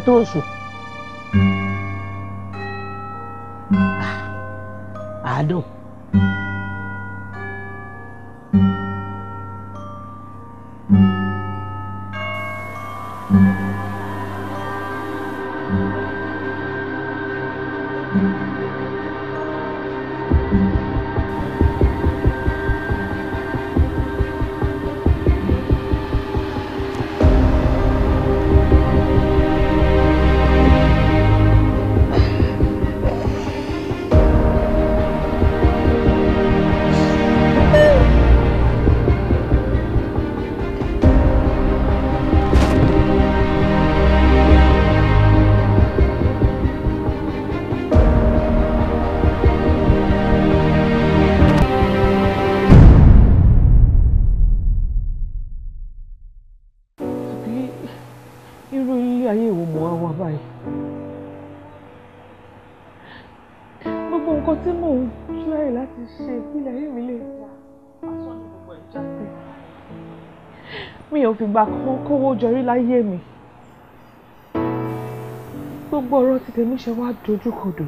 多数。ṣe ìpínlẹ̀ yìí mi lè dá asán ní gbogbo ẹ̀ mi ò fìgbà kan kówó jọrí láyé mi gbogbo ọ̀rọ̀ ti tèmi ṣe wá dojúkodò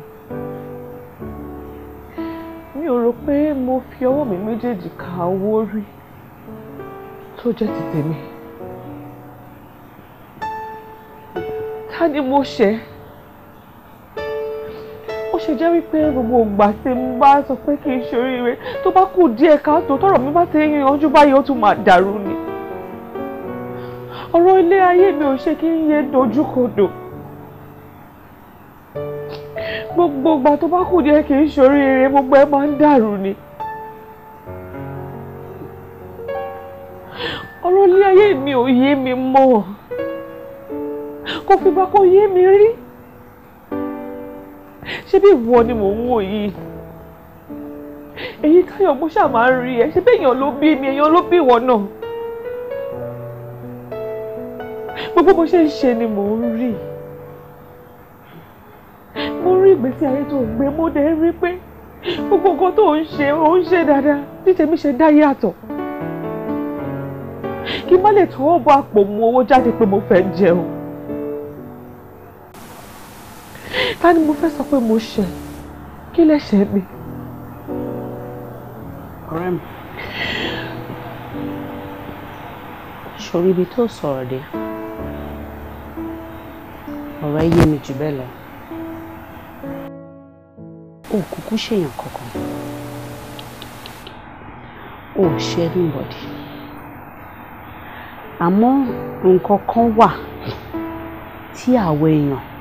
mi ò rò pé mo fi ọwọ́ mi méjèèjì ka owó rí tó jẹ́ ti tèmi ta ni mo ṣe ṣe jẹ́ wípé gbogbo ìgbà tí mo bá sọ pé kí n ṣoríire tó bá kù díẹ̀ káàtó tọ̀rọ̀ mi bá ti yanjú báyìí ó tún máa dàrú ni ọ̀rọ̀ ilé ayé mi ò ṣe kí n yé dojúkodò gbogbo ìgbà tó bá kù díẹ̀ kì í ṣoríire gbogbo ẹ máa ń dàrú ni ọ̀rọ̀ ilé ayé mi ò yé mi mọ́ kò fìgbà kan yé mi rí ṣé bí ìwọ ni mò ń wò yìí èyí táyọ̀ mo ṣáà máa ń rí ẹ ṣé bí èèyàn ló bí mi èèyàn ló bí ìwọ náà gbogbo bó ṣe ń ṣe ni mò ń rí mo rí ìgbésí ayé tó gbé mo dẹ̀ rí pé gbogbo nǹkan tó ń ṣe ó ń ṣe dáadáa ní tèmi ṣe dá yàtọ̀ kí n má lè tọwọ́ bọ àpò mu owó jáde pé mo fẹ́ jẹun ta ni mo fẹ́ sọ pé mo ṣẹ̀ kí lẹ ṣẹ̀ mi. ọ̀rẹ́ mi sọ̀rọ̀ ibi tó sọ̀rọ̀ dé ọ̀rọ̀ ẹ yé mi jù bẹ́ẹ̀ lọ o kúkú ṣèyàn kankan o ṣe anybody àmọ́ nǹkan kan wà tí àwọn èèyàn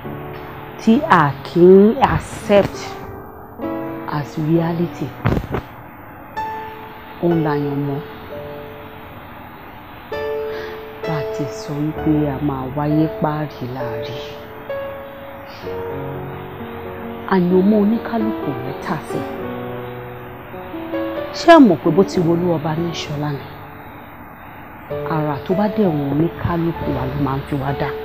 tí a kì í accept as reality òun làyàn mọ́ bá a ti sọ wípé a máa wáyé páàrí láàrin àyànmọ́ oníkálukú rẹ̀ tà sí ṣé ẹ mọ̀ pé bó ti wọlé ọba ní ìṣọ́lá ni àrà tó bá dẹ̀ wọ̀n oníkálukú wa ló máa ń fi wá dáa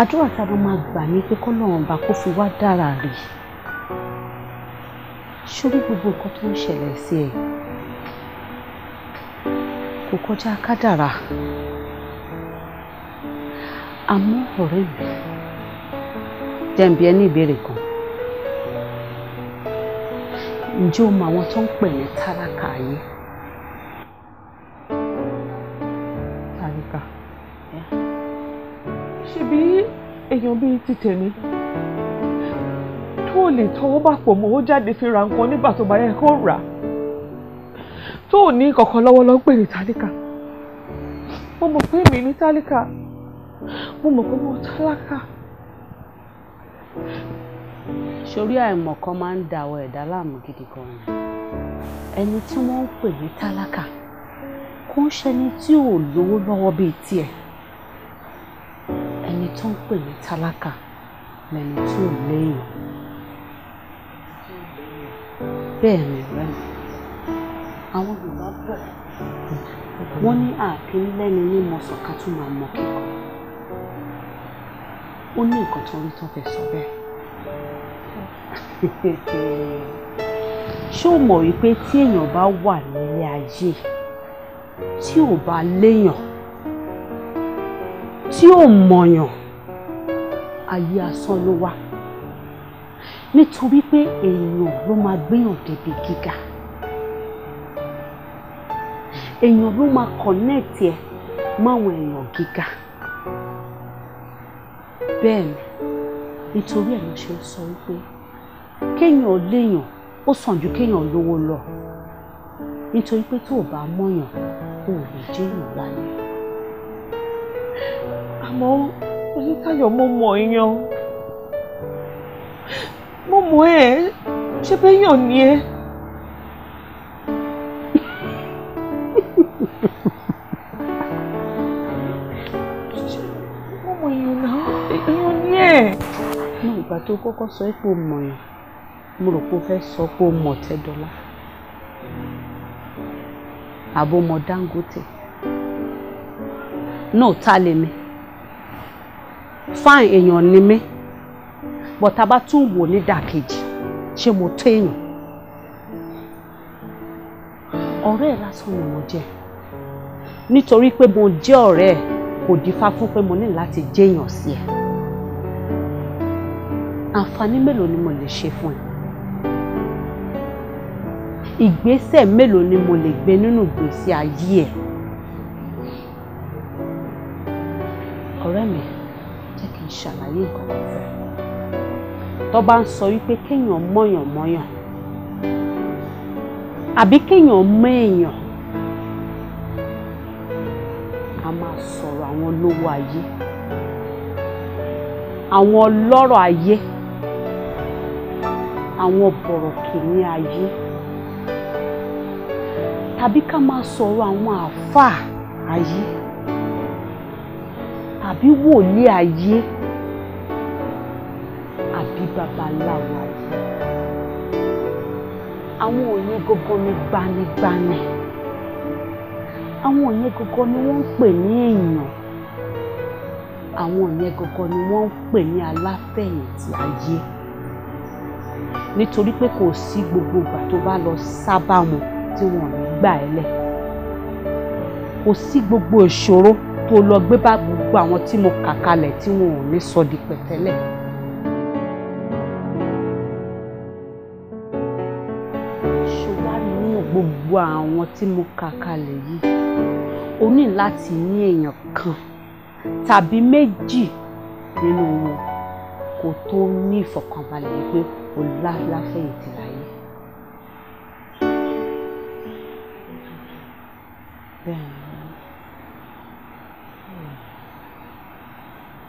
àdúrà tá a bá máa gbà ní pé kọ́lọ́run bá kó fi wá dára rè sórí gbogbo nǹkan tó ń ṣẹlẹ̀ sí ẹ kò kọjá kádàrà àmọ́ ọ̀rẹ́ mi jẹ́ǹbi ẹ ní ìbéèrè kan ǹjẹ́ o mọ àwọn tó ń pè ní tálákà ayé. ṣebí èèyàn bíi ti tèmi tó lè tọwọ́ bá pò mọ́ ó jáde fi ra nǹkan nígbà tó bá yẹ kó rà tó ní kankan lọ́wọ́ ló ń pè ní tálíkà mo mọ̀ pé mi ní tálíkà mo mọ̀ pé mo tálákà. sórí àìmọ̀ kan máa ń da àwọn ẹ̀dá láàmú gidi gan ni ẹni tí wọ́n ń pè ní tálákà kò ń ṣẹni tí ò lówó lọ́wọ́ bíi tiẹ̀ tó ń pè ní tálákà lẹni tí ò léèyàn bẹ́ẹ̀ ni ọ̀rẹ́ mi àwọn Yorùbá bọ̀ wọ́n ní ààfin lẹ́ni ní mọ̀sán ká tún máa mọ̀ kíkọ́ ó ní nǹkan tó rí tó fẹ́ sọ bẹ́ẹ̀ ṣé o mọ̀ wípé tí èèyàn bá wà nílé ayé tí ò bá léèyàn tí ò mọ̀yàn ayé asán ló wà nítorí pé èèyàn ló máa gbéyàn débi gíga èèyàn ló máa kọ̀nẹ́ẹ̀tì ẹ̀ máwọn èèyàn gíga bẹ́ẹ̀ ni nítorí ẹ̀ ló ṣe ń sọ wípé kéèyàn léèyàn ó sàn ju kéèyàn lówó lọ nítorí pé tó o bá mọ̀yàn o ò lè jẹ́yàn láyé àmọ́ Olúkáyọ̀ mo mọ̀ èèyàn mo mọ̀ ẹ́ ṣé béèyàn ni ẹ́. mo mọ̀ èèyàn náà èèyàn ni ẹ́. ní ìgbà tó kọ́kọ́ sọ pé o mọ̀ yàn mo rò pé o fẹ́ sọ pé o mọ̀ Tẹ́dọ́lá àbò mọ̀ Dangote náà ta lèmi. No, fine èèyàn ni mí but tá a bá tún wò ní dàkejì ṣé mo tó èèyàn ọ̀rẹ́ ẹ̀ lásán ni mo jẹ́ nítorí pé mo jẹ́ ọ̀rẹ́ ẹ̀ kò dífá fún pé mo ní láti jẹ́yàn sí ẹ̀ àǹfààní mélòó ni mo lè ṣe fún ẹ ìgbésẹ̀ mélòó ni mo lè gbé nínú ìgbésí ayé ẹ ọ̀rẹ́ mi ṣàlàyé nǹkan tó fẹ́ tó bá ń sọ wípé kéèyàn mọ̀yàn mọ̀yàn àbí kéèyàn mọ̀ èèyàn a máa sọ̀rọ̀ àwọn olówó ayé àwọn ọlọ́rọ̀ ayé àwọn bọ̀rọ̀kìnní ayé tàbí ká máa sọ̀rọ̀ àwọn àáfàá ayé tàbí wòlíì ayé babaláwo ayé àwọn òye gógó ni gbanigbani àwọn òye gógó ni wọ́n ń pè ní èèyàn àwọn òye gógó ni wọ́n ń pè ní aláfẹ̀yìntì ayé nítorí pé kò sí gbogbo ìgbà tó bá lọ sábà wọn tí wọn ò ní gbà ẹ́ lẹ̀ kò sí gbogbo ìṣòro tó lọ gbé bá gbogbo àwọn tí mo kà kalẹ̀ tí wọn ò ní sọ di pẹ̀tẹ́lẹ̀. So gbogbo àwọn tí mo kà kalẹ̀ yìí o ní láti ní èèyàn kan tàbí méjì nínú wọn kó tó ní ìfọ̀kànbalẹ̀ yìí pé o láfẹ́ ìtìlá yìí.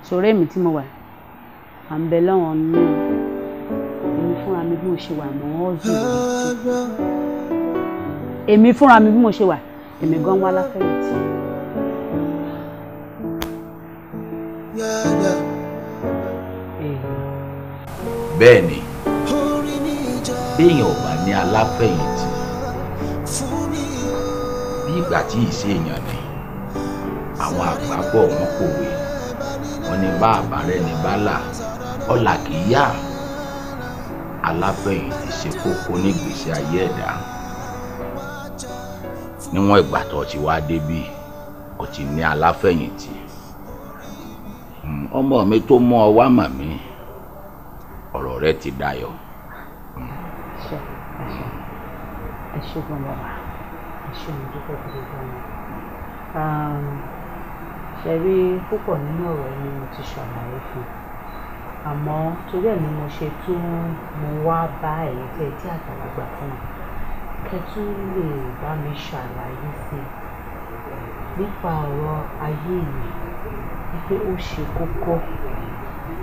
sọ̀rọ̀ èmi tí mo wà à ń bẹ lọ́wọ́ nínú èmi fúnra mi bí mo ṣe wà mọ́ ọ́ zùlọ èmi fúnra mi bí mo ṣe wà èmi gan wá láfẹ̀yìntì. bẹ́ẹ̀ ni béèyàn ò bá ní aláfẹ̀yìntì bí ìgbà tí ìṣe èèyàn ni àwọn àgbàgbọ́ wọn kòwé wọn ní bá àbárẹ́ ní bálà ọ̀là kìí yá aláfẹ̀yìntì ṣe kókó nígbèésí ayé ẹ̀dá níwọ̀n ìgbà tó ti wá débí o ti ní aláfẹ̀yìntì ọmọ mi tó mú ọ wá mà mí ọ̀rọ̀ rẹ ti dayọ̀. ẹ púpọ̀ nínú ọ̀rọ̀ yìí ni mo ti ṣàlàyé fún un àmọ́ torí ẹ̀ ni mo ṣe tún mo wá bá ẹ̀yin tẹ́ ẹ jẹ́ àgbàlagbà fún mi. kẹ́ tún lè bá mi ṣàlàyé sí i eh, nípa ọ̀rọ̀ ayé mi wípé ó ṣe kókó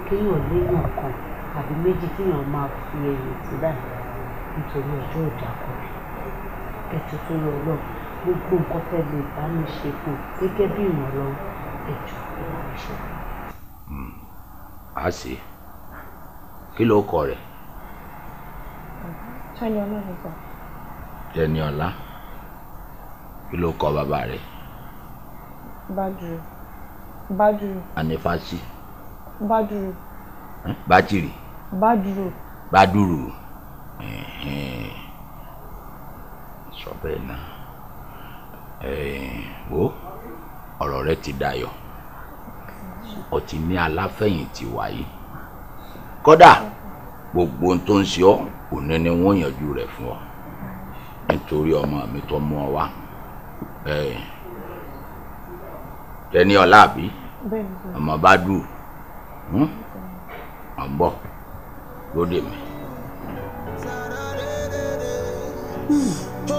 kéèyàn léèyàn kan àbí méjì kéèyàn máa fi ẹ̀yìn sílẹ̀ nítorí ọjọ́ ìdàkọ kẹ́ tuntun lọ lọ gbogbo nǹkan lè bá mi ṣe fún gẹ́gẹ́ bí ìrànlọ́wọ́ hmm, a sì kí ló rẹ. Dẹniọlá kí ló kọ bàbá rẹ. Bájúrò Bájúrò. Anifásí. Bájúrò. Bájìrì. Bájúrò. Bádùrù sọ bẹ́ẹ̀ náà wo ọ̀rọ̀ rẹ ti dayọ̀ ó ti ní aláfẹ̀yìntì wáyé kódà gbogbo tó ń ṣe ọ́ òní ni wọ́n yanjú rẹ̀ fún ọ nítorí ọmọ mi tó mú ọ wá tẹni ọlá àbí ọmọ bá dùn ọ ń bọ̀ lóde mi.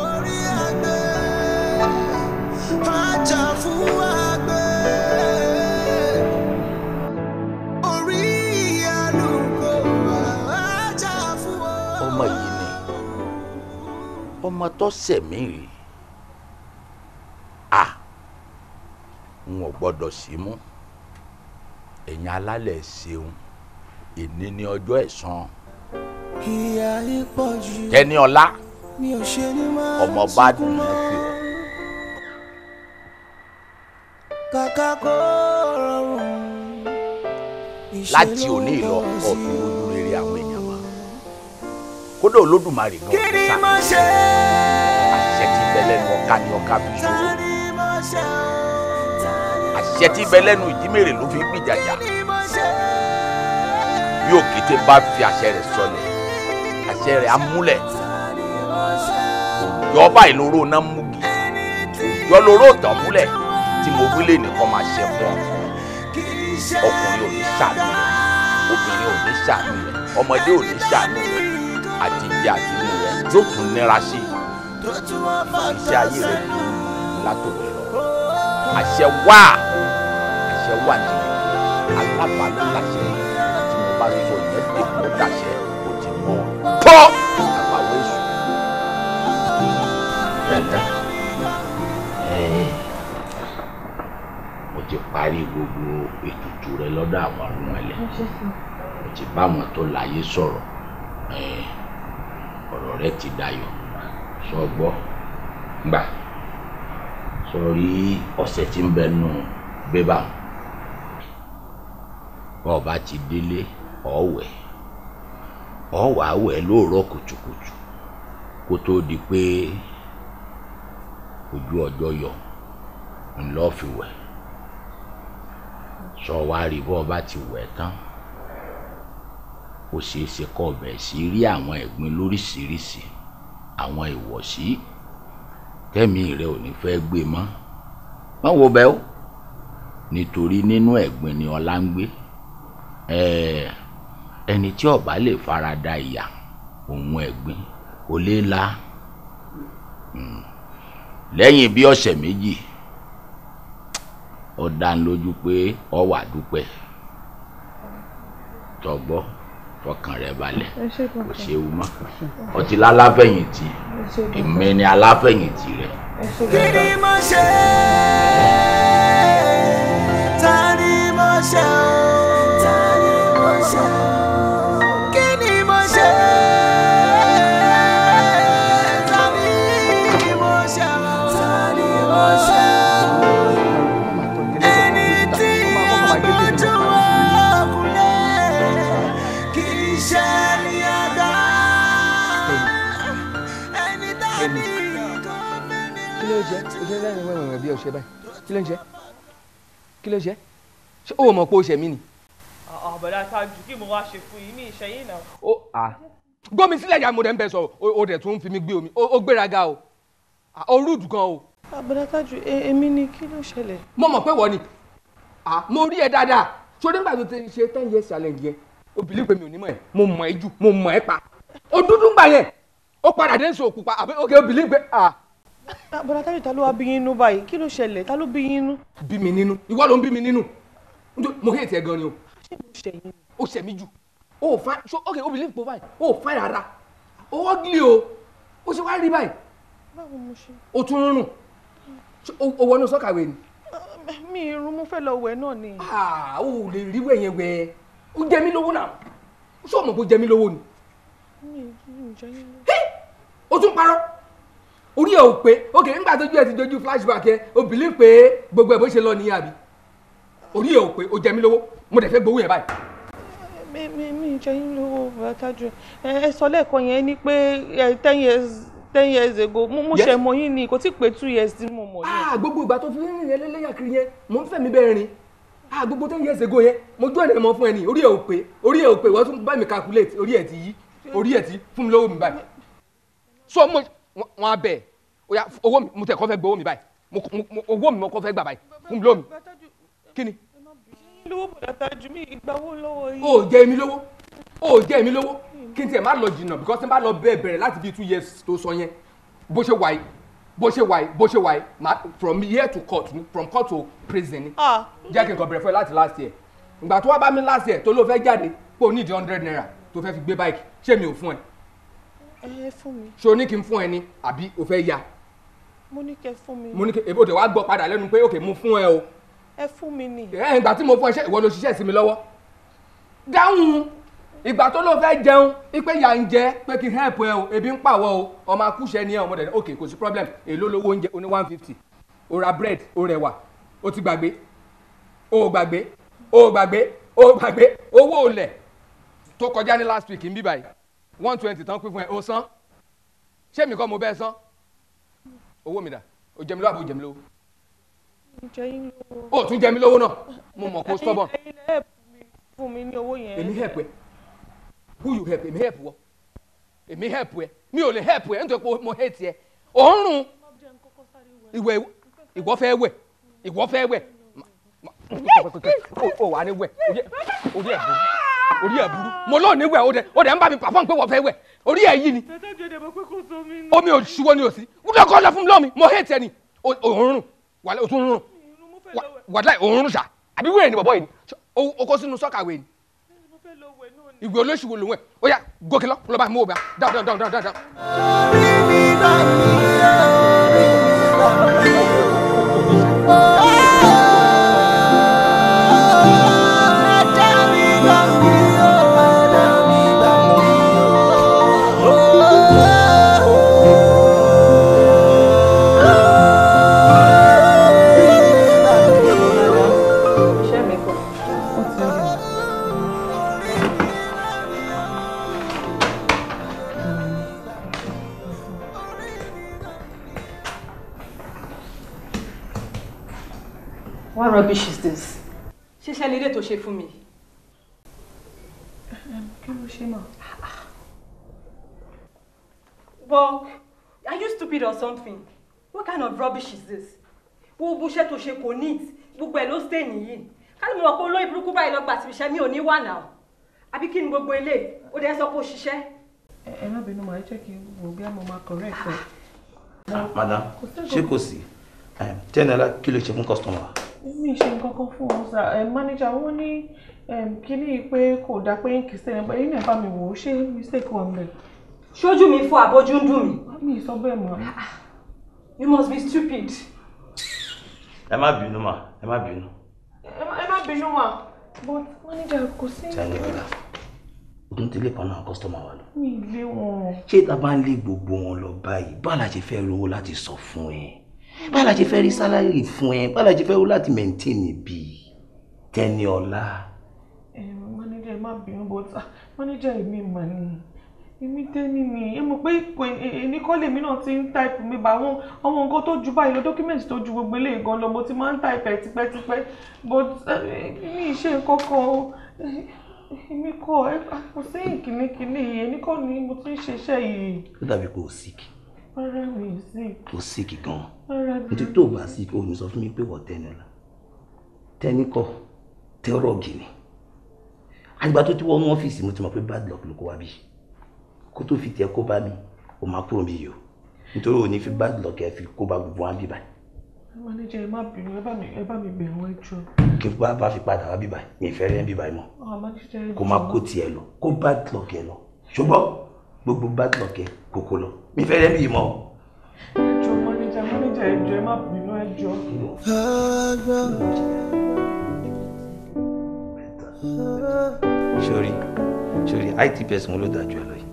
orí ọmọ tó sẹ̀mí rè à n ò gbọ́dọ̀ sí mú ẹ̀yin alálẹ̀ ṣeun èní ni ọjọ́ ẹ̀san tẹ́ni ọlá ọmọ bá dùn ẹ́ fi ọ́. láti òní ìlọ ọ̀tún lójú kódà olódùmarè gan ọ̀sán. kí ni mo ṣe. àṣẹ ti bẹ lẹ́nu ọ̀ka ni ọ̀ka fi ṣòro. àṣẹ ti bẹ lẹ́nu ìjímèrè ló fi gbìjàjà. bí òkété bá fi àṣẹ rẹ̀ sọlẹ̀ àṣẹ rẹ̀ amúlẹ̀ òjò ọba ìloro náà múgi òjò lóró tàn múlẹ̀ tí mo wílé nìkan máa ṣe fún ọ ọkùnrin ò ní ṣàánú rẹ obìnrin ò ní ṣàánú rẹ ọmọdé ò ní ṣàánú rẹ àti ìyá àti inú rẹ yóò tún nira sí iṣẹ́ ayé rẹ bí látòkè lọ àṣẹ wà àṣẹ wà ní alábàálù láṣẹ tí mo bá sọ yẹn dé kó dàṣẹ kò ti mọ tọ́ àgbàwọ̀ èṣù. dada mo ti parí gbogbo ètùtù rẹ lọ́dọ̀ àwọn ọ̀rùn ẹlẹ́ mo ti bá wọn tó láyé sọ̀rọ̀. Eh. ọ̀rẹ́ ti dayọ̀ sọ gbọ́ gbà sọ rí ọ̀sẹ̀ tí ń bẹnu bébà wọn ọba ti délé ọ̀wẹ̀ ọ̀wà wẹ̀ lóòrọ̀ kùtùkùtù kó tó di pé ojú ọjọ́ yọ ńlọ́ọ̀fì wẹ̀ sọ wá rí bọ́ ọba ti wẹ̀ tán. kò ṣeé ṣe kọ́ ọbẹ̀ sí rí àwọn ẹ̀gbin lóríṣiríṣi àwọn ìwọ̀sí tẹ́mi rẹ ò ní fẹ́ gbé mọ́ má wo bẹ́ẹ̀ o nítorí nínú ẹ̀gbin ni ọlá ń gbé ẹni tí ọba lè farada ìyà òun ẹ̀gbin kò lè la lẹ́yìn bí ọ̀sẹ̀ méjì ó pé ọ dúpẹ́ tọgbọ́n fọkàn rẹ balẹ̀ kò séwu mọ́ ọtí láláfẹ̀yìntì èmi ni rẹ. kí ni mo ṣe é. ṣe báyìí kí ló ń ṣe kí ló ń ṣe ṣé o mọ̀ pé o ṣe mí ni. àbẹ̀dá ah, ah, tájú kí mo wá ṣe fún yìí ní ìṣẹ́yìn náà. ó gómi sílẹ̀ ya mo dẹ̀ ń bẹ sọ o dẹ̀ tún fi mi gbé omi o gbéraga o o rúdù gan o. àbẹ̀dá ah, tájú e, èmi ni kí ló ṣẹlẹ̀. mo mọ̀ pé wọ́n ni mo rí ẹ dáadáa ṣó nígbà tó ti ṣe ten years challenge yẹn o bìlí pé mi ò ní mọ̀ ẹ́ mo mọ̀ ẹ́ jù mo mọ̀ ẹ́ pa o dúdú gbà yẹn ó padà dé ń sọ òkú pa àbí òkè o bìlí pé Ah, bọ̀dá Táyọ̀ ta ló wá bí yín nú báyìí kí ló ṣẹlẹ̀ ta ló bí yín nú. bí mi nínú ìwọ ló ń bí mi nínú mo kéde tiẹ̀ gan ni o. ṣé mo ṣẹ̀ yín. o ṣẹ̀ mí jù o ò fa so ok o believe po báyìí o ò fa rárá o ugly o o ṣe wá rí báyìí. báwo mo ṣe. o tún rún o wọnú sọ́kàwé ni. mi irun mo fẹ́ lọ wẹ̀ náà ni. Ah, o ò lè rí wẹ̀yẹn wẹ̀ o jẹ mí lówó náà ṣé o mọ̀ pé o jẹ mí lówó ni. mi ò jẹ́ yín lówó. o tún parọ́ orí ẹ̀ ò pé ok nígbà tójú ẹ̀ ti dojú flashback yẹn o believe pé gbogbo ẹ̀ bó ṣe lọ nìyẹn àbí orí ẹ̀ ò pé o jẹ mí lówó mo dẹ̀ fẹ́ gbowó yẹn báyìí. mi mi mi jẹ yín lówó bàtàjù ẹ sọ lẹ́ẹ̀kan yẹn ni pé ten years ten years ago mo ṣe mọ yín ni kò tí ì pé two years tí mo mọ yín. Ah, gbogbo ìgbà tó fi rìn yẹn lẹ́lẹ́yà kiri yẹn mo ń fẹ́ mi bẹ́ẹ̀ rìn ah gbogbo ten years ago yẹn mo jó ẹ̀rẹ̀ mọ́ fún ẹ ní orí ẹ̀ ò pé orí ẹ̀ ò pé wọ́n tún bá wọn abẹ oya owó mi mo tẹ kọ́ fẹ́ gbowó mi báyìí owó mi mo kọ́ fẹ́ gbà báyìí fún mi lómi kí ni. lówó bọ̀dá Tájù mi ìgbà wo lọ́wọ́ yìí. o jẹ́ mi lówó o jẹ́ mi lówó kí n tiẹ̀ má lọ jìnnà because tí n bá lọ bẹ́ẹ̀ bẹ̀rẹ̀ láti bíi two years tó sọ yẹn bó ṣe wà yìí bó ṣe wà yìí bó ṣe wà yìí ma from here to court ni from court to prison ni ah. jẹ́ kí n kàn bẹ̀rẹ̀ fún ẹ láti last year ìgbà tó wá bá mi last year tó ló fẹ́ jáde pé o need hundred naira tó fẹ́ fi gbé báyìí ṣé mi ò fún ẹ. ẹ fún mi. ṣé o ní kí n fún ẹ ni àbí o fẹ́ ya mo ní kẹ fún mi. mo ní kẹ èbó tẹ wá gbọ́ padà lẹ́nu pé òkè mo fún ẹ o. ẹ fún mi ni. ẹ ìgbà tí mo fún ẹṣẹ ìwọ ló ṣiṣẹ́ sí mi lọ́wọ́. dáhùn ìgbà tó ló fẹ́ jẹun ipe yà ń jẹ pé kí help ẹ o ebi ń pàwọ́ o ọmọ akúṣẹ́ ni ẹ ọmọdé ní òkè kò sí problem èló lówó oúnjẹ oní one fifty o ra bread o rẹwà o ti gbàgbé o gbàgbé o gbàgbé o gbàgbé owó olè tó kọjá ní last week ń bí báyìí one twenty tán pín fún ẹ o san ṣé mi kọ́ mo bẹ́ẹ̀ san owó mi dà o jẹ mi lówó àbò jẹ mi lówó. o tún jẹ mi lówó náà mo mọ̀ kó stubborn. help mi èmi help ẹ who you help èmi help wọ èmi help ẹ mi ò lè help ẹ nítorí pé mo hate ẹ òórùn ìwẹ ìwọ fẹ́ wẹ̀ ìwọ fẹ́ wẹ̀ o wà ní wẹ̀ orí ẹ burú mo lọ ní wẹ̀ o dẹ o bá mi pàfọ́n pé wọ́n fẹ́ wẹ̀ orí ẹ̀ yìí ni omi òṣùwọ̀n ni o sí wúdọ̀ kọ́ lọ fún mi lọ́mi mo hate ẹni òórùn wàlẹ̀ òtún rún wàlẹ̀ òórùn ṣá àbí wẹ̀rẹ̀ ni bọ̀bọ̀ yìí o kó sínú sọ́kà wẹ̀ ni ìwé olóṣùwò lòun ẹ̀ ó yà gòkè lọ lọ́ba mú òbá dáhùn dáhùn dáhùn dáhùn. orí mi náà ni orí mi náà ni. ṣe fún mi. kí ló ṣe mà. but are you stupid or something? what kind of rubbish is this? gbogbo iṣẹ́ tó ṣe kò neat gbogbo ẹ̀ ló stay nìyí kálí mo mọ̀ pé olóyè burúkú báyìí lọ́gbà tí iṣẹ́ mi ò ní wà náà àbí kí ni gbogbo eléyìí ó dẹ́ sọ pé ó ṣiṣẹ́. ẹ má bínú màá jẹ́ kí wò bí a mọ̀ máa correct ẹ. Ah, madam ṣé kò sí ten kí ló ṣe fún customer mi ṣe nǹkan fún ọ sà mánéjà wọn eh, ní ehm, kínní pé kò dáa pé ń kì í sẹ́yìn bẹ́ẹ̀ bá mi wò ó ṣé mistake wà mẹ́. ṣojú mi fún àbójú ń dùn mí. mi sọ bẹ́ẹ̀ mọ́. Ah, ah. you must be stupid. ẹ má bínú mà ẹ má bínú. ẹ má bínú mà but mánéjà kò sí. sẹ́yìn ọ̀la ogun ti lè paná kọ́sítọ́mà wa lọ. mi ì lé wọn. ṣé ta bá ń lé gbogbo wọn lọ báyìí bá a la ṣe fẹ́ rówó láti sọ fún ẹ báwo la ṣe fẹ́ rí sálárì fún ẹ báwo la ṣe fẹ́ rú láti mẹ́ńtẹ́ẹ̀nì bí tẹ́ni ọlá. ẹ mọ́nẹ́jà má bínú bọ́tà ah, mọ́nẹ́jà èmi mà ní èmi tẹ́ni ni ẹ mọ̀ pé ẹni kọ́lé mi náà ti ń táìpù mi bá àwọn ọmọ nǹkan tó ju báyìí lọ dọ́kímẹ̀ntì tó ju gbogbo eléyìí gan lọ mo ti máa ń táìpù ẹ̀ tipẹ́tipẹ́ but mi ì ṣe nǹkan kan o èmi kọ́ ẹ kò sí ìkíníkíní ẹni kọ́ ni mo ti ń ṣiṣẹ́ yìí. ó dàbí pé o sì kì í ara mi sick. o sick gan nítorí tó o bá sick o ní sọ fún mi pé wọ́n tẹnu la tẹni kọ tẹ́rọ̀gì ni àgbà tó ti wọ́n ní ọ́fíìsì mo ti mọ̀ pé bad luck ló kó wá bí kó tó fi tiẹ̀ kó bá mi o máa kúrò mi yìí o nítorí o ní fi bad luck ẹ fi kó bá gbogbo wa bíbá. manager ẹ má bínú ẹ bá mi ẹ bá mi bẹ̀ wọ́n jọ. kí n bá fi padà wá bíbá mi ìfẹ́ rẹ̀ bíbá mọ́ ah, kó má kó tiẹ̀ lọ kó bad luck ẹ lọ ṣùgbọ́n gbogbo bad luck ẹ kókó lọ mi fẹ́ rẹ́ mi mọ́. ẹjọ mọ́nìjà mọ́nìjà ẹjọ ẹ má bínú ẹjọ. sori sori it person ló dájú ẹ lọ́yìn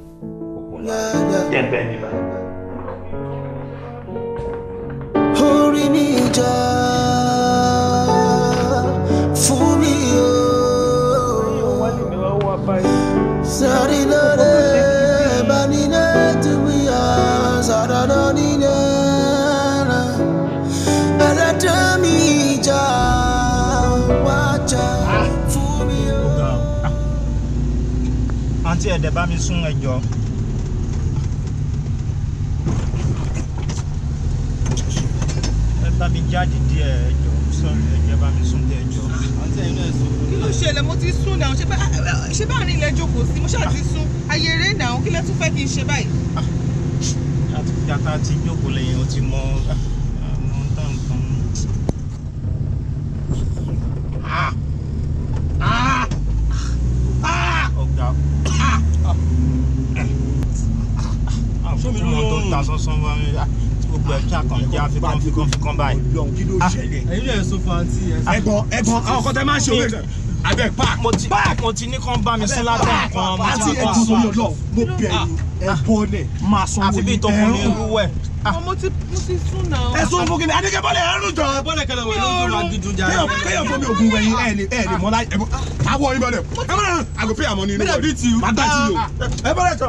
òkú ńlá jẹ́ bẹ́ẹ̀ mi báyìí. orí ni ìjà. tí ẹ̀dẹ̀ bá mi sún ẹjọ́. ẹ bá mi jáde díẹ̀ ẹjọ́ sọ́rí ẹ̀jẹ̀ bá mi sún díẹ̀ ẹjọ́. àǹtí ẹ̀yin náà sùn. kí ló ṣẹlẹ̀ mo ti sún náà ṣé bá àárín ilẹ̀ jókòó sí mo ṣáà ti sún ayé eré náà kí lẹ fẹ́ kí n ṣe báyìí. yàtọ̀ ah. àti jókòó lẹ́yìn ó ti mọ. Ah. mẹ́ta mm. sọ́sán wọn gbogbo ẹ̀ kí àkànjá fikàn fikàn fikàn báyìí. kí ló ah, ṣẹlẹ̀. ẹ̀yin lè so fanti ẹ. ẹ̀gbọ́n ẹ̀gbọ́n àwọn kan tẹ máa ń ṣe òwe abẹ park park mo ti ní kàn bá mi sí látọ̀ kan mo ti wá sọ mo bẹ̀rù ẹ̀bọ ah, ah, nẹ̀ máa sanwó ní ẹ̀rù mo ti mo ti sún náà. ẹ sún fún kí ni adike bọ́lẹ̀ ẹrù jọ. bọ́lẹ̀ kẹlẹ̀ wẹ̀ ló ń dúró agídú jà. kéèyàn kéèyàn fún mi ògùn wẹ̀yìn ẹ̀ ní ẹ̀ ní mọ́lá ẹ̀ bọ́. awọ ibẹ̀ dẹ̀ ẹ bọ́lẹ̀ àgùnfẹ́ àmọ́ ni inú wọlé. mi dàbí ti o. bàtà ti o. ẹ bọ́lẹ̀ jọ.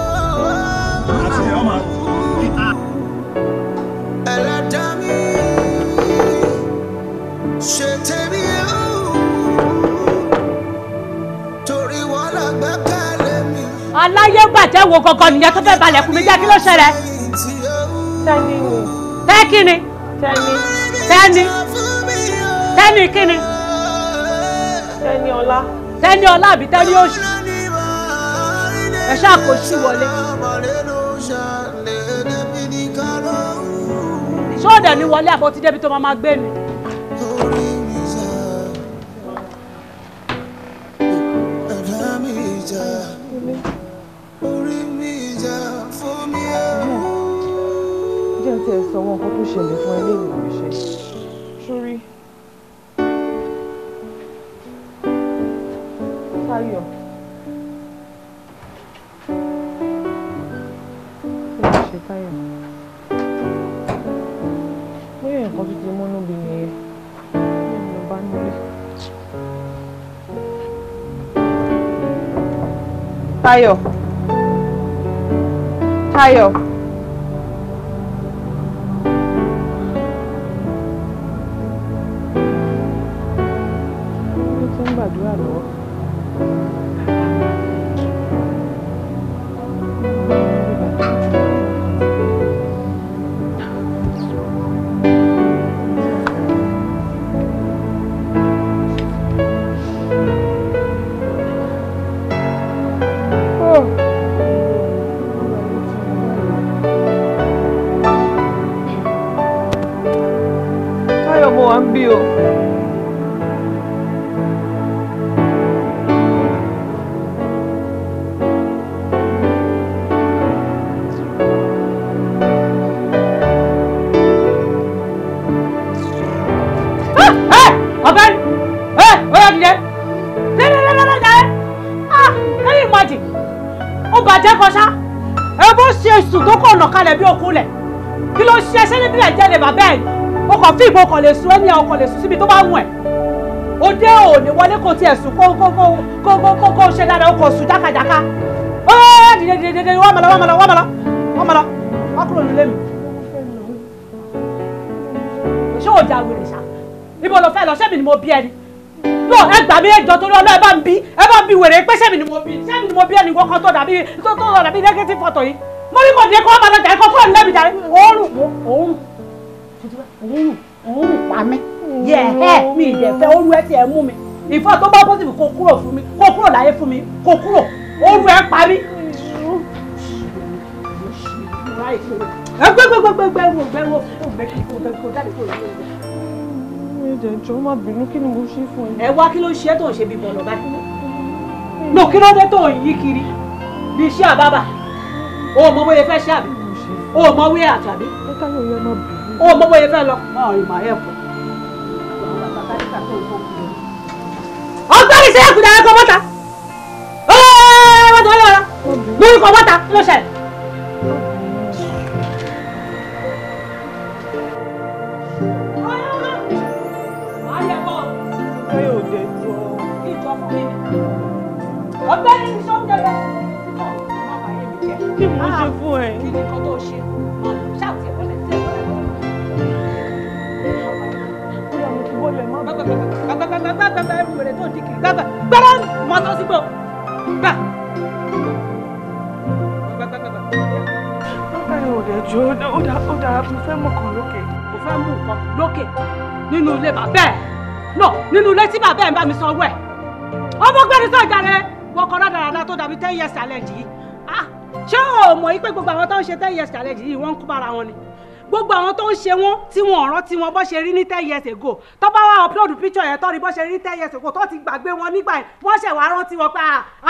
aláyé gbàjẹ́ wo gangan nìyẹn tó fẹ́ balẹ̀ fún mi jẹ́ kí ló ṣẹlẹ̀. tẹ́ni ni. tẹ́ kíni. tẹ́ni. tẹ́ni. tẹ́ni kíni. tẹ́ni ọlá. tẹ́ni ọlá àbí tẹ́ni òṣì. ẹ ṣáà kò sí wọlé. ṣóòdẹ̀ ni wọlé àbótí débi tó máa máa gbé ni. Yeah. tiẹ̀ sọ wọn kó tó ṣẹlẹ̀ fún ẹlẹ́yìn ìrìnsẹ̀ sórí. Táyọ̀. kí ló ṣe Táyọ̀? bóyá nǹkan tó abeg o kàn fi ìbò kan lè sun ẹni ọkàn lè sun síbi tó bá wù ẹ òde ò ní wọlé kò tiẹ̀ sùn kó kó kó kó kó kó ṣe dáadáa o kò sùn jákàjáká ó dìde dìde dìde wọ́n mọ̀ lọ wọ́n mọ̀ lọ wọ́n mọ̀ lọ wọ́n mọ̀ lọ wọ́n kúrò nílé mi. ṣé òde àgbèrè ṣá ibo ló fẹ́ lọ ṣé mi ni mo bí ẹni no ẹ gbà mí ẹjọ́ torí ọlọ́ ẹ bá ń bí ẹ bá ń bí wèrè pé ṣé mi ni mo bí ṣé mi ni mo bí ẹni kankan tó dàbí tó tó dàbí negative photo yìí mo ní mo dé kó wọ́n máa jà ẹ kó kúrò òun òun pa mí yẹ ẹ mi ìdẹ̀fẹ́ oru ẹ ti ẹ̀ mú mi ìfọ́ tó bá pọ́sibù kó kúrò fún mi kó kúrò láyé fún mi kó kúrò oru ẹ pa mí. gbẹgbẹgbẹgbẹgbẹwò gbẹwò gbẹgbẹgbẹgbẹgbẹgbẹ jáde kúrò lórí ẹ ẹ̀jẹ̀ jọ má bínú kí ni mo ṣe fún ẹ. ẹ wá kí ló ń ṣe tó ń ṣe bí bọ̀lọ̀ báyìí. lò kí ló dé tó ń yí kiri bí iṣẹ́ àbábà o mọ bóyá fẹ́ ṣe àbí o mọ wíyà àtàbí. ẹ ká yóò yẹ ọmọ bí oh owó gbogbo yẹn fẹ́ lọ. ọgbẹ́ni ṣe é kùdà ẹ̀kọ́ bọ́ta ọ̀rọ̀ ọ̀rọ̀ lórí kọ́ bọ́ta ló ṣẹlẹ̀. ọ̀gbẹ́ni sọ́ńdẹ̀rẹ̀ kí ni mo ṣe fún ẹ. kí ni kò tó ṣe. má gbàgbà ẹrù wèrè tó di kiri gbàgbà gbàgbà mọ tó sí gbò gbà. ẹ ò dẹ̀ jó ó dà ó dà mo fẹ́ mú kan lókè. mo fẹ́ mú nǹkan lókè nínú ilé bàbá ẹ̀ nọ nínú ilé tí bàbá ẹ̀ ń bá mi sanwó ẹ̀ ọmọ gbẹ́ni sọ ìjà rẹ̀ wọ́n kọ́ ládàradà tó dàbí ten years challenge yìí ah, ṣé o mọ̀ yí pé gbogbo àwọn tó ń ṣe ten years challenge yìí wọ́n ń kó bára wọn ni gbogbo àwọn tó ń ṣe wọn tí wọn ọ̀ràn tí wọn bọ́ ṣe rí ní ten years ago tó bá wá upload picture yẹn tó rí bọ́ ṣe rí ní ten years ago tó ti gbàgbé wọn nígbà yẹn wọ́n ṣẹ̀ wá rántí wọn pé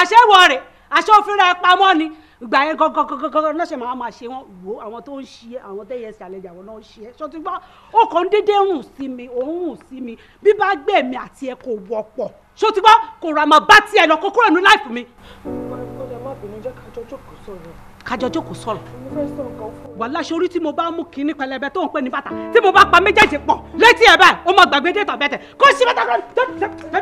àṣẹ ìwọ rẹ̀ àṣẹ òfin rẹ̀ pamọ́ ni ìgbà yẹn gangan náà ṣe máa máa ṣe wọn wo àwọn tó ń ṣe àwọn ten years challenge àwọn náà ń ṣe ṣó ti gbọ́ ó kàn ń dédé rùn sí mi òun rùn sí mi bí bá gbé mi àti ẹ kò wọ́pọ̀ ṣó ti gbọ́ kò rà mà bá tiẹ̀ lọ kó kúrò ní láìpù mi. ọ̀rẹ́ kọ́lẹ̀ má bínú jẹ́ ká jọjọ́ kò sọ̀rọ̀ kájọ jókòó sọ̀rọ̀ wàhálà ṣorí tí mo bá mú kinní pẹlẹbẹ tó ń pè ní bàtà tí mo bá pa méjèèjì pọ̀ létí ẹ̀ báyìí ó mọ gbàgbé dé tàbẹ́tẹ̀ kó sí bàtà kan tó tó tó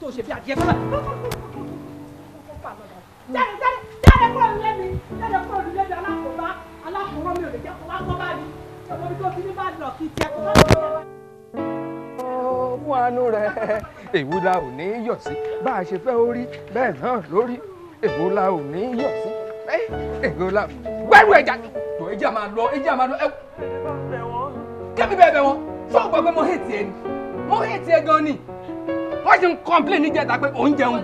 tó ṣe bí adìẹ kọ́lá. jáde jáde jáde kúrò nílé mi jáde kúrò nílé mi alákòóbá alákòóbá mi ò lè jẹ́ kó wá gbọ́ báyìí ọmọ mi tó ti ní bá lọ kí tiẹ̀ mú àánú rẹ̀ èwo la ò ní yọ̀ sí bá a ṣe fẹ́ ó rí bẹ́ẹ̀ náà lórí èwo la ò ní yọ̀ sí èwo la gbẹ́rù ẹja tó ẹja máa lọ ẹja máa lọ ẹ. kẹ́mi bẹ́ẹ̀ bẹ́ẹ̀ wọn sọ gbọ́ pé mo hate ẹ ni mo hate ẹ gan ni wọ́n ti ń complain níjẹta pé òun jẹun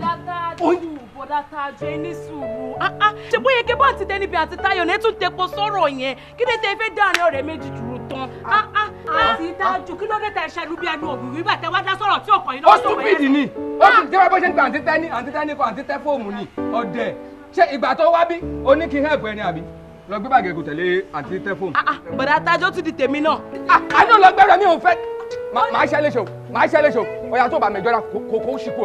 òun bọ̀dá tá a jẹ ní sùúrù ah, ah. ṣe bóyá ike bá ti tẹnibi àti Táyọ̀ ní tún tepo sọ̀rọ̀ yẹn kí ni tẹ fẹ́ dáàrin ọ̀rẹ́ méjì dúró tán láti ah, dájú kí ló dé tẹ ṣẹlú bí ẹnu òbí wíwà tẹ wá dá sọ̀rọ̀ tí ọkàn yìí lọ́wọ́ sọ̀rọ̀ yẹn. ó stupid ni ó ti tẹ́wọ́ bó ṣe ń gba àǹtí tẹ́ni àǹtí tẹ́ni kan àǹtí tẹ́ fóòmù ni ọ̀dẹ̀ ṣe ìgbà tó wá bí oní kí hẹ́ẹ̀pù ẹni àbí lọ gbé bàgẹ́ kò tẹ̀lé àǹtí tẹ́ fóòmù. bọ̀dá tájọ́ tún di tèmi náà. àánú lọ gbẹ́rẹ̀ mi ò fẹ́ máa ṣe é léṣe o máa ṣe é léṣe o ọ̀yà tó bá mi jọra kò kò ṣì kú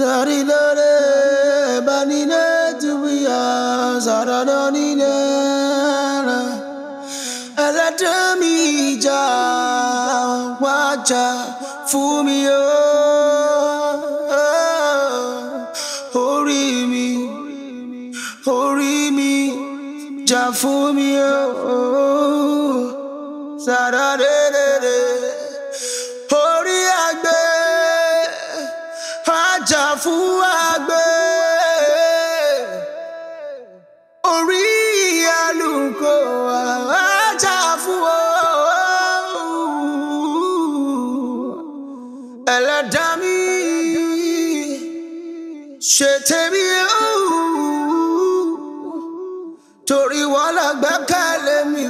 Sarinare banine tubiya saranonine Alatami ja wacha fumio Orí mi, orí mi, jà fún mi o Sarare ṣètẹ́rí òwú torí wọ́n lọ gbẹ́kẹ̀lé mi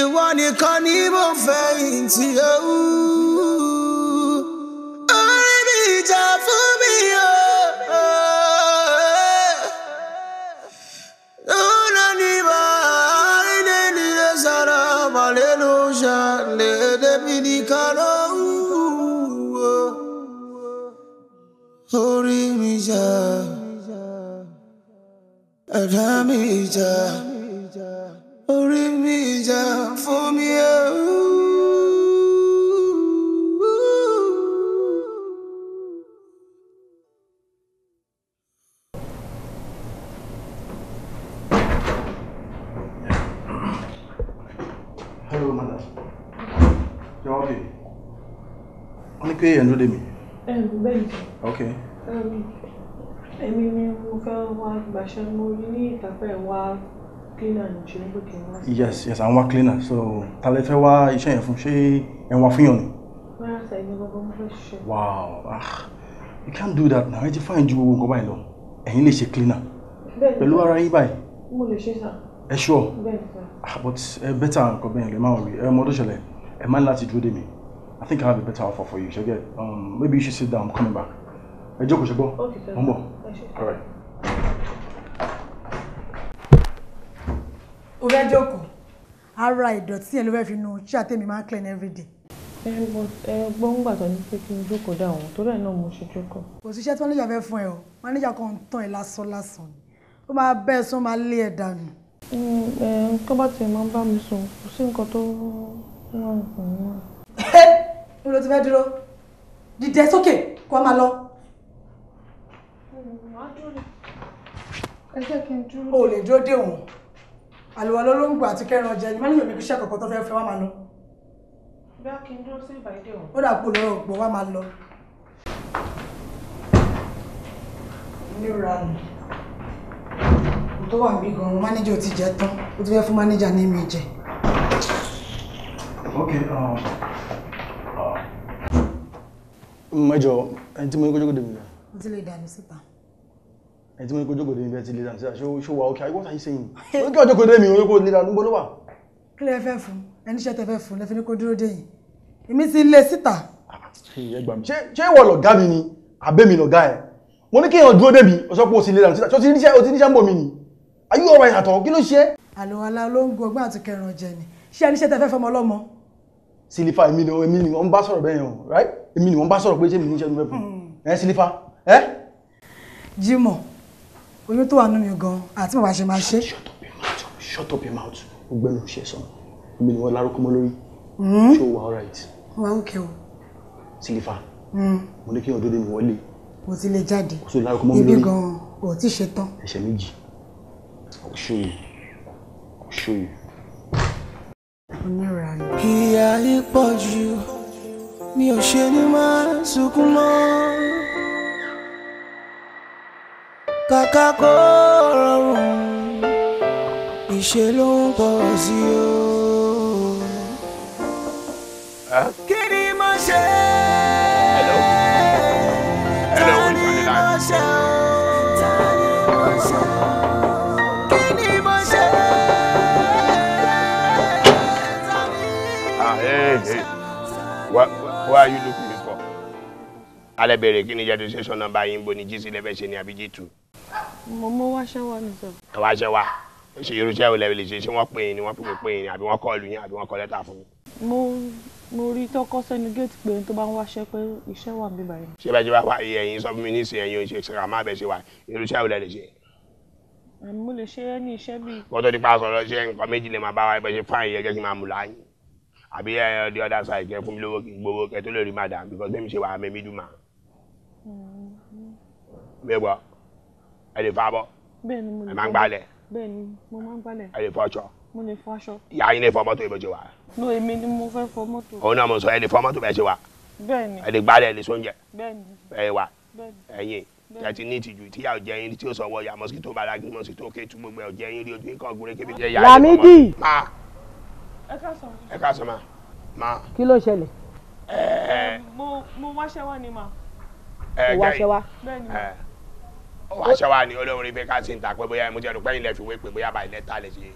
ìwọ nìkan ni mo fẹ̀yìntì òwú. ẹ̀dá mi ìjà orí mi ìjà fún mi ẹ̀rù. pay and do Um, ben. Okay. Um, Èmi ni mo fẹ́ wá gbàṣẹ́ mo rí ní ìtafẹ́ wá cleaner ní ṣe Yes, yes, àwọn wá cleaner so ta lè fẹ́ wá iṣẹ́ yẹn fún ṣé ẹ̀ wá fún ni. Wow, ah, you can't do that now, ẹ ti fáyìn ju gbogbo nǹkan báyìí lọ, ẹ̀yin lè ṣe cleaner. Bẹ́ẹ̀ni. Pẹ̀lú ara yín báyìí. Mo lè ṣe sà. Ẹ ṣọ́. Ah, but ẹ bẹ́tà nǹkan bẹ́ẹ̀ lè máa rí ẹ mọ ọdún ṣẹlẹ̀ ẹ máa láti dúró dè mí. I think I have a better offer for you, ṣẹ́gẹ́. Um, maybe you should sit down, I'm coming back. Ẹ jókòó ṣe gbọ́. Okay, sir. Mo All right. O fẹ́ jókòó. Ara ìdọ̀tí ẹ̀ ló fẹ́ fi nu ṣíà tèmi máa ń clean every day. Ẹ gbọ́ ń gbàtọ́ ní pé kí n jókòó dá òun torí ẹ̀ náà mo ṣe jókòó. Kò síṣẹ́ tí mánéjà fẹ́ fún ẹ o, mánéjà kan ń tàn ẹ́ lásán lásán ni. Ó máa bẹ́ẹ̀ sún máa lé ẹ̀ dànù. Nǹkan bá tiẹ̀ máa ń bá mi sùn, kò sí nǹkan tó wà nǹkan náà. Ẹ́ mo ló ti fẹ́ dúró. Dìde sókè kó a máa lọ ẹ jẹ́ kí n dúró. o lè dúró dé wọn àlùwà lọ́lọ́ngbò àti kẹrin ọjà ẹni má níyàn mi kí iṣẹ́ kọ̀ọ̀kan tó fẹ́ẹ́ fẹ́ wá máa lọ. bẹ́ẹ̀ kí n dúró sí ìbàdí dé wọn. ó dà pò lọ́rọ̀ gbọ́ wá máa lọ. níranù tó wà níbí gan-an mánéjà ò ti jẹ tán ó ti fẹ́ fún mánéjà ní mi jẹ. ok mẹjọ um, uh. ẹni tí mo ní kó jókòó dèmi rẹ. mo ti lè dànù síta ẹ tí mo ní kó jókòó dé ibẹ̀ ti lè dà sí ṣó wà ókè what are you saying ó kí ọjọ́ kó dé mi ó kó lè dà lúgbó ló wà. kí lẹ fẹ́ fún ẹni iṣẹ́ tẹ fẹ́ fún lẹ fi ní kó dúró dé yìí èmi ti lé síta. Ah, ṣé ìwọ lọ̀gá mi ni àbẹ́mi lọ̀gá ẹ̀ mo ní kí èèyàn dúró dé mi ó sọ pé ó ti lè dà síta ṣó ti níṣẹ́ ń bò mí ni ló ṣe. àlòwàlà olóńgbò silifa èmi ni èmi ni wọ́n bá right èmi ni wọ́n bá sọ̀rọ̀ pé ṣé mi ní iṣẹ́ hmm. silifa ẹ. Jimoh oyún tó wà nínú mi gan àti bàbá ṣe máa ṣe. shut up your mouth shut up your mouth gbogbo ẹnu ṣe sọ èmi ni wọn lárúkọ mọ lórí hmm? ṣé o wà alright. wà á òkè o. sílífà hmm. mo ní kí ọdún dé mi wọlé. mo ti lè jáde ibi gan o ti ṣe tán. ẹsẹ̀ méjì I'll show you I'll show you. onírà ni. ìyá yìí pọ̀ jù mi ò ṣe ní máa sunkún mọ́ kàkà kó rọrùn ìṣe ló ń pọ̀ sí o. kí ni mo ṣe? ta ah, are you looking for? alẹ́ bẹ̀rẹ̀ kí ni registration number yín ni jí sílẹ̀ fẹ́ ni àbí jí mo mọ wáṣẹ́ wá mi sọ. ẹ wáṣẹ́ wá ṣe irúṣẹ́ wo lẹ́bi lè ṣe ṣé wọ́n pè é ni wọ́n pè pé é ni àbí wọ́n kọ́ọ̀lù yín àbí wọ́n kọ́ lẹ́tà fún mi. mo mo rí tọkọ sẹnu géètì pé tó bá ń wáṣẹ́ pé iṣẹ́ wà níbí báyìí. ṣé bẹ́ẹ̀ ṣe wá wá iye ẹ̀yin sọ fún mi ní ìsìn ẹ̀yin oṣù ìṣẹ̀rà má bẹ́ẹ̀ ṣe wá irúṣẹ́ wo lẹ́ lè ṣe. mo lè ṣe é ní iṣẹ́ bíi. kó tó di pa sọ̀rọ̀ ṣe nǹkan méjì lè máa bá wa ẹgbẹ́ ṣe fáìn yẹn kẹ́sì máa mú láyìn àbí ẹ ọdẹ ọdẹ àṣà ìkẹ́ fún mi lówó kí gbowó kẹ́ tó lè rí madam because bẹ́ẹ̀ mi ṣe wà á mẹ́mí dùn mà. Mm-hmm. bẹ́ẹ̀ gbọ́ ẹ lè fọ abọ́ bẹ́ẹ̀ni mo lè fọ ẹ máa ń gbálẹ̀ bẹ́ẹ̀ni mo máa ń gbálẹ̀ ẹ lè fọ aṣọ mo lè fọ aṣọ ìyá yín lè fọ mọ́tò ìbò ṣe wà. no èmi ni mo fẹ́ fọ mọ́tò. òun náà mo sọ ẹ lè fọ mọ́tò bẹ́ẹ̀ ṣe wà. bẹ́ẹ̀ni ẹ lè gbálẹ̀ ẹ lè sóúnjẹ. bẹ́ẹ̀ni ẹ wà ẹyin tẹ̀tí ní ìtìjú tí yàá jẹ́ yín tí ó sọ̀wọ́ ya mọ́sítò balagi mọ́sítò kéétu gbogbo ẹ̀ jẹ́ yín rí ojú ikọ̀ gúnrẹ́ kébi jẹ́ yàrá ìfọ̀mọ́. Lámídì. ma ẹ ká sọ ma ma. kí ló ṣẹlẹ̀. mo mo wáṣẹ́ wá ni ma. ẹ jẹ́ yìí wàṣẹ wa ni Ọlọ́run rí bẹ́ẹ̀ ká sí ìtàpẹ́ bóyá ẹ̀mú jẹ́nu pẹ́yìn lẹ́fi wé pé bóyá báyìí lẹ́tà lè ṣe.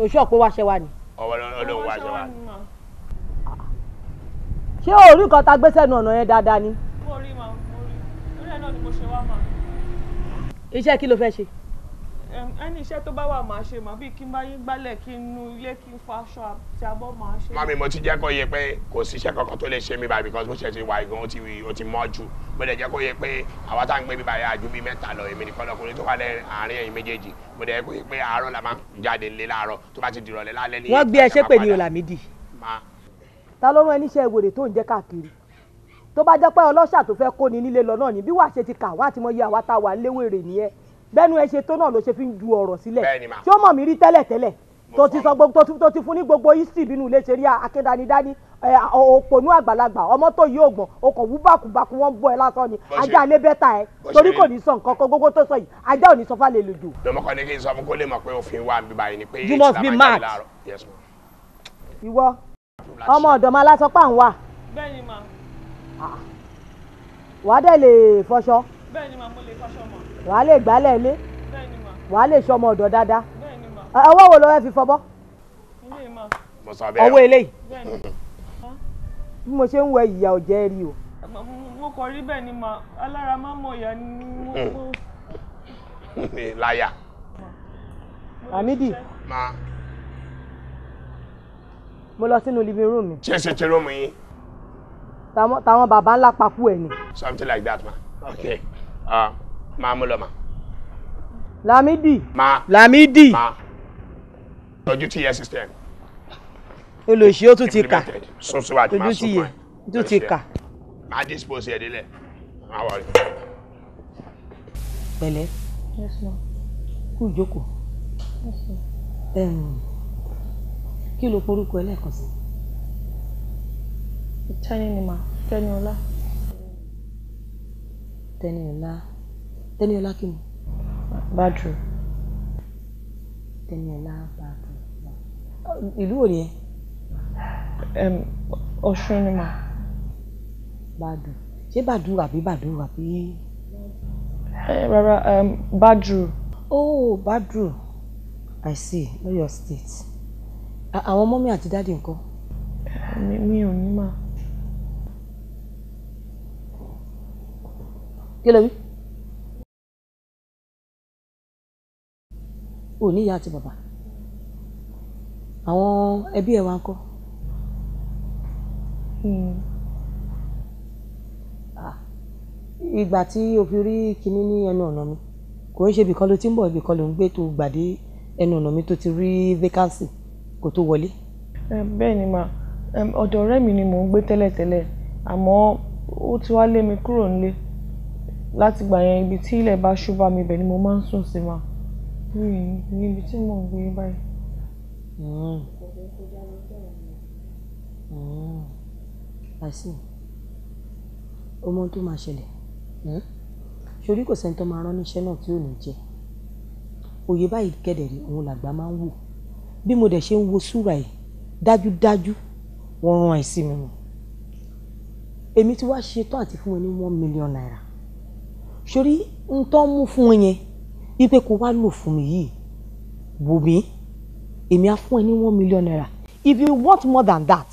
oṣù ọ̀pẹ wàṣẹ wa ni. Ọlọ́run wàṣẹ wa ni. ṣé orí kan ta gbé sẹ́nu ọ̀nà yẹn dáadáa ni. mo rí màá mo rí orí ẹ̀ náà ni mo ṣe wá màá. iṣẹ́ kí lo fẹ́ ṣe ẹni iṣẹ́ tó bá wà máa ṣe màá bí kí n bá yín gbálẹ̀ kí n nu ilé kí n fọ aṣọ àti abọ́ máa ṣe. mami mo ti jẹ́ kó yẹ pé kò sí iṣẹ́ kankan tó lè ṣe mi báyìí because bó ṣe ti wà gan o ti mọ́ jù mo lè jẹ́ kó yẹ pé àwa tá à ń gbé mi báyìí àjù bíi mẹ́ta lọ èmi nìkan lọkùnrin tó wà lẹ́ àárín ẹ̀yìn méjèèjì mo lè jẹ́ kó yẹ pé àárọ̀ la máa ń jáde lé láàárọ̀ tó bá ti dìrọ̀lẹ́ lálẹ́ ní. wọ́n gbé ẹṣẹ́ pè ní Olamidi. ta ló rán ẹni iṣẹ́ ìwòrè tó ń jẹ́ káàkiri tó bá jẹ́ pé ọlọ́ṣà tó fẹ́ kóni nílé lọ náà ní bẹ́nu ẹ ṣe tó náà ló ṣe fi ń ju ọ̀rọ̀ sílẹ̀ tí ó mọ̀ mí rí tẹ́lẹ̀ tẹ́lẹ̀ tó ti sọ gbogbo tó ti fún ní gbogbo history bínú ilé ṣe rí akédanidání òpònú àgbàlagbà ọmọ tó yí ògbọ̀n ọkọ̀ wú bákùbákù wọn bọ ẹ lásán ni ajá alẹ́ bẹ́ta ẹ torí kò ní sọ nǹkan kan gbogbo tó sọ yìí ajá ò ní sọ fálẹ̀ lòdù. lọmọkọ ní kí n sọ fún kó mọ pé òfin wà níbi báyìí ni pé you must be mad ìwọ ọmọ ọ̀dọ̀ máa lásán pà ń wà. bẹ́ẹ̀ni ma. Ah. wàá dẹ̀ lè fọṣọ. bẹ́ẹ̀ni ma mo lè fọṣọ mọ́ wàá lè gbálẹ̀ ilé wàá lè ṣọmọ ọ̀dọ̀ dáadáa ọwọ́ wo lọ́wọ́ fi fọbọ́ ọwọ́ eléyìí bí mo ṣe ń wẹ ìyà ọ̀jẹ̀ rí o. mo kọ rí bẹ́ẹ̀ ni mà alára máa ń ìyá ni mo. Hmm. láyà. Hamidi mo lọ sínú living room mi. ṣé ṣe ṣe rúùmù yín. táwọn bàbá ńlá papú ẹ ni. something like that ma. okay. Uh, ma mú lọ mà. Lamidi. ma Lamidi. ma tọ́jú ti yẹ system. olùsí ó tún ti kà tọ́jú ti yẹ tún ti kà. máa dispose ẹ̀ délẹ̀ máa wà rẹ̀. pẹ̀lẹ́ kú ìjókòó kí ló porúkọ ẹ lẹ́ẹ̀kan sí. tẹ́ni ni mà tẹ́ni ọlá. tẹ́ni ọlá. Tẹ́niọlá kí ni. Badru. Tẹ́niọlá Badru. Ìlú wo ni ẹ? Ọ̀ṣun ni mà. Badru. Ṣé Badru àbí Badru àbí? Rárá Badru. Oh Badru. I see your State. Àwọn mọ́mí àti dáàdì ńkọ́? Mi ò ní mà. Kí ló wí? ò ní ìyá àti bàbá àwọn ẹbí ẹ wa ń kọ́. Hmm. Ah, ìgbà tí o fi rí kinní ní ẹnu ọ̀nà mi kò ń ṣe ibì kan ló ti ń bọ̀ ibì kan ló ń gbé tó gbàdé ẹnu ọ̀nà mi tó ti rí vacancy kó tó wọlé. bẹ́ẹ̀ ni mà ọ̀dọ̀ ọ̀rẹ́ mi ni mò ń gbé tẹ́lẹ̀tẹ́lẹ̀ àmọ́ ó ti wá lé mi kúrò nílé láti gbà yẹn ibi tí ilẹ̀ bá ṣú bá mi bẹ̀ ni mo máa ń sùn sí máa. Mi ò ní ibi tí mò ń gbé báyìí. Hmm. Hmm. O mọ ohun tó máa ṣẹlẹ̀. Hmm. Ṣorí kò sẹ́ni tó máa rán níṣẹ́ náà tí ò ní jẹ. Òye báyìí kẹ̀dẹ̀ rèé, òun làgbà máa ń wò. Bí mo dẹ̀ ṣe ń wo súrà ẹ̀ dájúdájú, wọ́n rán ẹ sí mi ni. Èmi ti wá ṣetán àti fún ẹ ní one million naira. Ṣorí ohun tó ń mú fún wípé kó wá lò fún mi yìí wò mí èmi á fún ẹ ní one million naira if you want more than that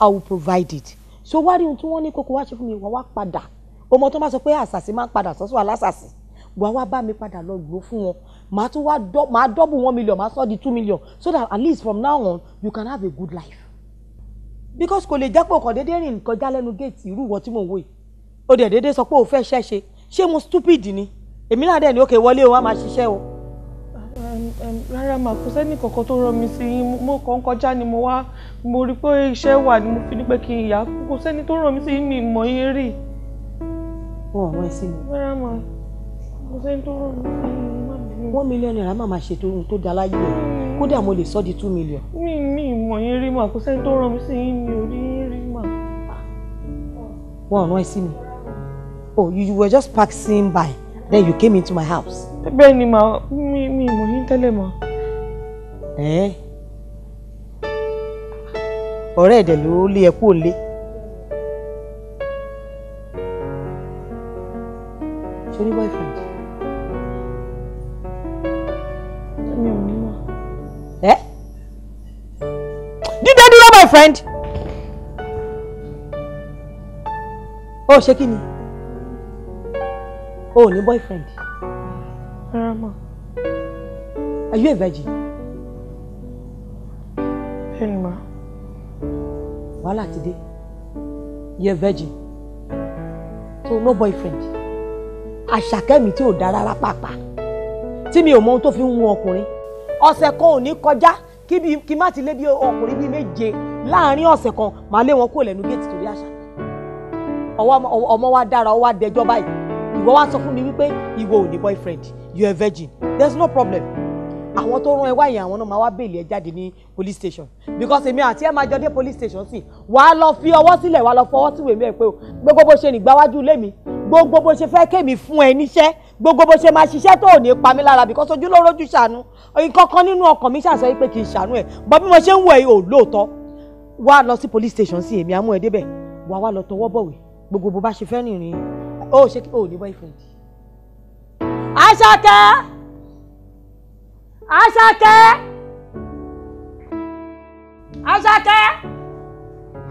i will provide it so wá rí ohun tí wọ́n ní kókó wá ṣe fún mi wà wá padà ọmọ tó bá sọ pé àṣàṣì máa ń padà sọ́sọ́ aláṣàṣì wà wá bá mi padà lọ gbó fún wọn màá tún wá dọ́ màá dọ́bù one million màá sọ di two million so that at least from now on you can have a good life because kò lè jẹ́ pé ọkàn déédéé rìn kọjá lẹ́nu géètì irú ìwọ tí mò ń wò yìí ó dẹ̀ déédéé sọ pé òun fẹ́ ṣẹ́ṣe ṣé mo stupid ni èmi náà dẹ̀ ní òkè wọlé o wá máa ṣiṣẹ́ o. rárá mà kò sẹ́ni kankan tó rán mi sí yín mo kàn kọjá ni mo wá mo rí pé iṣẹ́ wà ni mo fi ní pé kí n yà kò sẹ́ni tó rán mi sí yín mi mọ̀ yín rí. wọn ò rán ẹ mi. rárá mà kò sẹ́ni tó rán mi sí yín one million naira máa máa ṣètò ohun tó da láyé ẹ hmm. kódà mo lè sọ di two million. mi mi mọ̀ yín rí mà kò sẹ́ni tó rán mi sí yín mi ò rí yín rí mà. wọn ò rán ẹ mi oh you were just passing by. Then you came into my house. Bẹ́ẹ̀ ni màá mi mi mò ń tẹ́lẹ̀ mọ́. Ọ̀rẹ́ ẹ̀dẹ̀ ló lé ẹ kúrò lé. Ṣé o ní boyfriend? Mi ò ní mọ̀. Dídá dúró my friend. Ó oh, ṣe kí ni? Oh, ní boyfriend rárá mà are you a virgin. bẹ́ẹ̀ni ma. wàhálà ti dé a virgin so no boyfriend àṣàkẹ́mi tí ò dára rárá papa. tí mi ò mọ ohun fi ń hun ọkùnrin ọ̀sẹ̀ kan ò ní kọjá kí má ti lé bí ọkùnrin bi meje. láàárín ọ̀sẹ̀ kan màá lé wọn kúrò lẹ́nu géètì torí àṣà ọmọ wa dára ọwọ́ adẹjọ́ báyìí ìwọ wá sọ fún mi wípé ìwọ ò ní boyfriend you are virgin there is no problem àwọn tó rán ẹ wá yẹn àwọn náà máa wá bèèlì ẹ jáde ní police station because èmi àti ẹ máa jọ dé police station sí wàá lọ fi ọwọ́ sílẹ̀ wàá lọ fọwọ́ síwèé mi ẹ̀ pé o gbogbo bó ṣe nìgbàwájú lé mi gbogbo bó ṣe fẹ́ kémi fún ẹ níṣẹ́ gbogbo bó ṣe máa ṣiṣẹ́ tó ò ní pa mí lára because ojú ló rójú ṣàánú ìkọ̀kan nínú ọkàn mi ṣàṣọ yìí pé kì í ṣàánú ẹ̀ bọ́ bí mo ṣe ń wọ̀ ẹ́ ò lóòótọ́ wàá lọ sí police station sí èmi àmú ẹ débẹ̀ wàá wá lọ tọwọ́ bọ̀wé gbogbo bó bá ṣe fẹ́ rìnrìn ó ṣe kí ó ní boyfriend. Àṣàkẹ́ Àṣàkẹ́ Àṣàkẹ́.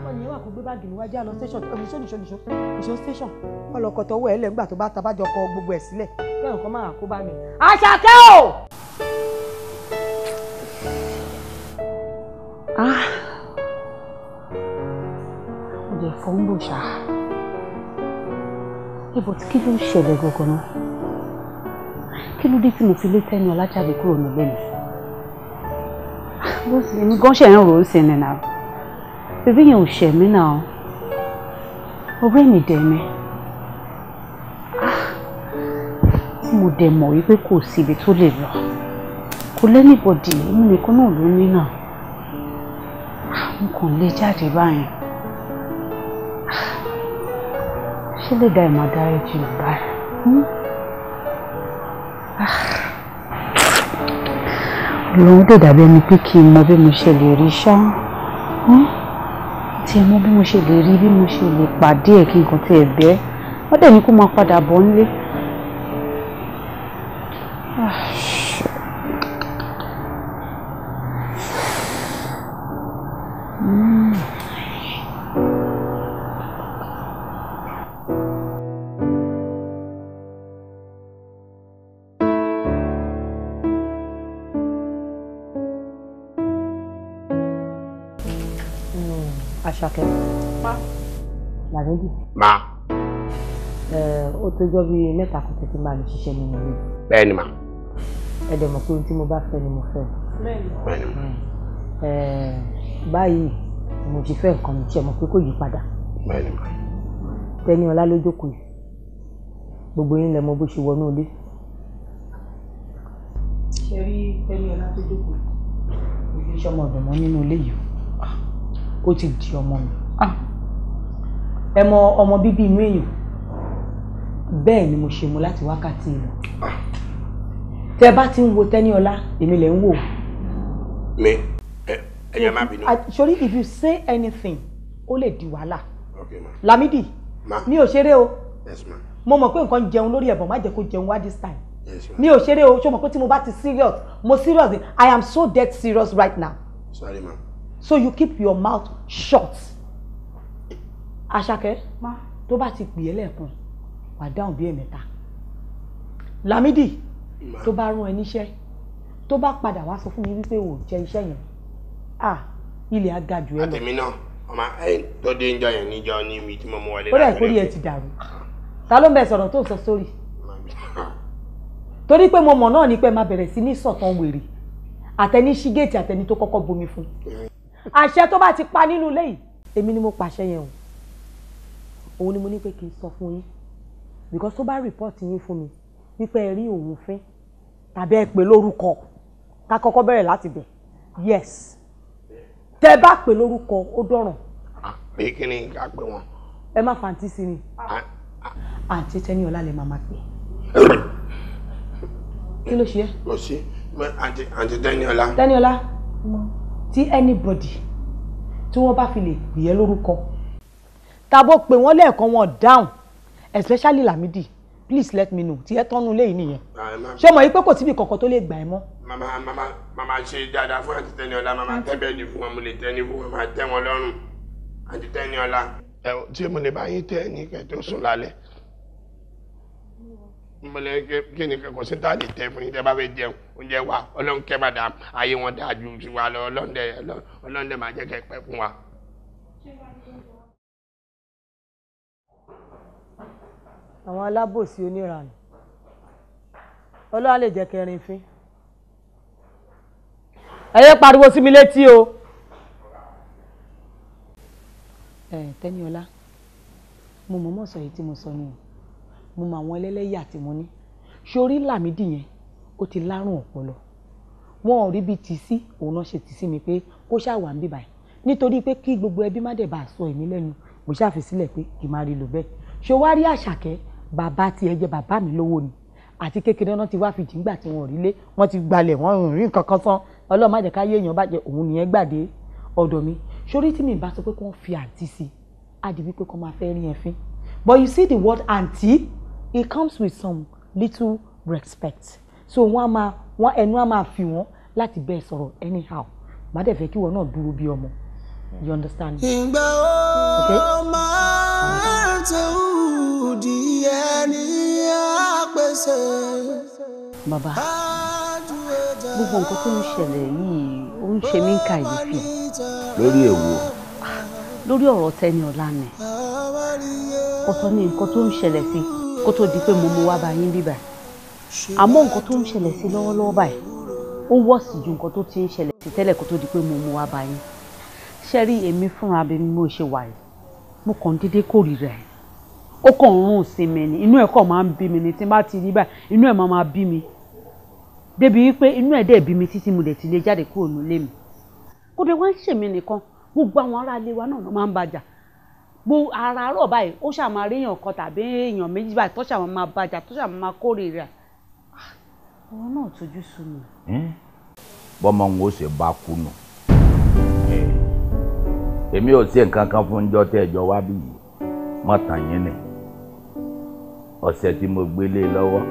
wọ́n ní wà kó gbé báàgì níwájú àlọ́ station ọ̀hún ṣó nìṣó nìṣó nìṣó station wọ́n lọ kọ́ tọwọ́ ẹ̀ lẹ́gbàá tó bá tabájọ kọ gbogbo ẹ̀ sílẹ̀ kí ẹ̀ǹkan máa kó bá mi. Àṣàkẹ́ o. Ah, mo lè fọ́ ń bò ṣáá ibo tí kí ló ń ṣẹlẹ̀ gangan náà kí ló dé tí mo fi lé tẹ́ni ọlájáde kúrò nílé mi bó sì ní gánṣẹ́ ń rò ó sí ni náà bèbí yẹn ò ṣẹ̀ mí náà ọ̀rẹ́ mi dẹ̀ mi tí mo dẹ̀ mọ̀ wípé kò síbi tó lè lọ kò lẹ́nìbọ̀dì èmi nìkan náà ló ní náà mo kàn lè jáde báyìí. ṣé lè dá ìmọ̀ dárí jù báyìí. lòun dè dàbí ẹni pé kí n mọ bí mo ṣe lè rí ṣá hmm? tí ẹ mọ bí mo ṣe lè rí bí mo ṣe lè pàdé ẹ kí nǹkan tí ẹ bẹ wọ́n dẹ̀ ní kó máa padà bọ̀ nílé. Ah. already. ma. ẹ ó tọjọ́ bíi mẹ́ta kó tètè máa lọ ṣiṣẹ́ nínú ilé. bẹ́ẹ̀ni ma. ẹ dẹ̀ mọ̀ pé ohun tí mo bá fẹ́ ni mo fẹ́. bẹ́ẹ̀ni ma. Hmm. ẹ báyìí mo ti fẹ́ nǹkan mi tí ẹ mọ̀ pé kò yí padà. bẹ́ẹ̀ni ma. tẹ́ni ọlá ló jókòó yìí gbogbo yín lẹ mọ̀ bó ṣe wọnú ilé. ṣe rí tẹ́ni ọlá tó jókòó yìí. ìfisọmọdọmọ nínú ilé yìí ah, ó ti di ọmọ mi. Ah, ẹ mọ ọmọ bíbí inú èèyàn bẹ́ẹ̀ ni mo ṣe mu láti wákàtí ìlú tẹ bá ti ń wo Tẹ́níọlá èmi lẹ̀ ń wò. mi ẹ ẹyẹ má bínú. sori if you say anything ó lè di wàhálà. okay ma. Lamidi mi ò ṣeré o mo mọ̀ pé nǹkan jẹun lórí ẹ̀bọ̀n má jẹ́ kó jẹun wá this time mi ò ṣeré o ṣé o mọ̀ pé tí mo bá ti serious mo serious i am so dead serious right now. sorry ma. so you keep your mouth shut àṣàkẹ́ tó bá ti pè é lẹ́ẹ̀kan wà dáhùn bí ẹ̀mẹ́ta lámídì tó bá rán ẹ níṣẹ́ tó bá padà wá sọ fún mi wípé wò jẹ iṣẹ́ yẹn à ilẹ̀ á ga jù ẹ lọ. àtẹ̀mí náà ọmọ ẹ tó dé ń jọ yẹn níjọ ní ibi tí mo mú wọlé. ó dà ìkórè ẹ ti dàrú ta ló ń bẹ sọ̀rọ̀ tó sọ sórí torí pé mo mọ̀ náà ni pé máa bẹ̀rẹ̀ sí ní sọ̀tàn wèrè àtẹni ṣígẹ́ẹ̀tì àtẹni tó kọ́kọ́ bomi fún àṣẹ tó bá ti pa nínú ilé èmi ni mo pàṣẹ yẹn o òun ni mo ní pé kí n sọ fún yín because tó bá rìpọ́ọ̀tì yín fún mi wípé ẹ rí òun fẹ́ tàbí ẹ pè lórúkọ ká kọ́kọ́ bẹ̀rẹ̀ láti bẹ̀ yes tẹ bá pè lórúkọ ó dọ̀ràn. àpè kí ni ká pè wọn. ẹ má fàǹtí sí mi àǹtí tẹ́ni ọ̀la lè máa máa pè. kí ló ṣe é. kò sí àǹtí àǹtí tẹ́ni ọ̀la. tẹ́ni ọ̀la tí anybody tí wọ́n bá fi lè pè é lórúkọ tàbó pé wọ́n lẹ́ẹ̀kan wọn down, especially Lamidi please let me know tiẹ̀ tọ́nu lẹ́yìn nìyẹn ah, ṣé ọmọ yìí pé kò síbi kankan tó lè gbà ẹ́ mọ́. màmá màmá màmá ṣe dáadáa fún àti tẹ́ni ọlá màmá tẹ́bẹ̀ẹ́ di fún wọn mo lè tẹ́ni fún wọn máa tẹ́ wọn lọ́rùn àti tẹ́ni ọlá. ẹ tí mo lè bá yín tẹ́ ẹni kẹ́ tó sùn lálẹ́ mo lè kí ni kò sí tá a lè tẹ́ fún yín tẹ́ bá fẹ́ jẹun oúnjẹ wa ọlọ́run kẹ́ bàdà ayé wọn dáa ju tiwa lọ ọlọ́run dẹ̀ máa jẹ́ kẹ́ pẹ́ fún wa. àwọn alábòsí oníranù ọlọ́wà lè jẹ́ kẹrin fín ẹ̀yẹ́ pariwo sí mi létí o. ẹ tẹ́niọlá mo mọ̀ọ́mọ̀ sọ èyí tí mo sọ ni o mo mọ àwọn ẹlẹ́lẹ́yà tí mo ní sórí làmídì yẹn ó ti lárùn ọpọlọ wọn ò ríbi tì sí òun náà ṣe tì sí mi pé kó ṣàwà ń bíbáyìí nítorí pé kí gbogbo ẹbí má dẹ̀ bá a sọ èmi lẹ́nu mo ṣàfi sílẹ̀ pé kì má rí lò bẹ́ẹ̀ ṣé wàá rí àṣàkẹ́ bàbá tiẹ̀ jẹ bàbá mi lówó ni àti kékeré náà ti wá fi jìngbà tí wọn rí lé wọn ti gbalẹ̀ wọn ò rí san ọlọ́run má jẹ́ ká yé èèyàn bàjẹ́ òun nìyẹn gbàdé ọ̀dọ̀ mi sórí tí mi bá sọ pé kí wọ́n fi àǹtí sí i á di máa fẹ́ rí ẹ fín but you see the word aunty it comes with some little respect so wọ́n á máa wọ́n ẹnu á máa fi wọ́n láti bẹ́ẹ̀ sọ̀rọ̀ anyhow má dẹ̀ fẹ́ kí wọ́n náà dúró bí ọmọ you understand me. ìgbà ó máa bàbá gbogbo nǹkan tó ń ṣẹlẹ̀ yìí ó ń ṣe mí kàyéfì. lórí èwo. lórí ọ̀rọ̀ tẹ́ni ọ̀la ni ọ̀tọ̀ ni nǹkan tó ń ṣẹlẹ̀ sí kó tó di pé mo mú wá bá yín bíbà àmọ́ nǹkan tó ń ṣẹlẹ̀ sí lọ́wọ́lọ́wọ́ báyìí ó wọ́ọ̀sì ju nǹkan tó ti ń ṣẹlẹ̀ sí tẹ́lẹ̀ kó tó di pé mo mú wá bá yín ṣẹ́rí èmi fúnra bí mo ṣe wà yìí mo kàn déédéé kórìíra ẹ̀ ó kàn ń rún sinmi ni inú ẹ̀ kàn máa ń bí mi ni tí n bá ti rí báyìí inú ẹ̀ máa máa bí mi débi wípé inú ẹ̀ dẹ̀ bí mi títí mo dẹ̀ ti lè jáde kúrò nílé mi kó dé wá ń ṣèmi nìkan gbogbo àwọn ará ilé wa náà máa ń bàjà gbogbo àràárọ̀ báyìí ó ṣáà máa rí èèyàn kan tàbí èèyàn méjì báyìí tó ṣáà máa bàjà tó ṣáà máa kórìíra ah, ọ̀rọ̀ náà tójú sú mi. Hm? ń wo ṣe bá kú nù èmi ò sí nǹkan kan fún ọjọ́ tẹ́ ẹ̀jọ́ wá bí yìí mọ̀tàn yín ni ọ̀sẹ̀ tí mo gbélé lọ́wọ́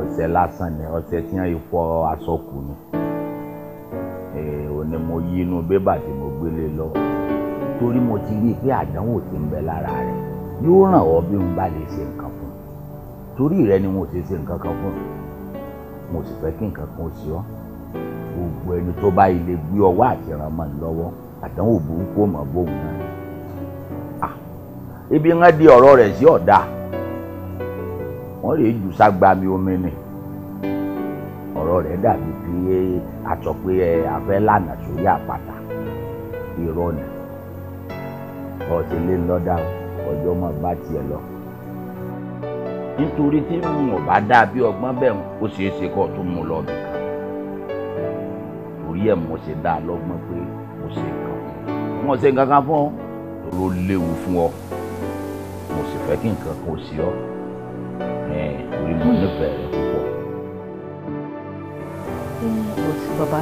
ọ̀sẹ̀ lásán ni ọ̀sẹ̀ tí wọ́n fọ aṣọ kù ni òní mo yí inú bébà tí mo gbélé lọ́wọ́ torí mo ti rí i pé àdánwò ti ń bẹ lára rẹ̀ yóò ràn ọ́ bí mo bá lè ṣe nǹkan fún un torí rẹ ni mo ti ṣe nǹkan kan fún un mo sì fẹ́ kí nǹkan kan ṣe ọ́ gbogbo ẹni tó bá ilé gbé ọwọ́ àti ìrànmọ́ lọ́wọ́ àtàn òbú ọmọ mọ̀ bóun náà ibi ah, ń di ọ̀rọ̀ rẹ̀ sí ọ̀dà wọ́n lè jù ságbami omi nì ọ̀rọ̀ rẹ̀ dàbí pé a pé afẹ́ lànà sórí àpáta irọ́ ni lé lọ́dà ọjọ́ máa bá tiẹ̀ lọ nítorí tí n ò bá dáa bí ọgbọ́n bẹ́ẹ̀ ó ṣeé ṣe mú torí ẹ̀ mo ṣe dáa lọ́gbọ́n wọn ṣe nǹkan kan fún ọ ló léwu fún ọ mo sì fẹ́ kí nǹkan kan sí ọ orí mo nífẹ̀ẹ́ rẹ púpọ̀. ó bàbá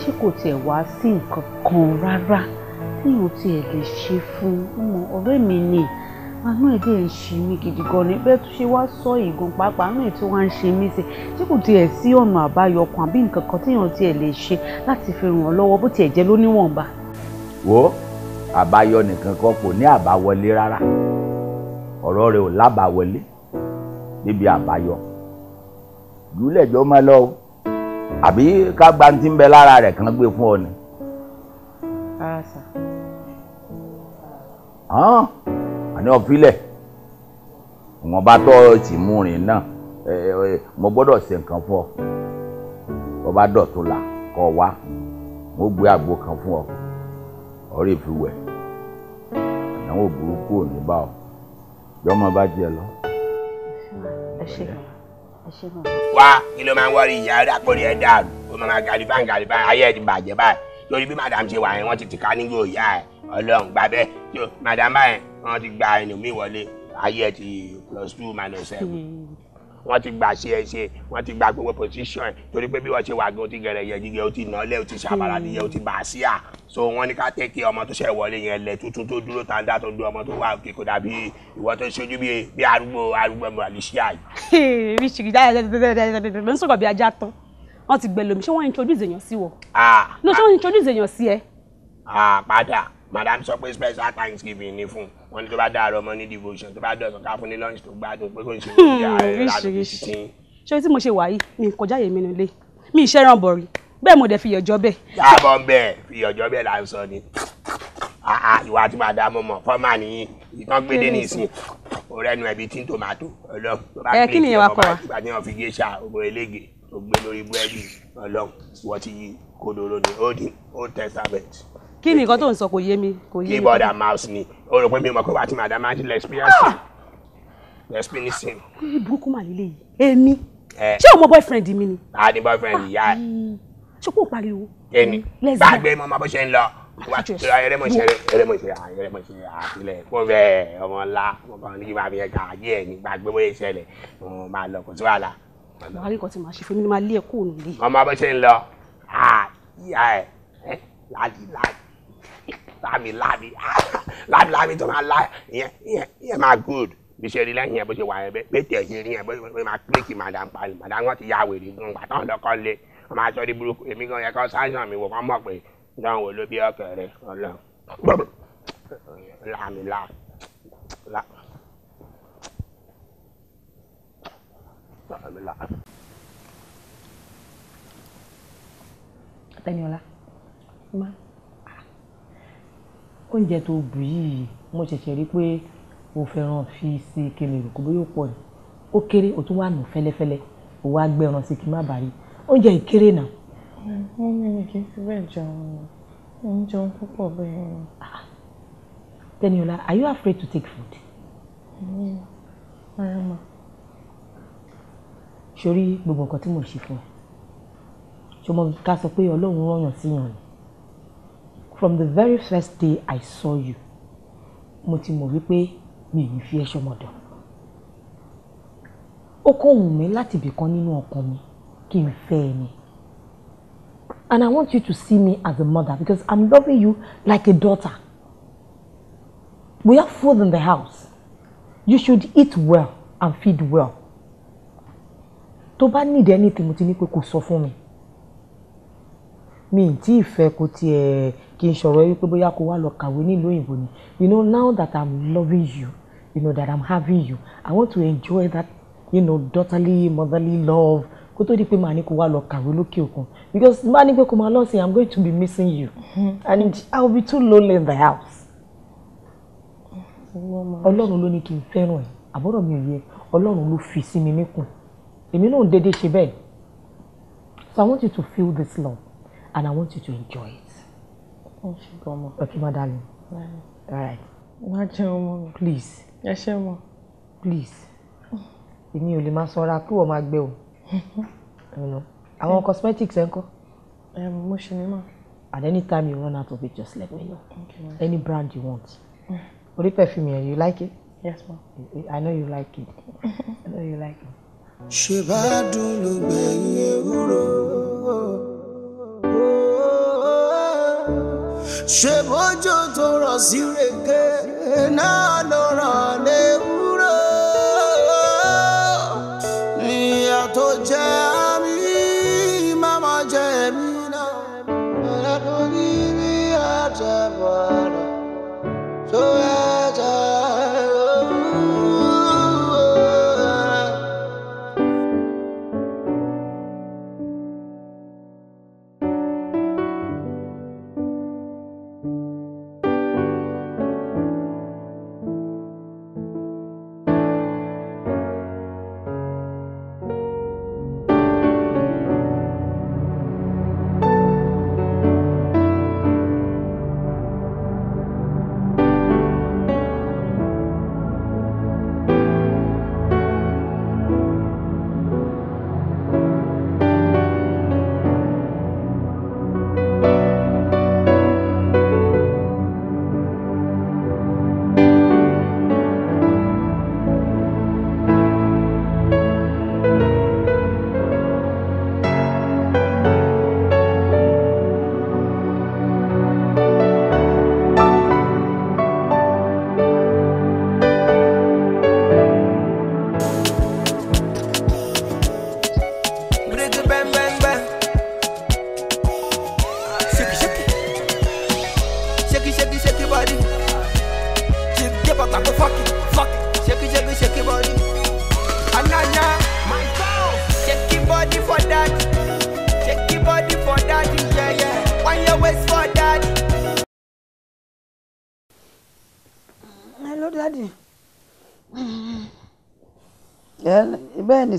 ṣé kò tiẹ̀ wá sí nǹkan kan rárá tí mo tiẹ̀ lè ṣe fún ọmọ ọ̀rẹ́ mi ni àánú ẹ̀ dẹ̀ ń ṣe mí gidi gan ni bẹ́ẹ̀ tó ṣe wá sọ ìgùn pàápàá àánú ẹ̀ tí wọ́n á ń ṣe mí sí tí kò tiẹ̀ sí ọ̀nà àbáyọ àbí nǹkan kan téèyàn tiẹ̀ lè ṣe láti fi ràn ọ́ lọ́wọ́ bó tiẹ̀ jẹ́ lóníwọ̀nba wo àbáyọ nìkan kan kò ní àbáwọlé rárá ọ̀rọ̀ rẹ̀ ò lábàwọlé níbi àbáyọ jùlẹ̀jọ́ máa lọ o àbí ká gba ti ń bẹ lára rẹ̀ kan gbé fún ọ ni. rárá sà. àní ọ̀fílẹ̀ wọn bá tọ́ ti mú rìn náà mo gbọ́dọ̀ ṣe nǹkan fún ọ bó bá dọ̀tún la kọ́ wa mo gbé àgbo kan fún ọ ọ̀rẹ́ fi wẹ̀ àdánwò burúkú ò ní bá ọ yọmọ bá jẹ lọ. ẹ ṣe ẹ ṣe mọ. wá kí ló máa ń wọrí ìyá rẹ àpò rẹ dàrú ó máa gàlíbá gàlíbá ayé ẹ ti bàjẹ́ báyìí lórí bí madam ṣe wà yẹn wọ́n ti tìka nígbò ìyá ẹ ọlọ́run gbà bẹ́ẹ̀ tó madam báyẹn wọ́n ti gba ẹnu mi wọlé ayé ẹ ti plus two minus seven. wọ́n ti gba ṣe ẹ ṣe wọ́n ti gba gbogbo position torí pé bí wọ́n ṣe wà gan o ti gẹ̀rẹ̀ yẹ jíjẹ o ti nà lẹ́ o ti ṣàbàrà nìyẹ o ti bà sí à so wọ́n ní ká tẹ́kì ọmọ tó ṣe wọlé yẹn lẹ̀ tuntun tó dúró tàǹdà tó dún ọmọ tó wà òkè kó dàbí ìwọ tó ṣojú bí arúgbó arúgbó Malaysia yìí. mi ṣì ń sọ̀rọ̀ bí ajá tán wọ́n ti gbẹ lómi ṣé wọ́n introduce èèyàn sí wọ. ah no ṣé wọ́n introduce èèyàn sí ẹ. ah padà madam sọ pé special thanksgiving ni fún wọn ní tó bá dáa ọmọ ní devotion tó bá dọ̀sán ká fún ní lunch tó gbádùn pé kò ń ṣe ìyá rẹ̀ ládùúgbò títí. ṣé tí mo ṣe wà yìí mi kọjá yèmí nu ilé mi ìṣe ràn bọ̀ rí bẹ́ẹ̀ mo dẹ̀ fi yọjọ́ bẹ́ẹ̀. yàbọ̀ bẹ́ẹ̀ fi yọjọ́ bẹ́ẹ̀ là ń sọ ni ìwà àti madam mọ̀ fọ́mà nìyí ìtàn gbélé nìsín ọ̀rẹ́ nu ẹbí tí ń tòmátò ọlọ́run tó bá gbé ìjọba ìgbà tí wọ́n fi gé ṣá ògbó elége ògbé lórí búrẹ́dì ọlọ́run wọ́n ti yí kodoro ní old kí ni nǹkan tó ń sọ kò yé mi kò yé mi. keyboard and mouse ni o rò pé mi ò mọ̀ pé wàá ti máa dá máa ń ṣe lẹ́sìpínísì lẹ́sìpínísì. kí burúkú màá lélẹ̀ yìí èmi eh. ṣé o mọ boyfriend mi ni. a ah, ní boyfriend ìyá ah, ẹ. ṣé kò pariwo. èmi gbàgbé mọ ọmọ bó ṣe ń lọ wà á tura ẹrẹmọṣẹ ẹrẹmọṣẹ ẹrẹmọṣẹ àtìlẹ fúnfẹ ọmọ ńlá ọmọ kan ní kí máa fi ẹka ayé ẹ ní gbàgbé bóyá ìṣẹ̀lẹ̀ ọmọ máa lọ kò tó àlà. wàá rí nǹkan tí màá ṣe fún mi ni màá lé ẹ kúrò nílé. ọmọ bó ṣe ń lọ àyà ẹ láti láti láàmì láàmì ah, láàmì láàmì tó máa lá ìyẹn ìyẹn ìyẹn máa good bí ṣe rí lẹ́yìn yẹn bó ṣe wà yẹn bẹ́ẹ̀ tẹ̀ ṣe rí yẹn bó ṣe máa kíríkì madam pali madam wọn ti ya wèrè gan gbà tán lọ́kọ́ lé wọn máa sọ ní burúkú èmi gan yẹ kọ́ sáyẹn mi wò kọ́ mọ̀ pé dáhùn wò ló bí ọkẹ rẹ ọlọ láàmì lá láàmì lá. Beniola, oúnjẹ tó bù yìí mo ṣẹ̀ṣẹ̀ rí pé o fẹ́ràn fi sí kíni rò kó bóyá ó pọ̀ ni ó kéré o tún wà nù fẹ́lẹ́fẹ́lẹ́ o wá gbẹran sí kí n má bàa rí oúnjẹ ìkéré náà. wọ́n ní mi kì í fi bẹ́ẹ̀ jẹun o ń jẹun púpọ̀ bẹ́ẹ̀. Ah. Teniola, are you afraid to take food? rárá ma. sori gbogbo nǹkan tí mo ṣe fún ẹ ṣọmọ ká sọ pé Ọlọ́run rán yàn síyàn ni from the very first day I saw you mo ti mọ̀ wípé mi ò ní fi ẹ́ ṣọmọdọ̀ ó kàn wù mí láti ibìkan nínú ọkàn mi kí n fẹ́ ẹ ni and I want you to see me as a mother because I'm loving you like a daughter we have food in the house you should eat well and feed well tó bá need anything mo ti ní pé kó sọ fún mi mi ì tí ì fẹ́ kó tiẹ̀. Eh, kì í ṣọ̀rọ̀ yìí bóyá kó wá lọ kàwé nílùú òyìnbó ni you know now that i'm loving you you know that i'm having you i want to enjoy that you know daughterly motherly love kó tó di pé màá ní kó wá lọ kàwé lókè òkun because màá ní pé kó máa lọ sí i'm going to be missing you mm-hmm. and i will be too lonely in the house. ọlọ́run ló ní kí n fẹ́ràn ẹ̀ àbúrò mi ò yẹ ọlọ́run ló fi sí mi níkùn èmi náà déédéé ṣe bẹ́ẹ̀ so i want you to feel this love and i want you to enjoy it. Oh, okay my darling all right. wá jẹun mọ mi. please. ẹ ṣe mọ. please èmi ò my máa You know. I want cosmetics ẹ ń kọ́. at any time you run out of it just let me know okay, any brand you want. orí perfume here, you like it. yes ma. i know you like it i know you like it. ṣe bá dùn ló gbẹ̀yìn ṣe bójú tó rọ̀ sí rèké náà ló rọ̀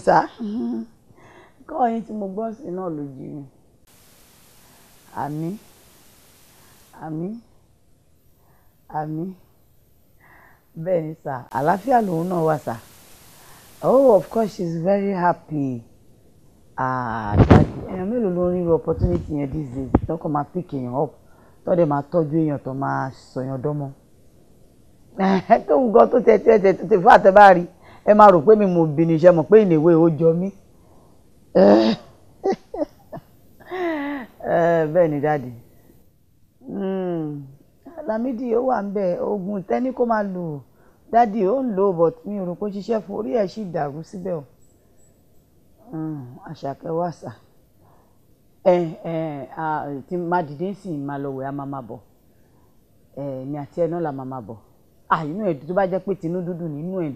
sá kọ́yìn tí mo gbọ́ sí náà ló jí mi àmì àmì àmì bẹ́ẹ̀ ni sá àlàáfíà lòun náà wà sá oh of course she is very happy àdájú ah, èèyàn mélòó ló ń rí opportunity yẹn these days tó kàn máa pick èèyàn up tó dẹ̀ máa tọ́jú èèyàn tó máa sọ̀yàn dánmọ́ tóun gan tó tẹ̀ tẹ̀ tẹ̀ tó tẹ̀ fún àtẹ̀bá rí i ẹ máa rò pé mi mo bí ni ṣe mọ̀ pé ìléwé ó jọ mí bẹ́ẹ̀ ni dáàdi hmm. Lámídì ó wà ń bẹ̀ oògùn tẹ́ni kó máa lò dáàdi ó ń lò but mi ò rò pé ṣiṣẹ́ fún orí ẹ̀ sì dàrú síbẹ̀ o hmm. àṣàkẹ́ wà sà ẹ ẹ tí má dìde sí máa lọ wẹ̀ á máa máa bọ̀ èmi àti ẹ náà la máa bọ̀ àyínú ah, ẹ̀ tó bá jẹ́ pé tinú dúdú nínú ẹ̀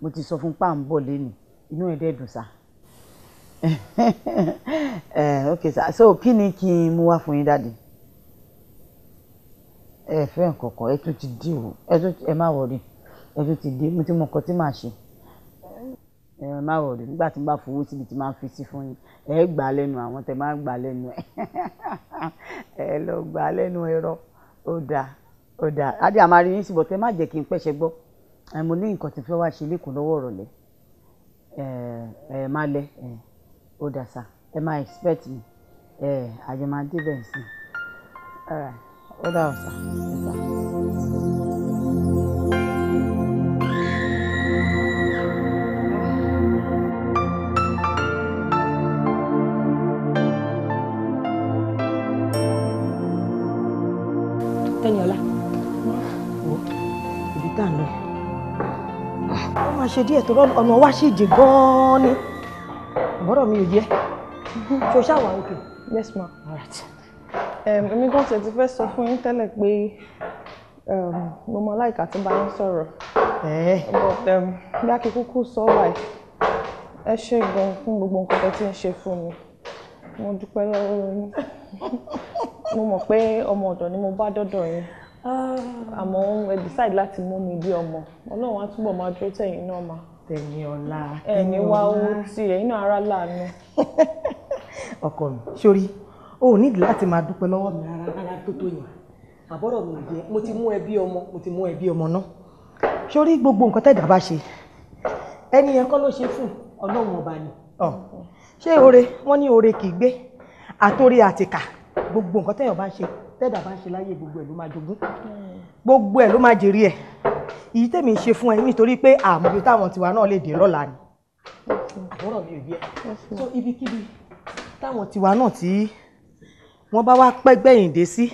mo ti sọ fún pa ń bọ̀ lẹ́nu inú ẹ̀ dẹ́ dùn sá. Eh, ok sá so kí ni kí n mú wá fún yín dáàdi ẹ fẹ́ nǹkankan ẹ tún ti dì o ẹ tún ẹ má wọrí ẹ tún ti dì mo ti mọ nǹkan tí màá ṣe ẹ má wọrí nígbà tí n bá fowó síbi tí màá fi sí fún yín ẹ gbà á lẹ́nu àwọn tẹ máa gbà á lẹ́nu ẹ ẹ lọ gbà á lẹ́nu ẹ̀rọ ó dáa ó dáa adé àmàrin yín síbọ̀ tẹ má jẹ́ kí n pẹ́ṣẹ gbọ́ mo ní nǹkan tí fẹ́ wá ṣe lẹ́kọ̀ọ́ lọ́wọ́ ìrọ̀lẹ́ ẹ má lẹ ó dà sá ẹ má expect mi àjẹmọ́ adébẹ̀ sí ó dà ọ̀sà. Ma, ṣe díẹ̀ tó rọ ọ̀nà wa ṣì jì gan-an ni àbọ̀rọ̀ mi ò yẹ ṣo ṣáwà òkè. yes ma All right. èmi gan ṣe ti fẹ́ sọ fún yín tẹ́lẹ̀ pé mo mọ láìka tí bá yín sọ̀rọ̀ but bí a kì í kúkú sọ wáyé ẹ ṣe gan fún gbogbo nǹkan tó ti ń ṣe fún mi mo dúpẹ́ lọ́wọ́ yín mo mọ̀ pé ọmọ ọ̀dọ̀ ni mo bá dọ́dọ̀ yín Ah. àmọ́ ẹ decide láti mú mi bí ọmọ ọlọ́run á túbọ̀ máa dúró tẹ̀yìn náà mà. tẹ̀yìn ọ̀la ẹ̀yìn wá owó tí ẹ̀yìn náà ara láàánú. ọkọ mi sórí o ò nídìí láti máa dúpẹ́ lọ́wọ́ mi rárá rárá tó tó yẹn àbọ̀rọ̀ mi jẹ́ mo ti mú ẹbí ọmọ mo ti mú ẹbí ọmọ náà sórí gbogbo nǹkan tẹ̀dá bá ṣe ẹni yẹn kọ́ ló ṣe fún ọlọ́run ọba ni ṣé oore wọ́n ní oore kì í gbé àtòrí àtìkà gbogbo nǹkan tẹ̀yàn bá ṣe tẹ́dà bá ń ṣe láyé gbogbo ẹ̀ ló máa jogún gbogbo ẹ̀ ló máa jèrè ẹ̀ èyí tèmi ṣe fún ẹ nítorí pé àmọ́bí táwọn tiwa náà lè dé lọ́la ni àbúrò mi ò yẹ so ibikíbi táwọn tiwa náà tí wọ́n bá wá pẹ́ gbẹ̀yìn dé sí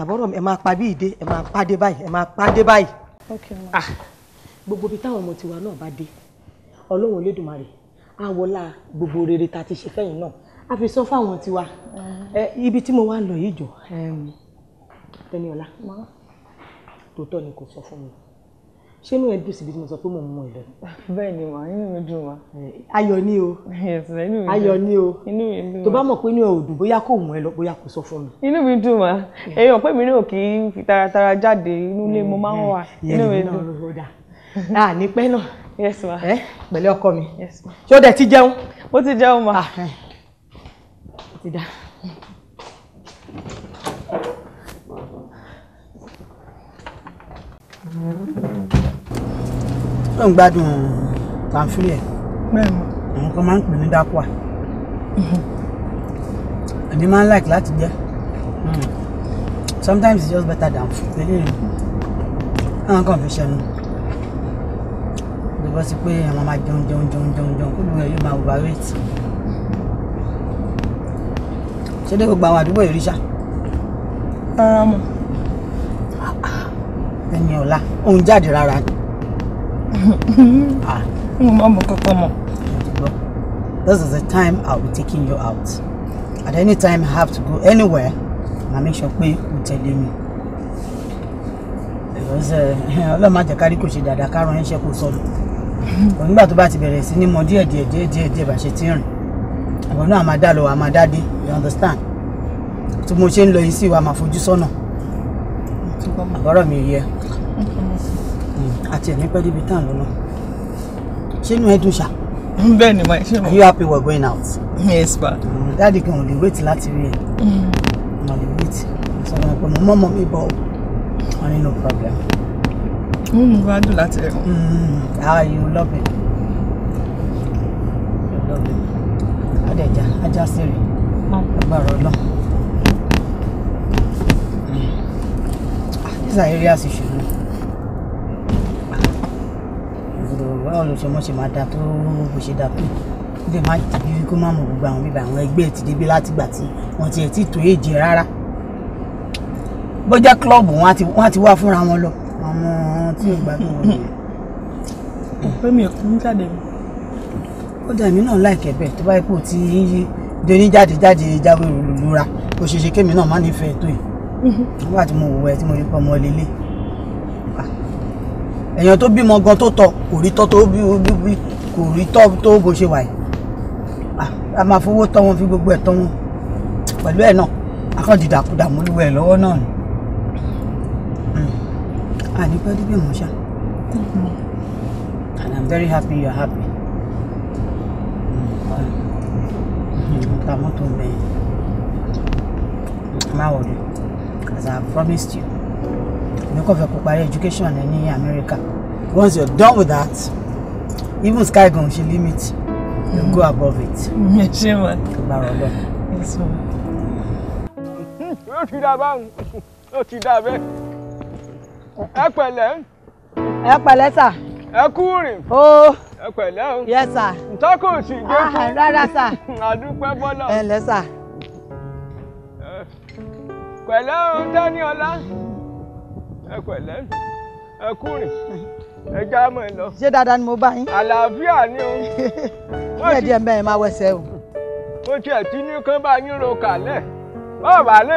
àbúrò mi ẹ máa pa bí ìdè ẹ máa pàdé báyìí ẹ máa pàdé báyìí ah, gbogbo ibi táwọn ọmọ tiwa náà bá dé ọlọ́run Olódùmarè á gbogbo rere ta ti ṣe fẹ́yìn náà a fi sọ fáwọn tiwa ibi tí mo wá lọ yìí jọ Tẹniọlá tòótọ́ ni kò sọ fún mi ṣé inú ẹ dùn síbi tí mo sọ pé mo mú ẹ lọ. bẹ́ẹ̀ ni mà inú mi dùn wá. ayọ̀ ni o ayọ̀ ni o tó bá mọ̀ pé inú ẹ ò dùn bóyá kò mú ẹ lọ bóyá kò sọ fún mi. inú mi dùn wá èyí ọ̀pẹ́ mi náà kì í fi taratara jáde inú ilé mo máa ń wà inú mi dùn. a ní pẹ́ náà pẹ̀lẹ́ ọkọ mi ṣé ó dẹ̀ ti jẹun. ó ti jẹun mà. Tidak. dá. ó ń gbádùn pàǹfìlì ẹ̀ àwọn kan máa ń pè ní dápọ̀ àmì máa ń like láti jẹ́ sometimes it's just better than food àwọn kan fi ṣẹnu bí wọ́n ti pé àwọn máa jẹun jẹun jẹun jẹun jẹun kó lóore yóò máa overweight ṣé dé gbogbo àwọn àdúgbò ìrísà. rárá mọ. ẹni ọ̀la òun jáde rárá ni. Ah. mo máa mọ kankan This is the time I'll be taking you out. At any time I have to go anywhere, na make sure pé o tẹ̀lé mi. Eh, Ọlọ́run má jẹ́ kárí kò ṣe dáadáa ká ran iṣẹ́ kó sọ̀rọ̀. Onígbà tó bá ti bẹ̀rẹ̀ sí ní mọ díẹ̀ díẹ̀ díẹ̀ díẹ̀ bá ṣe ti rìn ìwọ náà máa dá lọ wà máa dáde you understand tí mo ṣe ń lọ yìí sí wa máa fojú sọ́nà àbọ̀rọ̀ mi yẹ hmm, àti ẹ̀mí pẹ́ débi tán lọ́nà ṣé inú ẹ dùn ṣá. bẹ́ẹ̀ ni màá ṣe mọ̀. are you happy we're going out. yes ma. Hmm, dáàdi gan ò lè wait láti rí ẹ hmm. ò lè wait sọ̀rọ̀ pé mo mọ̀ mọ́ mi bọ̀ ọ́ ní no problem. mo mú gbádùn láti ẹ̀ wọ́n. how are you loving. dẹ̀jà ajá sí rè agbára ọlọ́ ah, these are areas you should know báwo ló ṣe mọ́ ṣe máa da tó bó ṣe da tó bẹ́ẹ̀ má tàbí kó má mọ̀ gbogbo àwọn bíbá àwọn ẹgbẹ́ ẹ̀ ti débi látìgbà tí wọ́n ti ẹ̀ tí tó èjì rárá bọ́jà klọ́ọ̀bù wọn á ti wá fúnra wọn lọ àwọn tí ò gbádùn wọn. ọ̀pẹ́ ẹ̀kú ń jáde mi ó dà náà láìkẹ́ bẹ́ẹ̀ tó bá yẹ kó ti yí doní jáde jáde jáwé lura kò ṣe kémi náà má nífẹ̀ẹ́ tó yìí mm-hmm. nígbà tí mo wò ẹ tí mo rí ọmọ lélẹ̀ èèyàn tó bímọ gan tó tọ́ kò rí tọ́ tó bí kò rí tọ́ tó bó ṣe wà yìí a máa fowó tọ́ wọn fi gbogbo ẹ̀ tọ́ wọn pẹ̀lú ẹ̀ náà akọ́dì dàkúdà mú lúwẹ̀ lọ́wọ́ náà ni àní hmm. pẹ́ dúpẹ́ mọ́ ṣá and I'm very happy you are happy. ra mọ́tò mẹ́yìn má wọlé as I promised you èmi kò fẹ́ kó education in America once you're done with that even sky gun she limit you go above it. Mm-hmm. ṣé wà gbàrọ̀ lọ. ó ti dà báwọn ó ti dà bẹ́ẹ̀ ẹ pẹ̀lẹ́. ẹ pẹ̀lẹ́ sà. ẹ kú rìn. Oh ẹ pẹ̀lẹ́ o. yes sir. ntọ́kọ̀ òsì dé ah, fún. rárá sà. àdúpẹ́ bọ́lọ̀. ẹ lẹ́ sà. pẹ̀lẹ́ o Dáníọlá ẹ pẹ̀lẹ́ ẹ kúrìn ẹ já mọ̀ ẹ lọ. ṣé dáadáa ni mo bá yín. àlàáfíà ni o. díẹ̀ díẹ̀ mẹ́rin máa wẹsẹ̀ o. mo tiẹ̀ tí ní kán bá yín ro kàlẹ̀ bọ́ọ̀ bá lè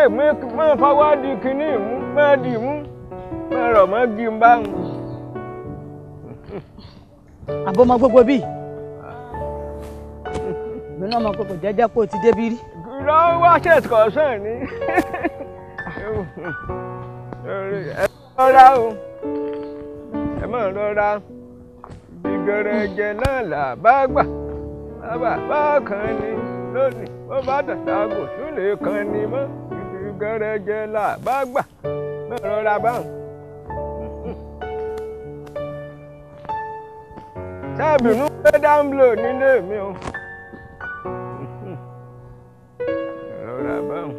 mọ fọwọ́ di kinní ìmú mọ́ di ìmú mọ́ rọ̀ mọ́ gí n bá ń àbọ̀mọ gbogbo bíi ah. ìgbẹ́ náà mọ gbogbo jẹ́jẹ́ kó o ti débi rí. lọ́wọ́ wá ṣe ìkọ̀sán ni ẹ rọra o ẹ mọ̀ rọra gbẹ̀rẹ̀gẹ̀ náà là bá gbà bàbá bá kan ni lónìí bó bá dàda kò tún lè kan ni mọ́ gbẹ̀rẹ̀gẹ̀ là bá gbà mọ̀ rọra báwọn. tábìnú pé dáńblò nílé mi o. ìrora báwọn.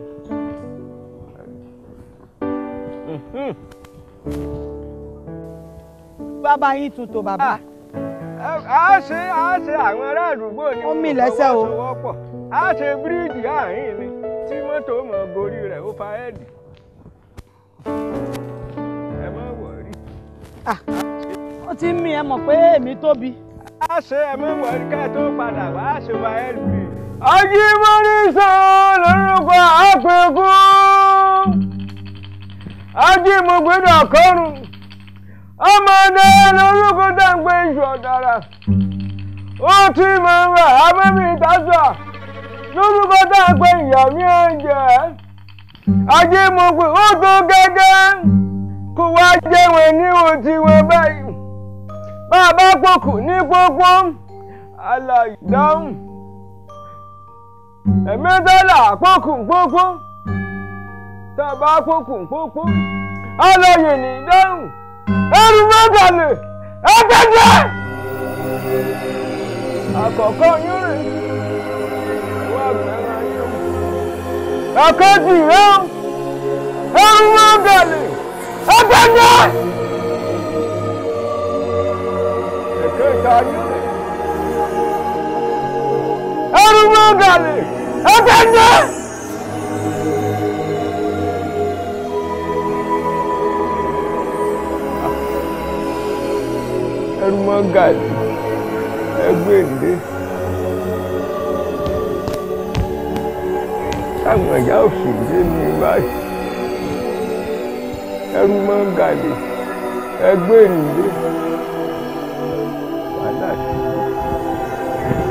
bàbá yín tún tó bàbá. Ah, a ṣe a ṣe àwọn ará àdúgbò ni mo fọwọ́sowọ́pọ̀ a ṣe bíríìjì àárín mi tí mọ́tò mọ̀ gorí rẹ̀ ó fa ẹ́ẹ̀dì. ẹ má wọrí. Ah, ó ti ń mí ẹ mọ̀ pé èmi tóbi a ṣe ẹ̀mú wọ̀ríkẹ́ tó padà wá a ṣe wá lp. Ajímọ́rí Ṣàngó lórúkọ àpẹ̀kún ajímọ̀gbẹ́dọ̀ kọ́rùn ọmọdé lórúkọ dàgbé iṣu ọ̀dàrà ó ti máa ń rà abẹ́mi ìtajà lórúkọ dàgbé ìyàmí ẹ̀jẹ̀ ajímọ̀gbẹ́ ó tó gẹ́gẹ́ kó wá jẹ́wọ̀n ní òtí wọn báyìí bàbá pokùn ní pópó alàyè dáhùn ẹ̀mí tọ́lá pokùn pópó tàbá pokùn pópó alàyè ní dáhùn ẹrù mọ́gàlè ẹ̀kẹ́jẹ́ àkọ́kọ́ yín rè wà bẹ́ẹ̀ ayé ọ̀kẹ́jì rẹ̀ ẹrù mọ́gàlè ẹ̀kẹ́jẹ́. dàlè ẹ fẹ́ yẹ. ẹrù mọ́ gàdí ẹgbẹ́ èdè táwọn ẹ̀yà òṣèlú ní báyìí ẹrù mọ́ gàdí ẹgbẹ́ èdè.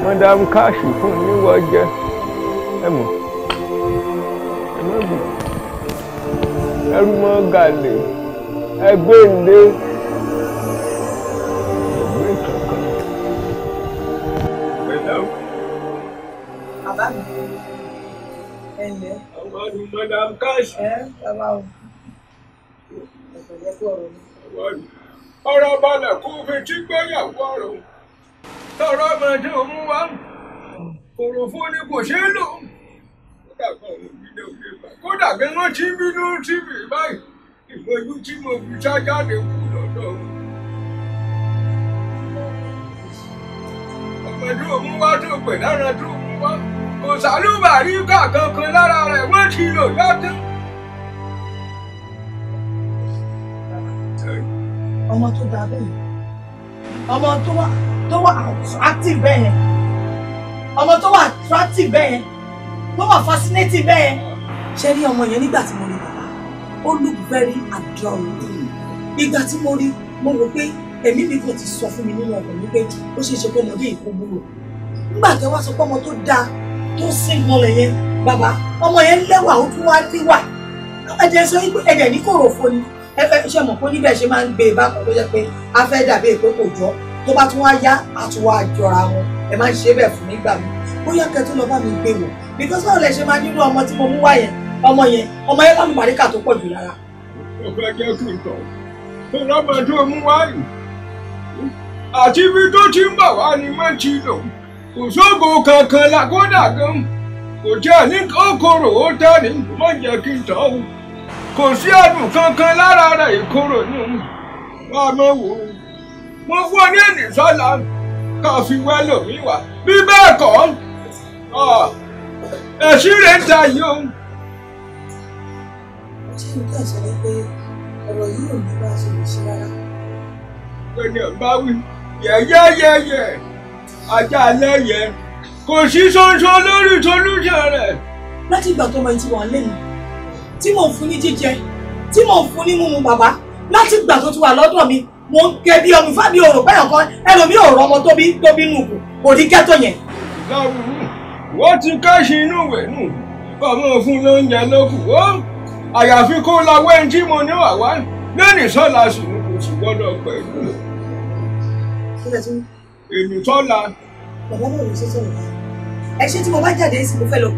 madam káàṣì fún mi wọ́n jẹ́ ẹ mọ̀ ẹ má bì ẹrú mọ́ gàlè ẹgbẹ́ ńlé. Bàbá mi, ẹ ǹlẹ́. Àwọn ọdún madam káàṣì. Ẹ bàbá kó fi jí gbéyàwó ọ̀rọ̀ tọrọ ọmọdé òun wá òròfó ni kò ṣeé lò kódà bí wọ́n ti ń bínú tíìbì báyìí ìfojú tí mo fi sá jáde kù lọ́dọ̀ òun. pẹ̀lú òun wá tó pè lára tó òun wá kò sálúbàrí kà kankan lára rẹ̀ wọ́n ti lò lọ́tọ́. ọmọ tó dáa bẹ́ẹ̀ ọmọ tó wà tó wà attractive bẹ́ẹ̀ yẹn ọmọ tó wà attractive bẹ́ẹ̀ yẹn tó wà fascinating bẹ́ẹ̀ yẹn. ṣé rí ọmọ yẹn nígbà tí mo rí bàbá ó look very adorable ìgbà tí mo rí mo rò pé ẹ̀mí mi kò ti sọ fún mi nínú ọkàn wípé ó ṣeé ṣe pé ọmọdé yìí kò wúlò nígbà tí wọ́n sọ pé ọmọ tó dáa tó sì mọ́lẹ̀ yẹn bàbá ọmọ yẹn lẹ́wà ó tún wá níwà ẹ̀jẹ̀ sọ pé ẹ̀jẹ̀ ní kòròfo ni ẹ fẹ́ fi ṣe mọ̀ pé níbẹ̀ ṣe máa ń gbé e bákan tó jẹ́ pé a fẹ́ dàbí èpè kò jọ tó bá tún wá yá a tún wá jọra wọn ẹ máa ń ṣe bẹ́ẹ̀ fún nígbà mi bóyá kẹ́ tó lọ bá mi gbé wò because báwo lẹ ṣe máa nínú ọmọ tí mo mú wá yẹn ọmọ yẹn ọmọ yẹn lámì bàríkà tó pọ̀ jù lára. ọ̀pẹ́ kí ẹ kì í tọ̀ lọ́mọ tó mú àti ibi tó ti ń bà wá ni má kò sí ẹ̀bùn kankan lára rẹ̀ ìkorò ní òun wá wò ó mo fún ọ ní ènìsọ́lá ká fi wẹ́lò mi wá bí bẹ́ẹ̀ kọ́ ẹ̀sìn rẹ̀ ń ta yìí o. ṣé n kàn sọ pé ọ̀rọ̀ yìí ò ní bá a ṣe lè ṣe rárá. ènìyàn bá wí yẹ̀yẹ́yẹ̀yẹ̀ ajá lẹ́yẹ̀ kò sí ṣoṣo lórí solúṣẹ̀ rẹ̀. láti ìgbà tó máa ti wà lẹ́yìn tí mò ń fún ní jíjẹ tí mò ń fún ní mímu bàbá láti gbà tó ti wà lọ́dọ̀ mi mò ń ké bí ọmọ ìfábí òrò bẹ́ẹ̀ kan ẹlòmí òrò ọmọ tóbi tóbi nù kù kò rí kẹ́tọ̀ yẹn. láwùrú wọ́n ti káṣí inú ìwé nù ọmọ òfin ló ń yẹn lókù ó àyàfi kó lawẹ́ ń tí mo ní wàwá lẹ́nìí sọ́la sùn kò sì gbọ́dọ̀ pẹ̀lú. èlù tọ́la. bàbá náà ló ṣe sọ̀rọ̀ ẹ ṣé tí mo bá jáde sí mo fẹ́ lọ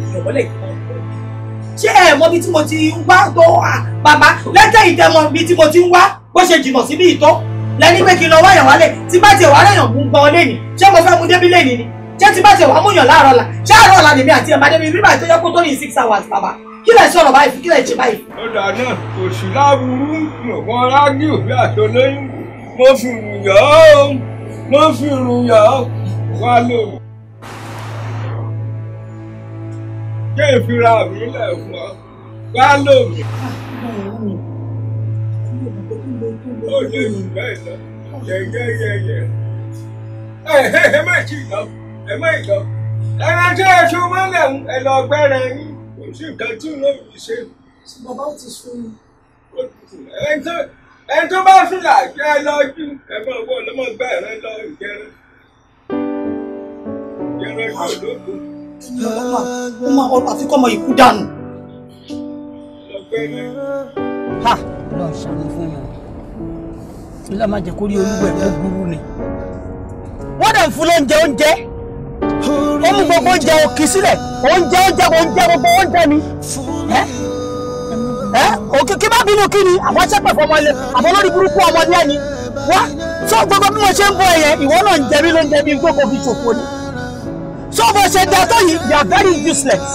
ṣé ẹ mọ ibi tí mo ti ń wá tó à bàbá lẹ́tẹ̀ ìtẹ́mọ ibi tí mo ti ń wá bó ṣe jìnnà síbi ìtọ́ lẹ́ni pé kí n lọ wáyàn wálẹ̀ tí bá tiẹ̀ wá rẹ̀yàn mú gbọ́n lẹ́nìí ṣé mo fẹ́ mu débí lẹ́nìí ni ṣé tí bá tiẹ̀ wá múyàn láàárọ̀ la ṣé àárọ̀ ọ̀la lèmi àti ẹ̀ma débi mo fi rùyàn mo fi wá lóru. kí n mi lẹ̀ fún ọ wá lò ó yẹ ìgbà ìlọ yẹyẹyẹyẹ ẹ ẹ má ti lọ ẹ má lọ ẹran tí ẹ tún mọ́lẹ̀ ẹ lọ gbẹ́ra yín kò sí nǹkan tí ò lóyún ṣe. bàbá ó ti sún mi. ẹni tó bá fìlà jẹ́ ẹ lọ jù ẹ máa wọ ọlọ́mọ gbà lọ ìjẹrẹ ìjẹrẹ kò lókun èmi ọlọ́run ó máa ọlọ́run àfikọ́ ọmọ ìkú dànù. ha lọ ṣàmì fún mi ilé máa jẹ kó rí olúwẹ̀ kó burú ni wọ́n dẹ̀ ń fún lóúnjẹ oúnjẹ ó mú gbogbo oúnjẹ òkì sílẹ̀ oúnjẹ oúnjẹ oúnjẹ gbogbo oúnjẹ mi ẹ òkè kí bá bínú kí ni àwọn aṣẹ́pẹ̀ fọmọ ilé àwọn olórí burúkú ọmọdé ẹni wá tó gbogbo bí mo ṣe ń bọ ẹ̀yẹ ìwọ náà ń jẹ mí ló ń gbogbo fi ṣòfò ni so bó ṣe dá tó yìí you are very useless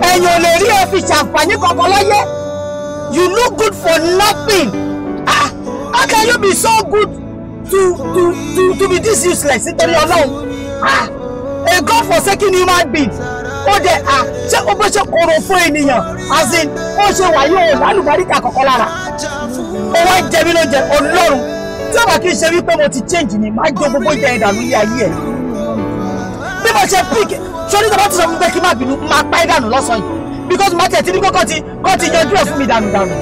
ẹ̀yin ò lè rí ẹ fi ṣàǹfààní kankan láyé you look good for nothing ah how can you be so good to to to to be this useless nítorí ọlọ́run ah a god forsaken human being ó dẹ ah ṣé o bó ṣe kóró fún ènìyàn as in ó ṣe wàyí o lálùbáríkà kankan lára ó wá jẹ mí ọlọ́run tí ó bá kí n ṣe wípé mo ti change ni máa jó gbogbo ìjẹ ìdàlú ilé ayé ẹ̀ bó ṣe pig sórí tó bá ti sọ fún pé kí má bínú máa pa ẹ́ dànù lọ́sàn yìí because má tẹ̀tí ní kókó ti kó ti yanjú ẹ̀ fún mi dànù dànù.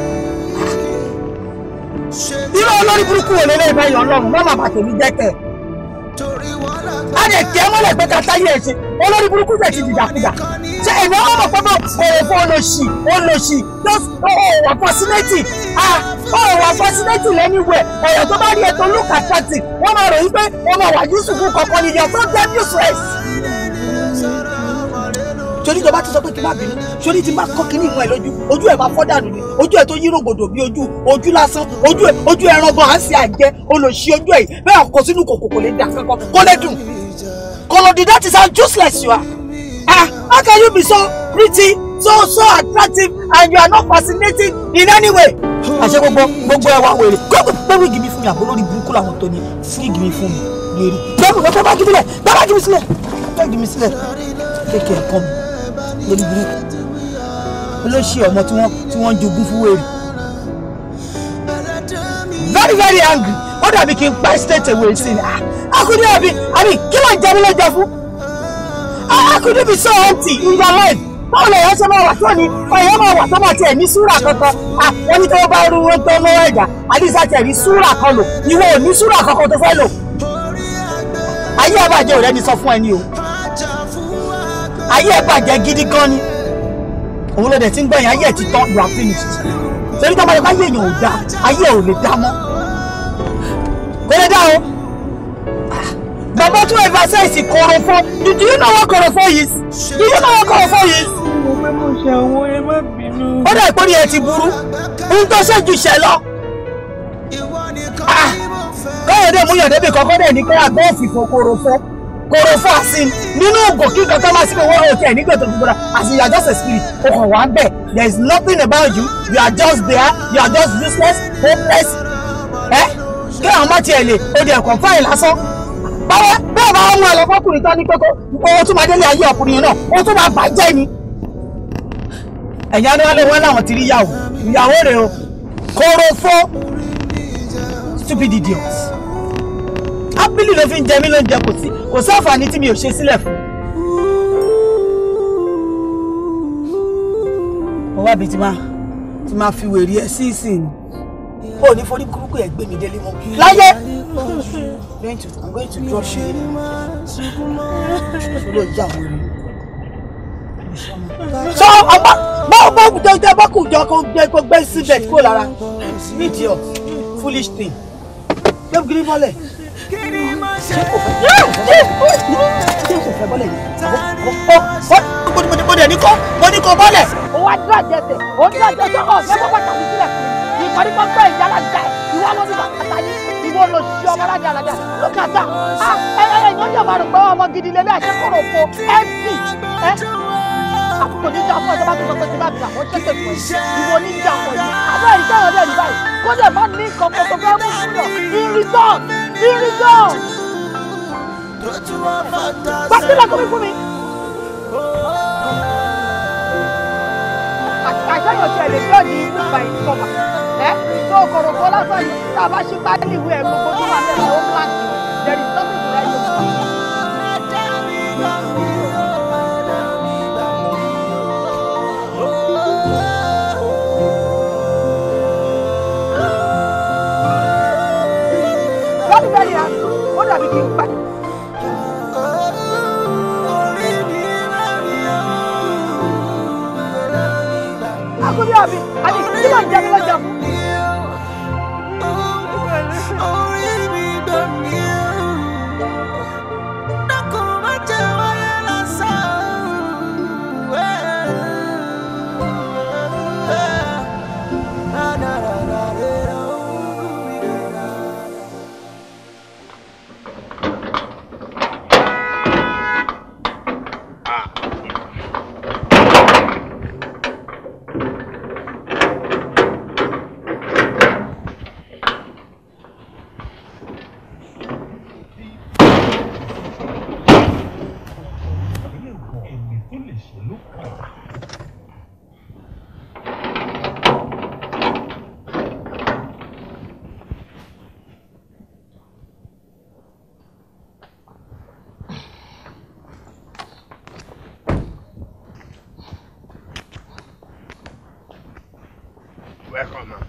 irú olórí burúkú wo lélẹ́yìn báyìí ọlọ́run wọ́n máa tèmi jẹ́ a lè kí ẹ mọ́lẹ̀ pé ká táyé ẹ̀ ṣe olórí burúkú jẹ̀ ti dìdàkudà ṣe èmi ọmọ mọ̀ pọ́pọ́ òòfò olóṣì olóṣì òòwà fọ́sínétì òòwà fọ́sínétì lẹ́niwẹ̀ ọ̀yọ̀ tó bá rí ètò look attractive wọ́n máa ròyìn pé ọmọ wàjú sùkú kọ̀ọ̀kan nìyẹn tó jẹ́ news sori tó ti sọ pé kí n má bínú sori ti má kọ́ kínní ìfún ẹ lójú ojú ẹ máa fọ́ dànù ni ojú ẹ tó yí rògbòdò bí ojú ojú lásán ojú ẹ ojú ẹ rọgbọn à ń ṣe àjẹ olòṣì ojú ẹ bẹ́ẹ̀ kọ sínú kòkò kò lè dà kankan kó lè dùn kọlọdì that is how useless you are ah how can you be so pretty so so attractive and you are not fascinating in any way. àṣẹ gbogbo gbogbo ẹ wá gbogbo gbogbo ìgbìmí fún mi àbúrò rí burúkú làwọn tó ní fún ìgbìmí fún mi lórí. bẹ́ẹ̀ mi ò fẹ́ bá gidi lẹ̀ bá bá gidi sílẹ̀ bá gidi sílẹ̀ kékeré kọ́ mi lórí olóṣì ọmọ tí wọ́n tí wọ́n jogún fún wèrè very very angry ó dàbí kí n pa state wèrè sí ni ah, akudi àbí àbí kí ló ń jẹ nílé jẹ fún ah, akudi be so empty in your life báwo lè yẹn ṣe máa wà tó ní ọ̀yẹ́ máa wà tó máa tiẹ̀ ní súrà kankan ah, ẹni tó bá rú wọn tó lọ́wọ́ ẹ̀dá àdìsá tiẹ̀ ní súrà kan lò ìwọ ò ní súrà kankan tó fẹ́ lò ayé àbájẹ́ òrẹ́ni sọ fún ẹni o ayé ẹ̀ bàjẹ́ gidi gan ni òun ló dẹ̀ ti ń gbọ́ yẹn ayé ẹ̀ ti tán you are finished torí tó bá yẹ báyé èèyàn ò dáa ayé ẹ̀ ò lè dá mọ́ kò lè dá o bàbá tún emphasize korofo do you know what korofo is do you know what korofo is. ó dà ìpórí ẹ ti burú ohun tó ṣẹ́jú ṣẹ lọ ah! káyọ̀dé mú yọ̀débì kọ́kọ́ dẹ̀ ní kí àgbọ̀ òfìfo korofo chlorophacin nínú ògùn kí nǹkan kan máa sí pé wọ́n ò tiẹ̀ nígbà tó fi gbọ́dọ̀ as you are just a spirit o kàn wá bẹ̀ there is nothing about you you are just there you are just useless hopeless ẹ kí àwọn má tiẹ̀ lè o dẹ̀ kàn fáyìn lásán báwo bẹ́ẹ̀ bá wọn mú ẹ lọ fọkùnrin tán ní pẹ́kọ́ owó tó máa délé ayé ọkùnrin náà owó tó máa bàjẹ́ ni ẹ̀yìn aníwálé wọn làwọn ti rí yàwó ìyàwó rẹ̀ o kóró fó stupid idiots ápìlì ló fi ń jẹ mí lóúnjẹ kò sí kò sí àǹfààní tí mi ò ṣe sílẹ̀ fún. mo wá bi tí máa tí máa fi wèrè ẹ sí ìsìn o ò ní forí kúrúkú ẹ gbé mi délé mọ́ láyé. I'm going to drop you. Ṣòro ìjà wèrè. Sọ ọmọ bọ́ bọ́ jẹ́ bọ́ kù jọ kó gbé kó gbé síbẹ̀ kó lára. Idiot foolish thing. Gbé gírí mọ́lẹ̀ mo dẹ̀ ní kó mo ní kó bọ́lẹ̀. ó wá dúró àjẹsẹ̀ ó dúró àjẹsẹ̀ ọ̀ mẹ́fọ́ pàtàkì sílẹ̀ fún mi ìkọ́ni kan gbọ́ ìyá alájà ẹ̀ ìwọ ló ní bàtàkì yìí ìwọ ló ṣe ọmọ alájà alájà ló kà sá ẹ ẹ ẹ̀yán yóò máa rò pé ọmọ gidi lélẹ̀ àti kòrò fo ẹ́ẹ̀sì ẹ́ àkókò níjà fún ọjọ́ bá tó sọ pé tí bá bìlà wọ́n ṣẹ̀ṣẹ̀ fún ìwọ níjà fún ẹ̀ Here we go. Pàṣẹ lọ kọ́mi fún mi. Àṣàyàn ti ẹ̀lẹ́ tí ọ̀dì ìlú ìgbà yìí kọ̀mà. Ẹ́ tó kọ̀rọ̀kọ̀ lásán yìí tá a bá ṣí pálí ìwé ẹ̀ gbogbo tó wà lẹ́nu ó ń láti. There is no Aku bẹ́ẹ̀ adik ó dàbí kí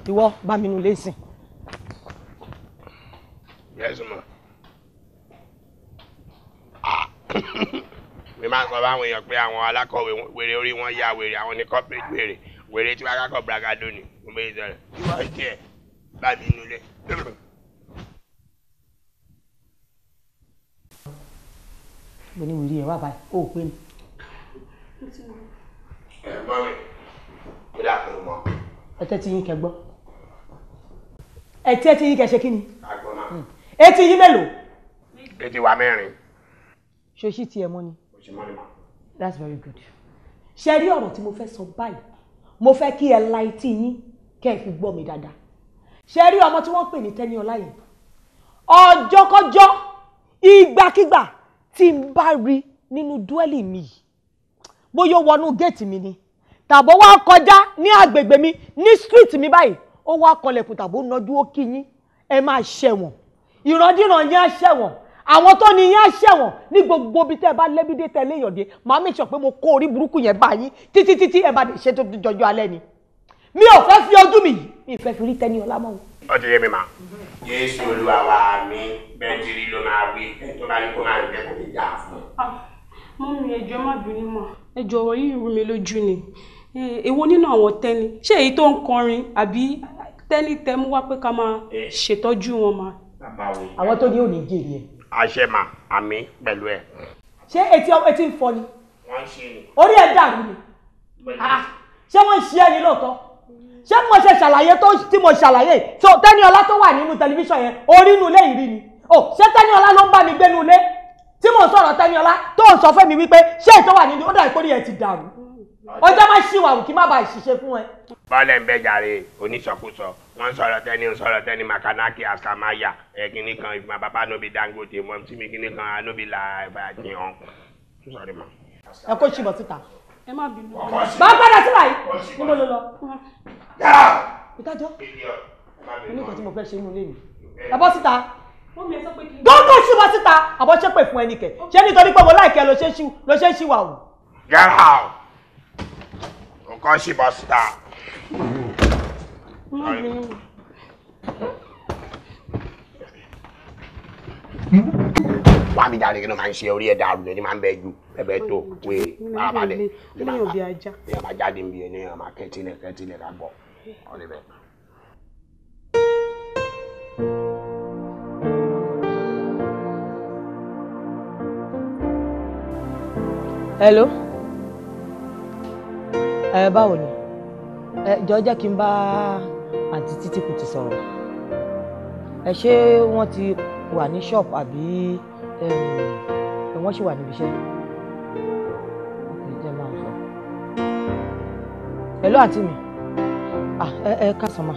ìwọ bá mi nù lẹ́sìn. yes ma mi máa ń sọ báwọn èèyàn pé àwọn alákọ̀wé wèrè orí wọn ya wèrè àwọn ní corporate wèrè wèrè tí wọn akákọ̀ bragado ni mo bẹ ìsọ̀rọ̀ ìwọ tiẹ̀ bá mi nù lẹ́. mo ní wìrì ẹ wá báyìí ó pé ni. ẹ gbọ́ mi kí ló dà kó mọ́. ẹ tẹ́tí yín kẹgbọ́ ẹtí ẹtí yìí kẹsẹ kíni. etí hmm. yìí mélòó. etí wa mẹ́rin. ṣòṣì tiẹ̀ mọ́ ni. that's very good. ṣe rí ọ̀rọ̀ tí mo fẹ́ sọ báyìí mo fẹ́ kí ẹ la etí yín kẹ́ ẹ fi gbọ́ mi dáadáa. ṣe rí ọmọ tí wọ́n pè ní tẹ́niọlá yìí ọjọ́kọ́jọ́ ìgbàkígbà tí n bá rí nínú dúẹ́lì mi yìí bóyá ó wọnú géètì mi ni tàbó wá kọjá ní agbègbè mi ní street mi báyìí ó wá kọlẹ̀kùn tàbó nájú ó kí yín ẹ máa ṣẹ̀wọ̀n ìrandíran yín á ṣẹ̀wọ̀n àwọn tó ní yín á ṣẹ̀wọ̀n ní gbogbo ibi tẹ́ ẹ bá lẹ́bídé tẹ́ léyọ̀dé màá mi sọ pé mo kó orí burúkú yẹn bá yín títí títí ẹ bá lè ṣe tó jọjọ alẹ́ ni mi ò fẹ́ fi ojú mi yìí mi ò fẹ́ fi orí tẹ́ni ọlá mọ́ o. ó mi ma. jésù olúwa wa mi bẹ́ẹ̀ jírí ló máa wí tó bá ní kó máa gbẹ kó lè jà fún. mú mi ẹjọ́ má bínú mọ́ ẹjọ́ ọ̀rọ̀ rú mi lójú ni èwo nínú àwọn tẹ́ni ṣé èyí tó ń kọrin àbí tẹ́lí tẹ́ mú wá pé ká máa ṣètọ́jú wọn ma. àwọn tó ní òní jèrè ẹ. àṣẹ mà àmì pẹ̀lú ẹ. ṣé etí ọmọ etí ń fọ ni. wọ́n ń ṣe ni. orí ẹ̀ dàrú ni. Ah, ṣé wọ́n ń ṣe ẹni lóòótọ́ ṣé mo ṣe ṣàlàyé tí mo ṣàlàyé tẹ́niọlá tó wà nínú tẹlifíṣàn yẹn orí inú ilé ìrí ni oh, ṣé tẹ́niọlá ló ń bá mi gbénu ilé tí mo sọ̀rọ̀ tẹ́niọlá tó ń sọ fún mi wípé ṣé ìtọ́wà nínú ó dà ọjọ́ má ṣì wà wù kí má bàa ṣiṣẹ́ fún ẹ. bọ́ọ̀lù ń bẹ jàre oníṣọkúsọ wọ́n ń sọ̀rọ̀ tẹ́ni ń sọ̀rọ̀ tẹ́ni makanaki akamaya ẹ̀ kínní kan ìgbà bàbá nobi dangote mọ̀ tí mi kínní kan anobi la bàjẹ́ hàn. ẹ kó ṣìbọ̀ síta. ẹ má bínú. bá a padà síra yìí níbo ló lọ. ìtajọ́ oníkan tí mo fẹ́ ṣe inú ilé mi ẹ bọ́ síta gbọ́ngàn ṣùgbọ́n síta àbọ̀ṣẹ́pẹ̀ fún ẹnikẹ́ ṣé nítorí pé mo láìkẹ́ ló ṣe é ṣì wà o. get out kashi basta wá mi dáre kí ló máa ń ṣe orí ẹ̀ dàrú lẹ́ni máa ń bẹ ju ẹ̀bẹ̀ tó wéèrè máa bá lẹ̀ ní ọmọ jáde ń bí ẹni ọmọ kẹtìlẹ̀ kẹtìlẹ̀ ká gbọ́ ọ̀rẹ́ bẹ́ẹ̀. Hello ẹ báwo ni ẹ jọ jẹ́ kí n bá àǹtí títí kùtì sọ̀rọ̀ ẹ ṣé wọ́n ti wà ní shop àbí wọ́n ṣì wà níbi iṣẹ́ ọkùnrin tẹ́ máa ń sọ. hello àǹtí mi ẹ ẹ kásán ma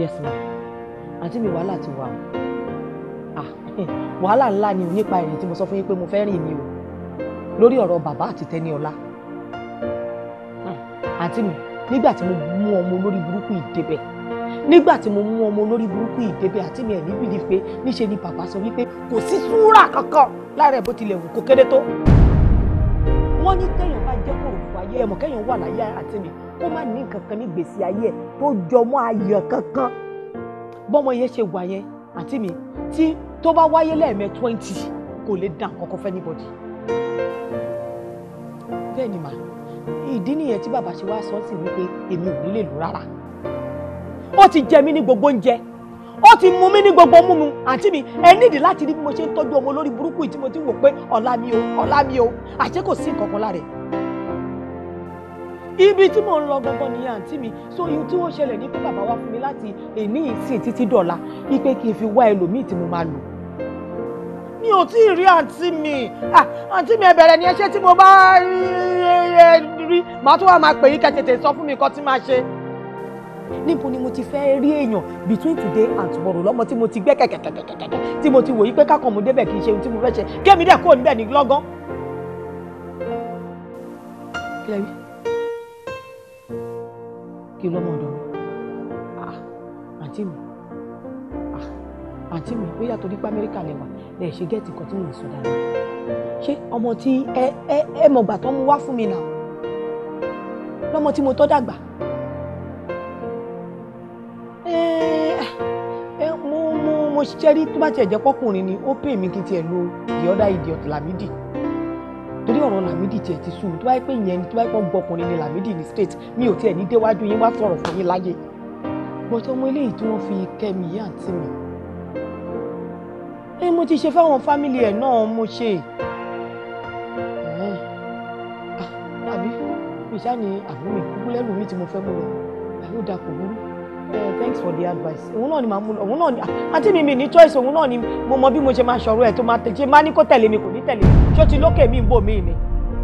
yes ma àǹtí mi wàhálà ti wà o wàhálà ńlá ni o nípa ìrìn tí mo sọ fún yín pé mo fẹ́ rìn ni o lórí ọ̀rọ̀ bàbá àti Tẹ́níọlá àǹtí mi nígbà tí mo mú ọmọ olórí burúkú yìí débẹ̀ nígbà tí mo mú ọmọ olórí burúkú yìí débẹ̀ àǹtí mi ẹ̀ ní bìlì pé níṣe ni bàbá sọ wípé kò sí súrà kankan lára ẹ̀ bó tilẹ̀ wù kó kéré tó. wọ́n ní téèyàn bá jẹ́ kó òkú ayé ẹ̀mọ̀ kéèyàn wà láyé àǹtí mi kó má ní nǹkan kan ní gbèsè ayé ẹ̀ tó jọ mọ́ ayọ̀ kankan. bọ́mọ yẹn ṣe wà yẹn àǹtí mi tí tó bá wáyé lẹ́ẹ̀mẹ́ twenty kò lè dàn kankan fẹ́ anybody. bẹ́ẹ̀ ni màá ìdí nìyẹn tí bàbá ṣe wá sọ sí wípé èmi ò nílè lò rárá ó ti jẹ mí ní gbogbo oúnjẹ ó ti mú mi ní gbogbo mú mi àǹtí mi ẹ nídìí láti rí bí mo ṣe ń tọ́jú ọmọ olórí burúkú yìí tí mo ti wò pé ọ̀la mi o ọ̀la mi o àṣé kò sí nǹkan kan lára ẹ̀ ibi tí mò ń lọ gangan nìyẹn àǹtí mi so ohun tí wọ́n ṣẹlẹ̀ ní pé bàbá wa fún mi láti èní ìsìn títí dọ̀la wípé kí n fi wá ẹlòmíì tí mo máa lò mi ò tí ì rí àǹtí mi ah, àǹtí mi ẹ bẹ̀rẹ̀ ni ẹ ṣé tí mo bá rí màá tún wá máa pè yín kẹ́tẹ̀tẹ̀ sọ fún mi nǹkan tí máa ṣe. níbo ni mo ti fẹ́ rí èèyàn between today and tomorrow lọ́mọ tí mo ti gbẹ́ kẹ̀kẹ̀kẹ̀kẹ̀kẹ̀ tí mo ti wòye pé kákan mo débẹ̀ kì í ṣe ohun tí mo fẹ́ ṣe kémi dẹ̀ kúrò níbẹ̀ ní lọ́gán. kí lọ́mọ ọ̀dọ́ mi àǹtí mi ah, àǹtí mi bóyá torí pé amẹ́ríkà lẹ́wà lè ṣe gẹ́ẹ̀tì kan tí mò ń sọ dáadáa ṣé ọmọ tí ẹ ẹ ẹ mọ̀gbà tó mú wá fún mi náà lọ́mọ tí mo tọ́ dàgbà mo mo mo ṣiṣẹ́ rí tó bá tiẹ̀ jẹ́ pọ́kùnrin ni ó pè mí kí tiẹ̀ lo the other idiot Lamidi torí ọ̀rọ̀ Lamidi tiẹ̀ ti sú mi tó bá yẹ pé ìyẹn ni tó bá yẹ pé ọgbọkùnrin ni Lamidi ní state mi ò tiẹ̀ ní déwájú yín wá sọ̀rọ̀ fún yín láyé bọ́tọ́ ọmọ eléyìí tí wọ́n fi kẹ́mi yé àǹtí mi ẹ mo ti ṣe fáwọn fámìlì ẹ̀ náà mo ṣe ibi ni àbúrò kúkú lẹ́nu mi tí mo fẹ́ mú lọ ló da burú thanks for the advice òun náà ni màá mú lọ òun náà ni àti mi mi ní choice òun náà ni mo mọ bí mo ṣe máa ṣọ̀rọ̀ ẹ̀ tó máa tẹ̀jẹ́ máa ní kó tẹ̀lé mi kò ní tẹ̀lé mi ṣó ti lókè mi bò mí ni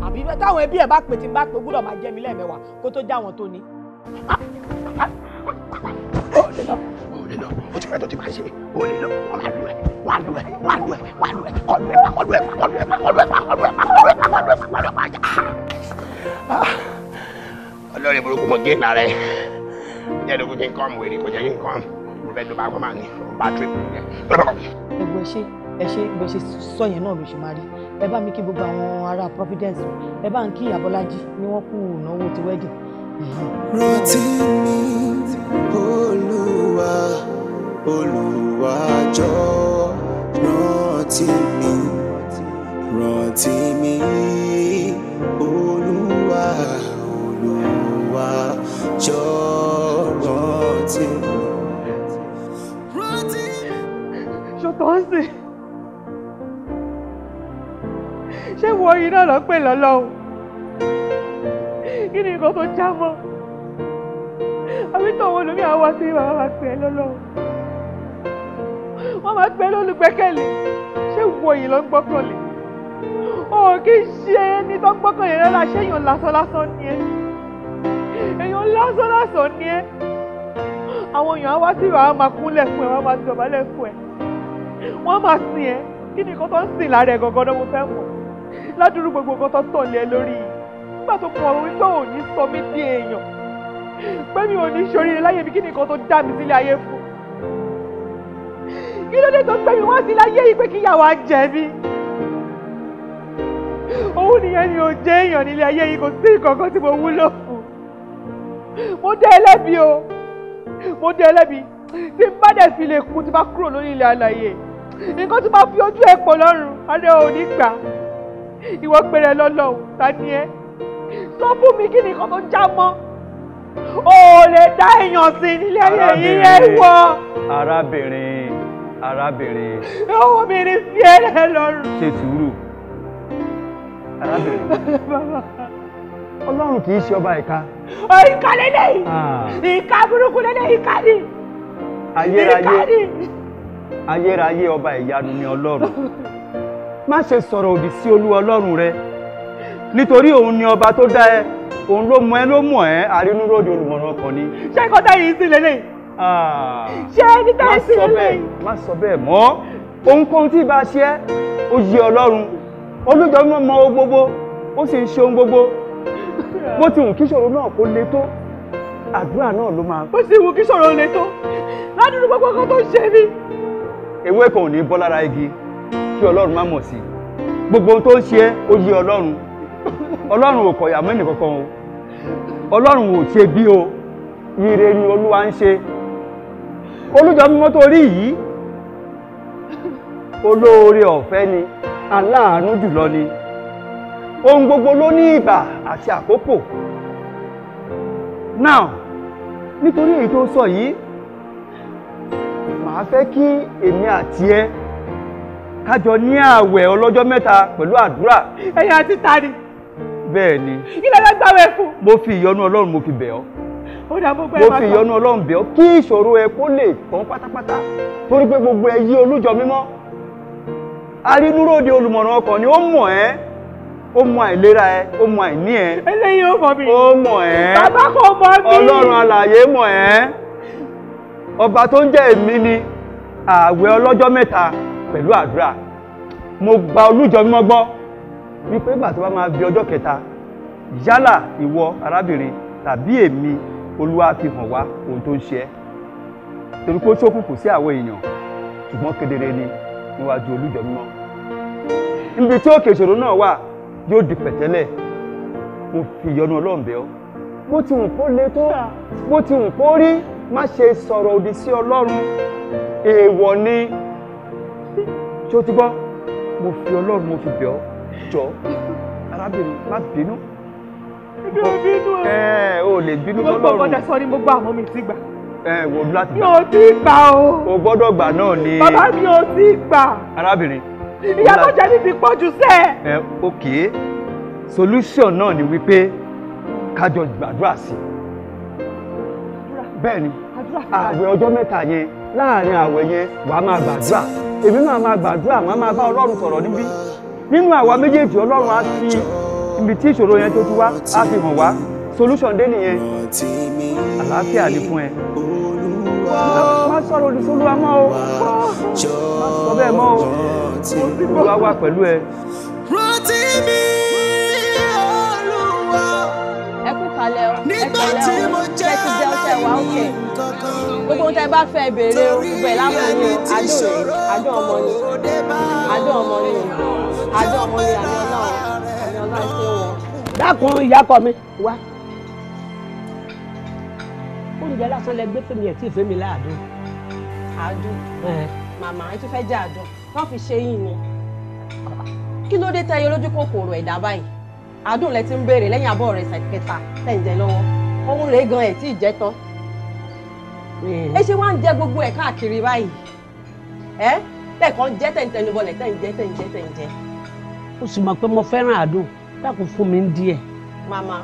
àbí táwọn ẹbí ẹ̀ bá pè tí bá pè gbúdọ̀ máa jẹ́ mi lẹ́ẹ̀mẹ́wàá kó tó já wọn tó ni. ó olórí burúkú kò gé nà rẹ jẹ́ lóko kí n kọ́ mu wèrè kò jẹ́ kí n kọ́ mu bẹ́ẹ̀ ló bá kọ́ máa ní bá trip rẹ. gbogbo ẹ ṣe ẹ ṣe gbogbo ẹ ṣe sọ yẹn náà ló ṣe máa rí ẹ bá mi kí gbogbo àwọn ará Providence ẹ bá ń kí Abọ́lájí ni wọ́n kú ìnáwó ti wedding. mi olúwa olúwa mi rántí mi Olúwa ṣé wo iná lọ pè lọ́lọ́run kí ni nǹkan tó já mọ́ àbí tọ̀wọ́ lómi àwọn àti bàbá máa pè é lọ́lọ́run wọ́n máa pè é lólùgbẹ́kẹ̀lé ṣé wo yìí ló ń gbọ́kànlé o kì í ṣe ẹni tó ń gbọ́kànlé rárá ṣéyàn lásán lásán ni ẹni èèyàn lásán lásán ni ẹ́ àwọn èèyàn á wá sí ìwà máa kúnlẹ̀ fún ẹ wọ́n máa dọ̀bálẹ̀ fún ẹ wọ́n máa sìn ẹ́ kí ni nǹkan tó ń sìn lára ẹ̀ gangan náà mo fẹ́ mọ̀ ládùúrú gbogbo nǹkan tó tàn lé ẹ lórí yìí nígbà tó mọ̀ wípé ò ní sọ mí di èèyàn pé mi ò ní ṣoríire láyé mi kí ni nǹkan tó dá mi sílé ayé fún kí ló dé tó gbé mi wá sí láyé yìí pé kí ìyàwó á jẹ mí òun nìyẹn ni ò jẹ́ èèyàn nílé ayé yìí kò sí nǹkan kan tí mo wúlò fún mo dá ẹlẹ́bi o mo dá ẹlẹ́bi tí n bá dẹ̀ fi lè kú tí bá kúrò lórí ilẹ̀ àlàyé nǹkan tí bá fi ojú ẹ̀ pọ̀ lọ́rùn adé ò ní gbà ìwọ péré lọ́lọ́hùn ta ni ẹ sọ fún mi kí nìkan tó já mọ́ o lè dá èèyàn sí nílé ayé yìí ẹ wọ. arábìnrin arábìnrin. ọwọ́ mi ni fi ẹ̀rẹ̀ lọ́rùn. ṣe arábìnrin. ọlọ́run kì í ṣe ọba ìka orí kan lélẹ́yìn ah. ìka burúkú lélẹ́yìn ìka ni ìka ni. ayérayé ọba ìyanu ni ọlọ́run má ṣe sọ̀rọ̀ òdì sí olúwa ọlọ́run rẹ nítorí òun ni ọba tó dá ẹ òun ló mọ ẹ ló mọ ẹ àrínúróde olùmọ̀ràn ọkàn ni. ṣé kò tẹ́yìn sí lélẹ́yìn. Ah. ṣé ẹni tẹ́yìn sí lélẹ́yìn. má sọ bẹ́ẹ̀ mọ́ ohunkóhun tí ìbá ṣe ó yé ọlọ́run olùjọ́ mímọ́ mọ ohun gbogbo ó sì ń ṣe ohun gbogbo bó ti hùn kí ṣòro náà kó le tó àdúrà náà ló máa. bó ti hùn kí ṣòro le tó ládùúgbò gbogbo kan tó ń ṣe mí. ewé kan ò ní bọ́ lára igi kí ọlọ́run má mọ̀ sí gbogbo ohun tó ń ṣe ó yé ọlọ́run ọlọ́run ò kọ̀yà mẹ́nì kankan o ọlọ́run ò ṣe bí o ire ni olúwa ń ṣe olùjọ mímọ́ tó rí yìí olóore ọ̀fẹ́ ni aláàánú jùlọ ni ohun gbogbo ló ní ìgbà àti àkókò now nítorí èyí tó sọ yìí màá fẹ́ kí èmi àti ẹ kájọ ní ààwẹ̀ ọlọ́jọ́ mẹ́ta pẹ̀lú àdúrà. ẹ̀yin àti ta ni. bẹ́ẹ̀ ni. ilé ẹgbẹ́ gbàwẹ̀ fún. mo fi ìyọ́nú Ọlọ́run mo fi bẹ̀ ọ́ ó dà bó pẹ́ máa tán. mo fi ìyọnu ọlọ́run bẹ̀ ọ́ kí ìṣòro ẹ kó lè tán pátápátá torí pé gbogbo ẹ yí olújọ mímọ́ arínúròde olùmọ̀ràn ọkàn ni ó mọ̀ ẹ́ ó mọ àìlera ẹ ó mọ àìní ẹ. eléyìí ó mọ mi. ó mọ ẹ. bàbá kò mọ mi. ọlọ́run alààyè mọ ẹ. ọba tó ń jẹ́ èmi ni ààwẹ̀ ọlọ́jọ́ mẹ́ta pẹ̀lú àdúrà mo gba olújọ mímọ́ gbọ́ wípé ìgbà tó bá máa bí ọjọ́ kẹta yálà ìwọ arábìnrin tàbí èmi olúwa fi hàn wá ohun tó ń ṣe ẹ́ torí pé ó ṣókùnkùn sí àwọn èèyàn ṣùgbọ́n kedere ni níwájú olújọ mímọ́ níbi tí òkè ìṣòro náà wà yóò di pẹ̀tẹ́lẹ̀ mo fi ìyọnu ọlọ́run bẹ̀ ọ́ bó ti wù kó le tó bó ti wù kó rí má ṣe sọ̀rọ̀ òdì sí ọlọ́run èèwọ̀ ni tí o ti gbọ́ mo fi ọlọ́run mo fi bẹ̀ ọ́ jọ arábìnrin má bínú. ibi ò bínú o. ẹ ò lè bínú lọ́lọ́run. gbogbo ọgbọ́dọ̀ sọ ni mo gbọ́ àwọn mi ti gbà. ẹ wò láti gbà. mi ò tí gbà o. o gbọ́dọ̀ gbà náà ni. bàbá mi ò tí gbà. arábìnrin ìyá tó jẹ níbi pọ̀jù sẹ́. ẹ ok solution náà ni wípé ká jọ gbàdúrà sí i bẹ́ẹ̀ ni ààwẹ̀ ọjọ́ mẹ́ta yẹn láàrin ààwẹ̀ yẹn wàá máa gbàdúrà èmi náà máa gbàdúrà màá máa bá ọlọ́run sọ̀rọ̀ níbí nínú àwa méjèèjì ọlọ́run á fi ibi tí ìṣòro yẹn tó ti wá á fi hàn wá solution dé nìyẹn àlàáfíà ni fún ẹ má sọ̀rọ̀ olùsọ́lúwa mọ́ o má sọ bẹ́ẹ̀ mọ́ o olúwa wà pẹ̀lú ẹ. rántí mi olúwa. ẹ kú kalẹ̀ o ẹ kalẹ̀ o ẹ ti jẹ ọtẹ wa ọkẹ gbogbo tẹ bá fẹ́ béèrè o gbogbo ẹ láwọn ni o àjọ rẹ àjọ ọmọ ni àjọ ọmọ ni àjọ ọmọ ni àmì Ọlọ́run àmì Ọlọ́run ṣé wọn. dákun ìyá kọ mi wá oúnjẹ lásán lẹ gbé fèmí ẹ̀ tí fèmí láàdùn. àdùn màmá ẹ tún fẹ́ jẹ́ àdùn wọ́n fi ṣe yín ni kí ló dé tẹ́ yọ lójú kòkòrò ẹ̀dá báyìí àdùn lẹ ti ń béèrè lẹ́yìn abọ́ rẹ̀ ṣàkẹta tẹ̀ ń jẹ lọ́wọ́ ohun rèé gan ẹ̀ tí ì jẹ́ tán ẹ ṣe wá ń jẹ gbogbo ẹ̀ káàkiri báyìí ẹ lẹ́ẹ̀kan jẹ́ tẹ̀ǹtẹ̀nubọlẹ̀ tẹ̀ǹjẹ́ tẹ̀ǹjẹ́ tẹ̀ǹjẹ́. ó sì mọ̀ pé mo fẹ́ràn àdùn dákun fún mi ń díẹ̀. màmá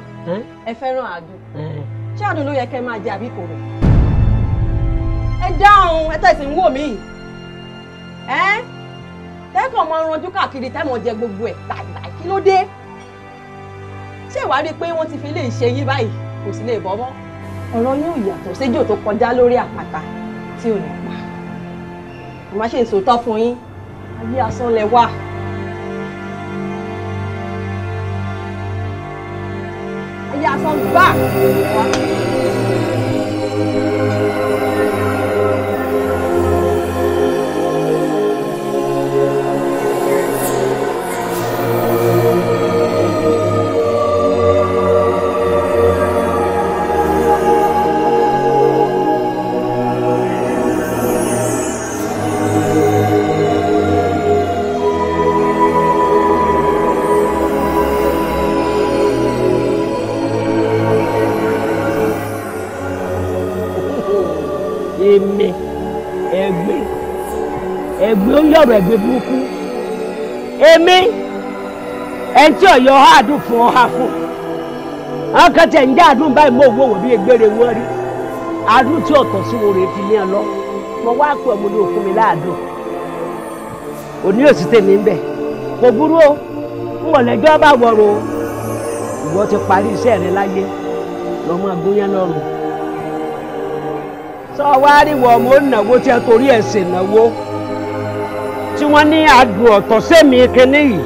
ẹ fẹ́ràn àdùn ṣé àdùn ló yẹ kẹ́ máa jẹ àbí kòrò ẹ dáhùn ẹ tẹ̀sí ń wò mí ẹ tẹ́kàn máa ranjú káàkiri tẹ́mọ̀ jẹ gbogbo ẹ̀ láìláì kí ló dé ṣé ìwà rí i pé wọ́n ti fi lè ṣe yín báyìí kò sí lè bọ́ mọ́ ọ̀rọ̀ yóò yàtọ̀ séjò tó kọjá lórí àpáta tí ò ní pa àmọ́ ṣe ń sòótọ́ fún yín ayé asán lẹ wà. 压双五好 lórí ọ̀rọ̀ ẹ̀gbẹ́ burúkú èmi ẹni tí ọ̀yọ́ fún ha fún àwọn kan tẹ̀ ń dá àdùn báyìí mọ́ òwò bí egbére rí àdùn tí ọ̀tọ̀ sí wo rèé fi ní ẹ lọ wá ní òfin mi láàdùn òní òsì tèmi o ń lẹ́jọ́ o ìwọ ti parí iṣẹ́ rẹ láyé lọ́mọ lọ́rùn sọ wá rí wọ̀ tí a torí ẹ̀ sè wọ́n ní adùn ọ̀tọ̀ sẹ́mi kínní yìí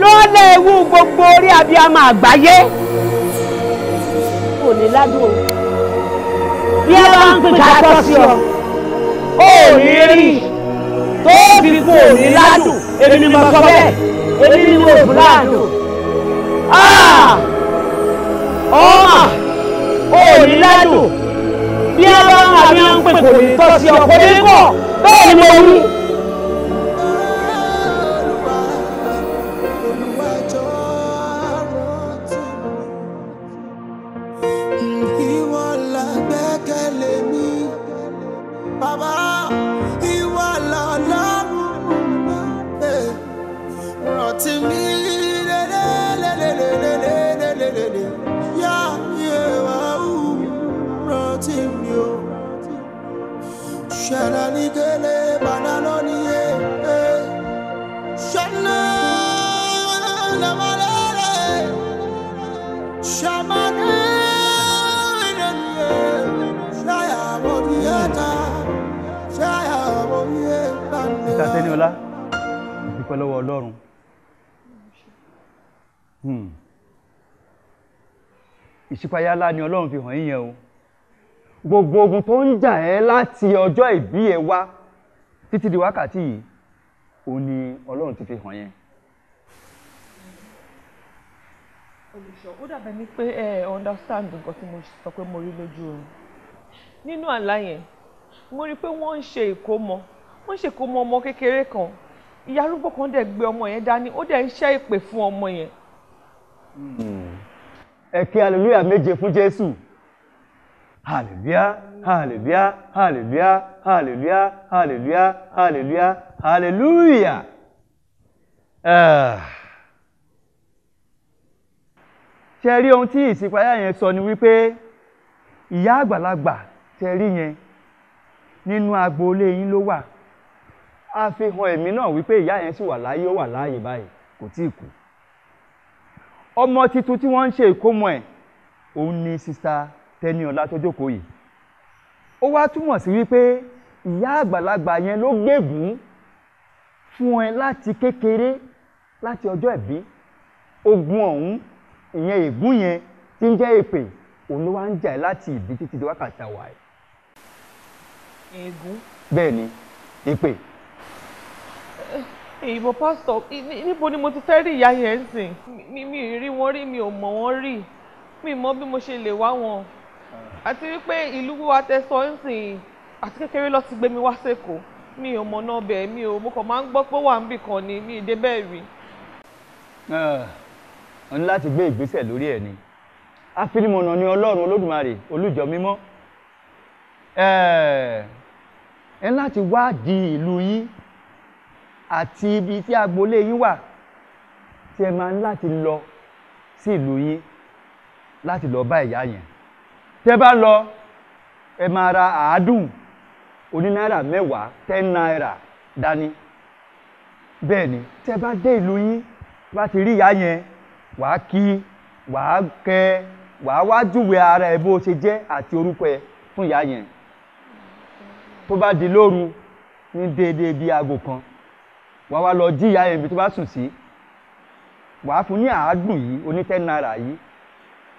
lọ́lẹ̀ ewu gbogbo orí abiyamọ àgbáyé kò ní ládùn bí ẹ bá ń pè ká sí ọ ó ní rí tó fi kò ní ládùn èmi ni mo sọ bẹ́ẹ̀ èmi ni mo fún ládùn ah! ọmọ ó ní ládùn bí ẹ bá ń pè kò ní tọ́ sí ọ kò ní kọ̀. Ei, meu dúpẹ́ lọ́wọ́ Ọlọ́run hmm. ìṣípayá ńlá ni Ọlọ́run fi hàn yíyẹn o gbogbo ogun tó ń jà ẹ́ láti ọjọ́ ìbí ẹ wá títí di wákàtí yìí òun ni Ọlọ́run ti fi hàn yẹn. olùṣọ́ ó dàbẹ̀ ni pé ẹ understand nǹkan tí mo sọ pé mo rí lójú oorun nínú àlá mo rí i pé wọ́n ń ṣe ìkómọ wọ́n ń ṣe ìkómọ ọmọ kékeré kan ìyá arúgbó kan dẹ̀ gbé ọmọ yẹn dání ó dẹ̀ ń ṣẹ́ ìpè fún ọmọ yẹn. Hmm. ẹ aleluya méje fún jésù hallelujah hallelujah hallelujah hallelujah hallelujah hallelujah hallelujah. Ah. ṣe rí ohun tí ìsìnkáyà yẹn sọ ni wípé ìyá àgbàlagbà tẹ rí yẹn nínú agboolé yín ló wà àfihàn ẹ̀mí náà wípé ìyá yẹn sì wà láyé ó wà láàyè báyìí kò tíì kú ọmọ tuntun tí wọ́n ń ṣe ìkómọ ẹ̀ òun ni sista Tẹniọlá tó jókòó yìí ó wá túmọ̀ sí wípé ìyá àgbàlagbà yẹn ló gbèbùn fún ẹ láti kékeré láti ọjọ́ ẹ̀bí ogun ọ̀hún ìyẹn ègún yẹn ti ń jẹ́ èpè òun ló wá ń jà ẹ́ láti ìbí títí di wákàtí àwa ẹ̀. ègún. bẹ́ẹ̀ èpè. E ìbò pásítọ̀ níbo ni mo ti fẹ́ rí ìyá yẹn sìn mi mi rí wọn rí mi ò mọ̀ wọn rí mi mọ̀ bí mo ṣe lè wá wọn àti wípé ìlú wa tẹsán ń sìn àti kékeré lọ ti gbé mi wá sẹ́kọ̀ọ́ mi ò mọ̀ náà bẹ́ẹ̀ mi ò mo kàn máa ń gbọ́ pé wà ń bì kan ni mi ìdè bẹ́ẹ̀ rí. ọ ní láti gbé ìgbésẹ̀ lórí ẹ̀ ni afirimọ̀nà ni ọlọ́run olódùmarè olùjọ mímọ́ ẹ láti wá di ìlú yín àti ibi tí agboolé yín wà tí ẹ máa ń láti lọ sí ìlú yín láti lọ bá ìyá yẹn tẹ́ bá lọ ẹ máa ra àádùn oní náírà mẹ́wàá ten naira dání bẹ́ẹ̀ ni tẹ́ bá dé ìlú yín bá ti rí ìyá yẹn wàá kí wàá kẹ́ wàá wá júwe ara ẹ bó ṣe jẹ́ àti orúkọ ẹ fún ìyá yẹn tó bá di lóru ní déédéé bíi aago kan wàá wá lọ jíyà ibi tó bá sùn sí wàá fún ní àádùn yìí oní ten naira yìí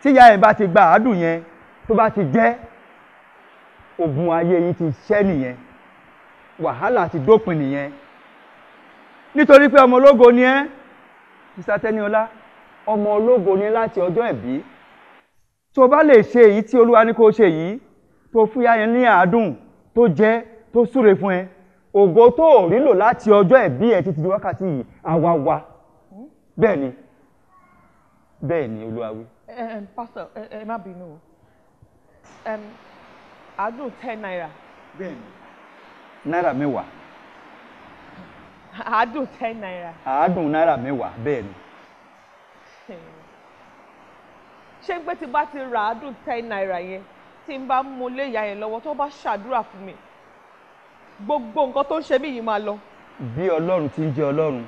tíyà ẹ̀ bá ti gba àádùn yẹn tó bá ti jẹ́ ogun ayé yìí ti ṣẹ́ nìyẹn wàhálà ti dópin nìyẹn nítorí pé ọmọ ológo ni ẹ́ Mr. Tẹniọlá ọmọ ológo ni láti ọjọ́ ẹ̀bí tó o bá lè ṣe èyí tí Olúwa ní kó o ṣe yìí tó fúyà yẹn ní àádùn tó jẹ́ tó súre fún ẹ ògo tó o rí lò láti ọjọ́ ẹ̀bí ẹ̀ títí di wákàtí yìí àwa wa bẹ́ẹ̀ ni bẹ́ẹ̀ ni olúwa wí. pásítọ̀ ẹ má bínú o àádùn ten naira. bẹ́ẹ̀ ni náírà mẹ́wàá. àádùn ten naira. àádùn náírà mẹ́wàá bẹ́ẹ̀ ni. ṣé pé tí bá ti ra àádùn ten naira yẹn tí n bá mú lé ìyá yẹn lọ́wọ́ tó bá ṣàdúrà fún mi gbogbo nǹkan tó ń ṣe mí yìí máa lọ. bí ọlọ́run ti ń jẹ́ ọlọ́run.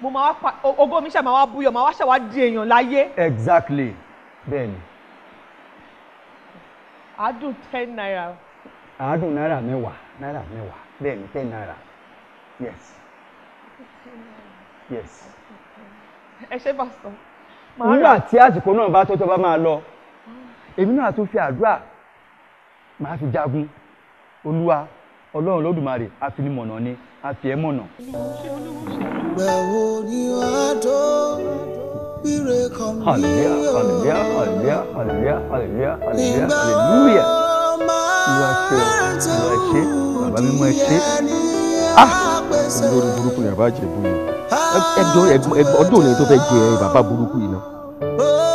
mo máa wá pa ògo mi ṣe máa wá búyọ máa wá ṣàwá di èèyàn láyé. exactly bẹ́ẹ̀ ni. àádùn ten naira. àádùn náírà mẹ́wàá náírà mẹ́wàá bẹ́ẹ̀ ni ten naira yes yes. ẹ ṣe bá sọ. nígbà tí àsìkò náà bá tó tó bá máa lọ èmi náà tún fi àdúrà màá fi jagun olúwa ọlọ́run lódùmarè àfinimọ̀nà ni àfiẹ́mọ̀nà. ìgbà wo ni wàá tó bírè kan bí yóò hallelujah hallelujah hallelujah hallelujah hallelujah hallelujah ìwà ṣe ìwà ṣe bàbá mímọ́ ẹ ṣe ah olórí burúkú ni bàbá jẹ bùnú ẹjọ ọdún òní tó fẹ́ jẹ bàbá burúkú yìí náà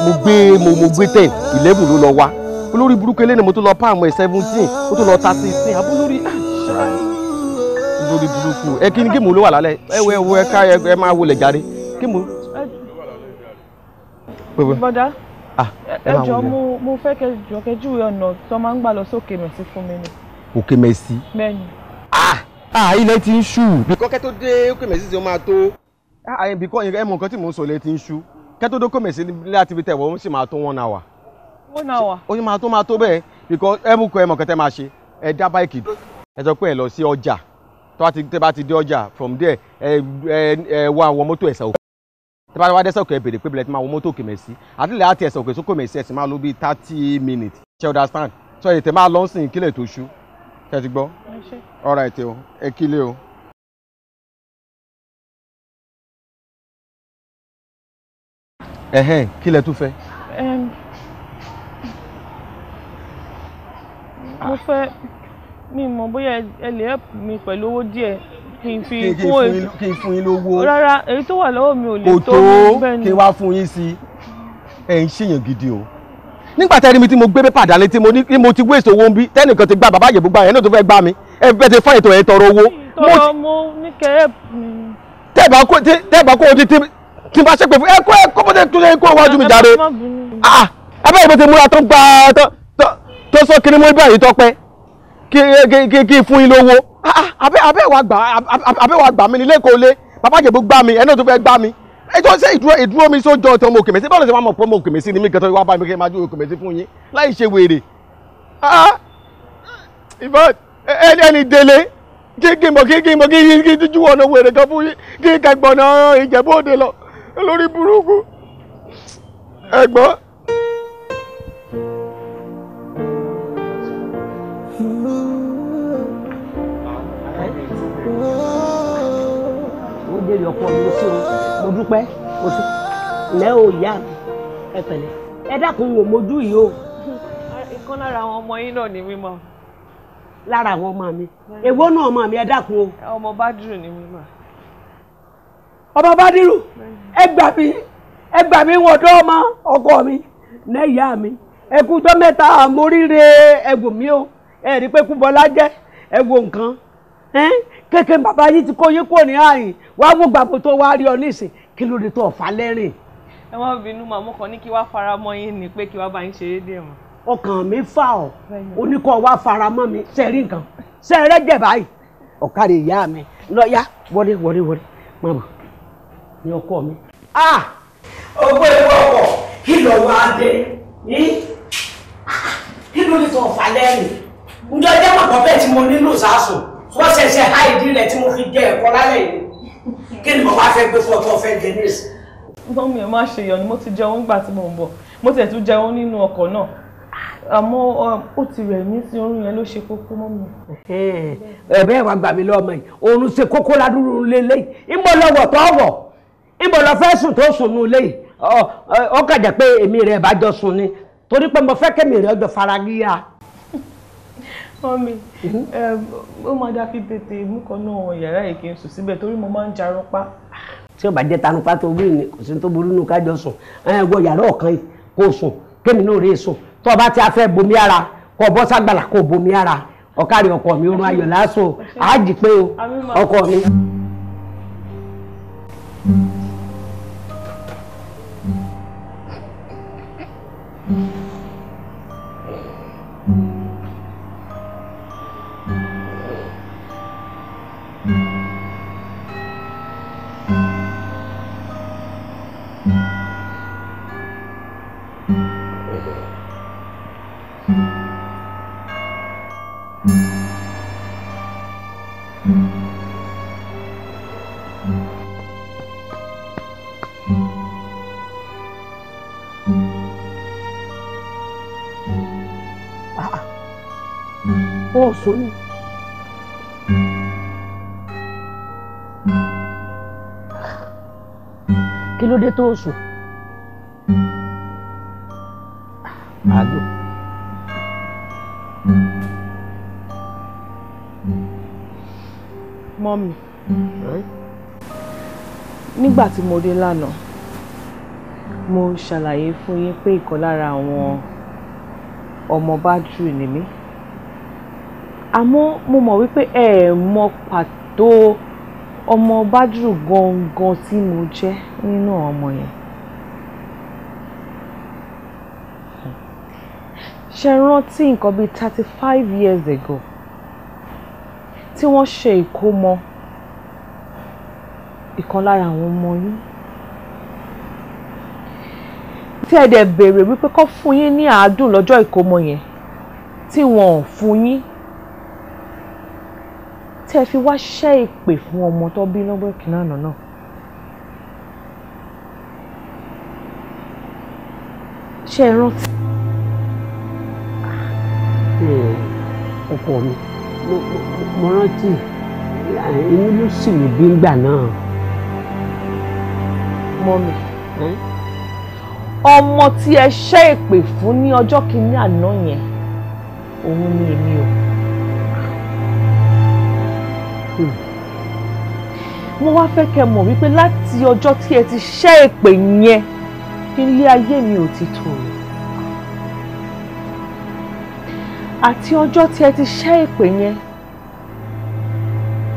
mo gbé mo mo gbé ten eleven ló lọ wá olórí burúkú eléyìí mo tún lọ pa àwọn ẹ seventeen mo tún lọ ta sixteen àbúrò rí ah lórí burúkú ẹ kí ni géèmù ló wà lálẹ́ ẹ wọ ẹ wọ ẹ ẹ máa wọlé jáde géèmù. bọ́dá ẹ jọ mo mo fẹ́ kẹ jọ kẹ júwe ọ̀nà tó máa ń gbà lọ sókè mẹ́sì fún mi ni. òkè mẹ́sì. bẹ́ẹ̀ni. ah ilẹ̀ ti ń ṣú. bìkọ́ kẹ́ tó dé òkè mẹ́sì tí ó máa tó. bìkọ́ ẹ mọ nǹkan tí mò ń sọ ilẹ̀ ti ń ṣú kẹ́ tó dé òkè mẹ́sì láti fi tẹ̀wọ́ ó sì máa tó one hour. one hour. ó sì máa tó máa tó bẹ́ẹ̀ ẹ sọ pé ẹ lọ sí ọjà tó bá ti tẹ́ bá ti dé ọjà from there ẹ ẹ ẹ wá àwọn mọ́tò ẹ̀sà òkè tẹ́ bá wá dẹ́sẹ̀ òkè bèrè pé bẹ̀rẹ̀ tí máa wọ mọ́tò òkè mẹ́sì àtìlẹ̀ àti ẹ̀sà òkè sókò mẹ́sì ẹ̀sìn máa ló bíi thirty minutes ṣe ọ̀dà stand so ètè máa lọ sìn kílẹ̀ tó ṣú ṣe ti gbọ́ ọ̀rọ̀ ètè o ẹ kílẹ̀ o. ẹ̀hẹ́n kílẹ̀ tún fẹ́. mo fẹ́ mi mọ̀ bóyá ẹ lè help mi pẹ̀lú owó díẹ̀ kí n fi kún èyí kí n fún yín lówó rárá èyí tó wà lọ́wọ́ mi ò lè tó bẹ́ẹ̀ ni kò tó kí n wá fún yín sí ẹ̀ ń ṣèyàn gidi o nígbà tẹ́rí mi tí mo gbé pépà dání tí mo ní tí mo ti waste owó ń bí tẹ́nìkan ti gba bàbá àjẹ̀bú gba yẹn náà tó fẹ́ gbá mi ẹ fẹ́ ti fọ́ ètò ẹ̀ tọrọ owó. tọrọ mo ní kẹ́ ẹ̀. tẹ́ẹ̀bà kó tẹ́ẹ̀bà kó ti ti bá ṣépè fún ẹ kó ẹ kó bó ṣe tún ṣe kó wájú mi jàre. abẹ́rẹ́ bó ṣe múra tó ń gba tó sọ kiri mọ́ ibà yìí tọ́pẹ́. Eh, kí fún yín lówó ah, ah, abẹ́wà gbà mí nílé kò lé bàbá jẹ̀bú gbà mí ẹni tó fẹ́ gbà mí ẹjọ́ ṣe ìdúró mi sójọ́ ìtàn ọmọ òkèmẹ́sí báwo ló ṣe máa mọ̀ pé ọmọ òkèmẹ́sí ni mí gẹ̀tọ́ ìwà bá mi kí n máa ju òkèmẹ́sí fún yín láì ṣe wèrè ah, ẹni délé kí kí mọ̀ kí kí mọ̀ kí kí jújú ọ̀nà wèrè kan fún yín kí kẹgbọ̀nà Ìjẹ̀bú Òde lọ lórí burúkú ẹ̀gbọ́n. lórí ọkọ mi ó sí o mo dúpẹ́ mo sì lẹ́ o ìyá mi ẹ pẹ̀lẹ́ ẹ dákun wò mojú yìí o. ìkan lára àwọn ọmọ yín náà ni mímọ. lára àwọn ọmọ mi èwo náà ọmọ mi ẹ dákun o. ọmọ bádìrù ni mímọ. ọmọ bádìrù ẹ gbà mí ẹ gbà mí wọn ọ̀dọ̀ ọmọ ọkọ mi ní ìyá mi ẹ kú jọ́ mẹ́ta àmóríire ẹ̀gbọ́n mi o ẹ rí i pé kú bọ́lá jẹ́ ẹ wo nǹkan kéèké bàbá yìí ti kó yín kúrò ní àyìn wàá mú gbàgbó tó wá rí ọ nísìn kí ló dé tó ọ̀fà lẹ́rìn. ẹ wọ́n bínú màmú kan ní kí wàá fara mọ́ yín ni pé kí wàá bá yín ṣeré díẹ̀ mọ́. ọkàn mi fà ọ oníkọ wàá fara mọ́ mi sẹ́rí nǹkan sẹ́rẹ́ jẹ̀ báyìí ọ̀kadì ìyá mi lọ́yà wọlé wọlé wọlé mama ni ọkọ mi. ọgbọ́ ìwọ ọkọ̀ kí lọ wá dé ní kí ló lè tọ̀ ọ̀fà lẹ́rìn ǹjọ́ jẹ́ wọ́n ṣẹ̀ṣẹ̀ há ìdí rẹ̀ tí mo fi jẹ ẹ̀kọ́ lálẹ́ yìí kí ni mo wá fẹ́ gbé fún ọkọ fẹ́ jẹ ní ìsìn. gbọ́n mi ò máa ṣe ìyọnu mo ti jẹun nígbà tí mo ń bọ̀ mo tiẹ̀ tún jẹun nínú ọkọ̀ náà àmọ́ ó ti rẹ̀ mí tí oorun yẹn ló ṣe kókó mọ́ mi. ẹ̀bẹ́ ẹ̀ gbà mí lọ́mọ yìí oorun ṣe kókó ládùúrú lélẹ́yìí ìmọ̀ lọ́wọ́ tó wọ̀ ìmọ̀ lọ sùn tó sùn nù lẹ́yìn ọkàjà pé èmi rẹ̀ bá jọ sùn ni torí pé mo fẹ́ kẹ́mi rẹ̀ ọjọ́ faragíyà mọ́mi mm-hmm. ó máa dá kí tètè mú kan náà yàrá yìí kí n sùn síbẹ̀ torí mo máa ń jarun pa. tí ó bá jẹ́ tanupá tó wí ni kò sí tó burú nù kájọ sùn ẹ gbọ́ yàrá ọ̀kan kó sùn kémi náà rèé sùn tó o bá ti afẹ́ bomi ara kó o bọ́ ságbàlá kó o bomi ara ọ̀kárí ọkọ mi ó ayọ̀ lásán àájì pé o ọkọ mi. bọ́ sóyún. kí ló dé tó o sùn. nígbà tí mo dé lánàá mo ṣàlàyé fún yín pé ìkan àwọn ọmọ Badru ni mí àmọ́ mo mọ̀ wípé ẹ ẹ̀ mọ pàtó ọmọ bádùrù gangan tí mo jẹ́ nínú ọmọ yẹn. ṣe rántí nǹkan bíi thirty five years ago tí wọ́n ṣe ìkómọ ìkan lára àwọn ọmọ yín tí ẹ dẹ̀ béèrè wípé kó fún yín ní àádùn lọ́jọ́ ìkómọ yẹn tí wọn fún yín tẹ́ fi wá ṣẹ́ ìpè fún ọmọ tó bí lọ́gbọ́n kìnnàánà náà. ṣé ẹ rántí. ọkọ mi mo rántí inú ló sì mí bí ngbà náà. mọ mi ọmọ tí ẹ ṣẹ́ ìpè fún ní ọjọ́ kìíní àná yẹn òun ni èmi o mo wá fẹ́ kẹ́ mọ̀ wípé láti ọjọ́ tí ẹ ti ṣẹ́ èpè yẹn nílé ayé mi ò ti tòrò àti ọjọ́ tí ẹ ti ṣẹ́ èpè yẹn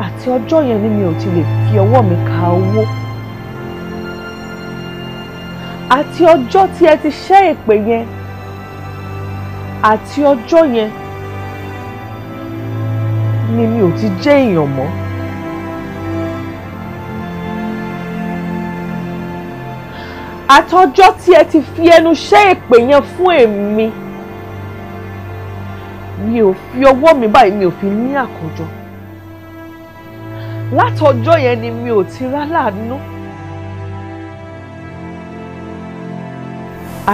àti ọjọ́ yẹn ni mi ò ti lè fi ọwọ́ mi ka owó àti ọjọ́ tí ẹ ti ṣẹ́ èpè yẹn àti ọjọ́ yẹn ni mi ò ti jẹ́ èèyàn mọ́. àtọjọ́ tí ẹ ti fi ẹnu ṣẹ́ èpè yẹn fún èmi mi ò fi ọwọ́ mi báyìí mi ò fi ní àkójọ látọjọ́ yẹn ni mi ò ti ráláàánú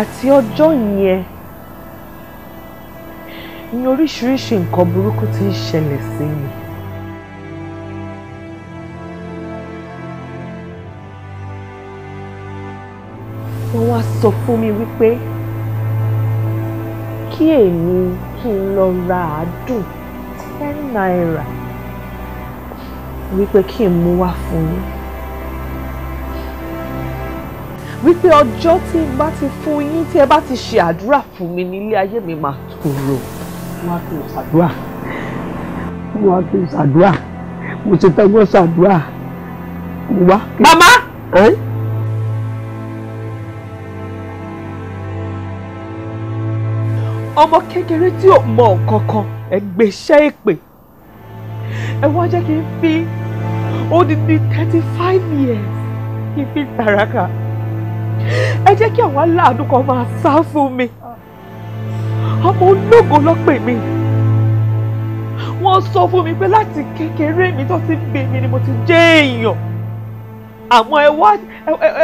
àti ọjọ́ yẹn ní oríṣiríṣi nǹkan burúkú tí ń ṣẹlẹ̀ sí mi. wọ́n wá sọ fún mi wípé kí èmi kí n lọ ra àádùn ten naira wípé kí n mú wá fún yín wípé ọjọ́ tí n bá ti fún yín tí ẹ bá ti ṣe àdúrà fún mi nílé ayé mi máa tòrò wọn á kí n ṣàdúrà wọn á kí n ṣàdúrà mo ti tẹ́gbọ́n ṣàdúrà mo wá. màmá. ọmọ kékeré tí ò mọ nǹkan kan ẹ gbéṣẹ́ èpè ẹ wá jẹ́ kí n fi odidi thirty five years kí n fi tàràkà ẹ jẹ́ kí àwọn aláàánú kan máa sá fún mi ọmọ ológo ló pè mí wọ́n sọ fún mi pé láti kékeré mi tó ti ń gbé mi ni mo ti jẹ́ èèyàn àmọ́ ẹ wá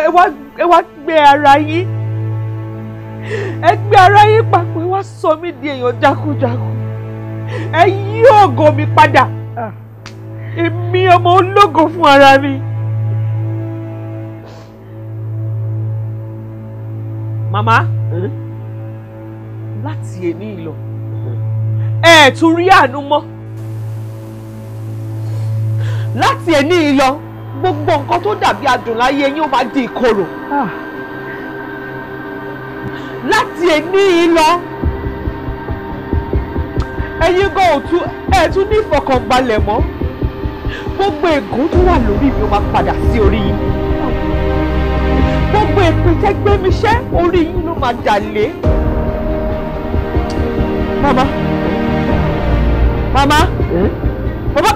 ẹ wá ẹ wá gbé ara yín ẹ gbé ara yín papọ̀ ẹ wá sọ mí di èèyàn jákujàku ẹ yí ògo mi padà èmi ọmọ ológo fún ara mi. màmá láti èní ìlọ ẹ tún rí àánú mọ́ láti èní ìlọ gbogbo nǹkan tó dàbí adùn láyé yín ó máa di ìkorò ah. láti èní ìlọ ẹ̀yin gan ò tún ẹ tún ní ìfọ̀kànbalẹ̀ mọ́ gbogbo ègún tó wà lórí mi ó máa padà sí orí yín gbogbo èpè tẹ́gbẹ́miṣẹ́ orí yín ló máa dà lé. Mama. Mama. Eh? Mama.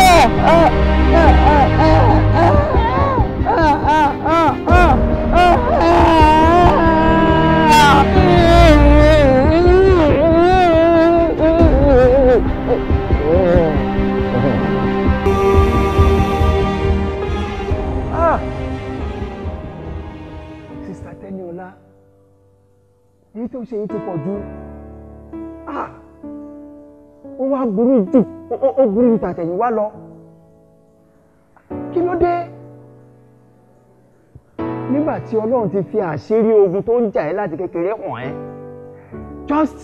Eh, eh, eh. eh. tó ṣe yìí ti pọ̀ jù ah! ó wá burú jù ó burú jù tàtẹ̀yìn wá lọ kí ló dé nígbà tí ọlọ́run ti fi àṣírí ogun tó ń jà ẹ́ láti kékeré hàn ẹ́ just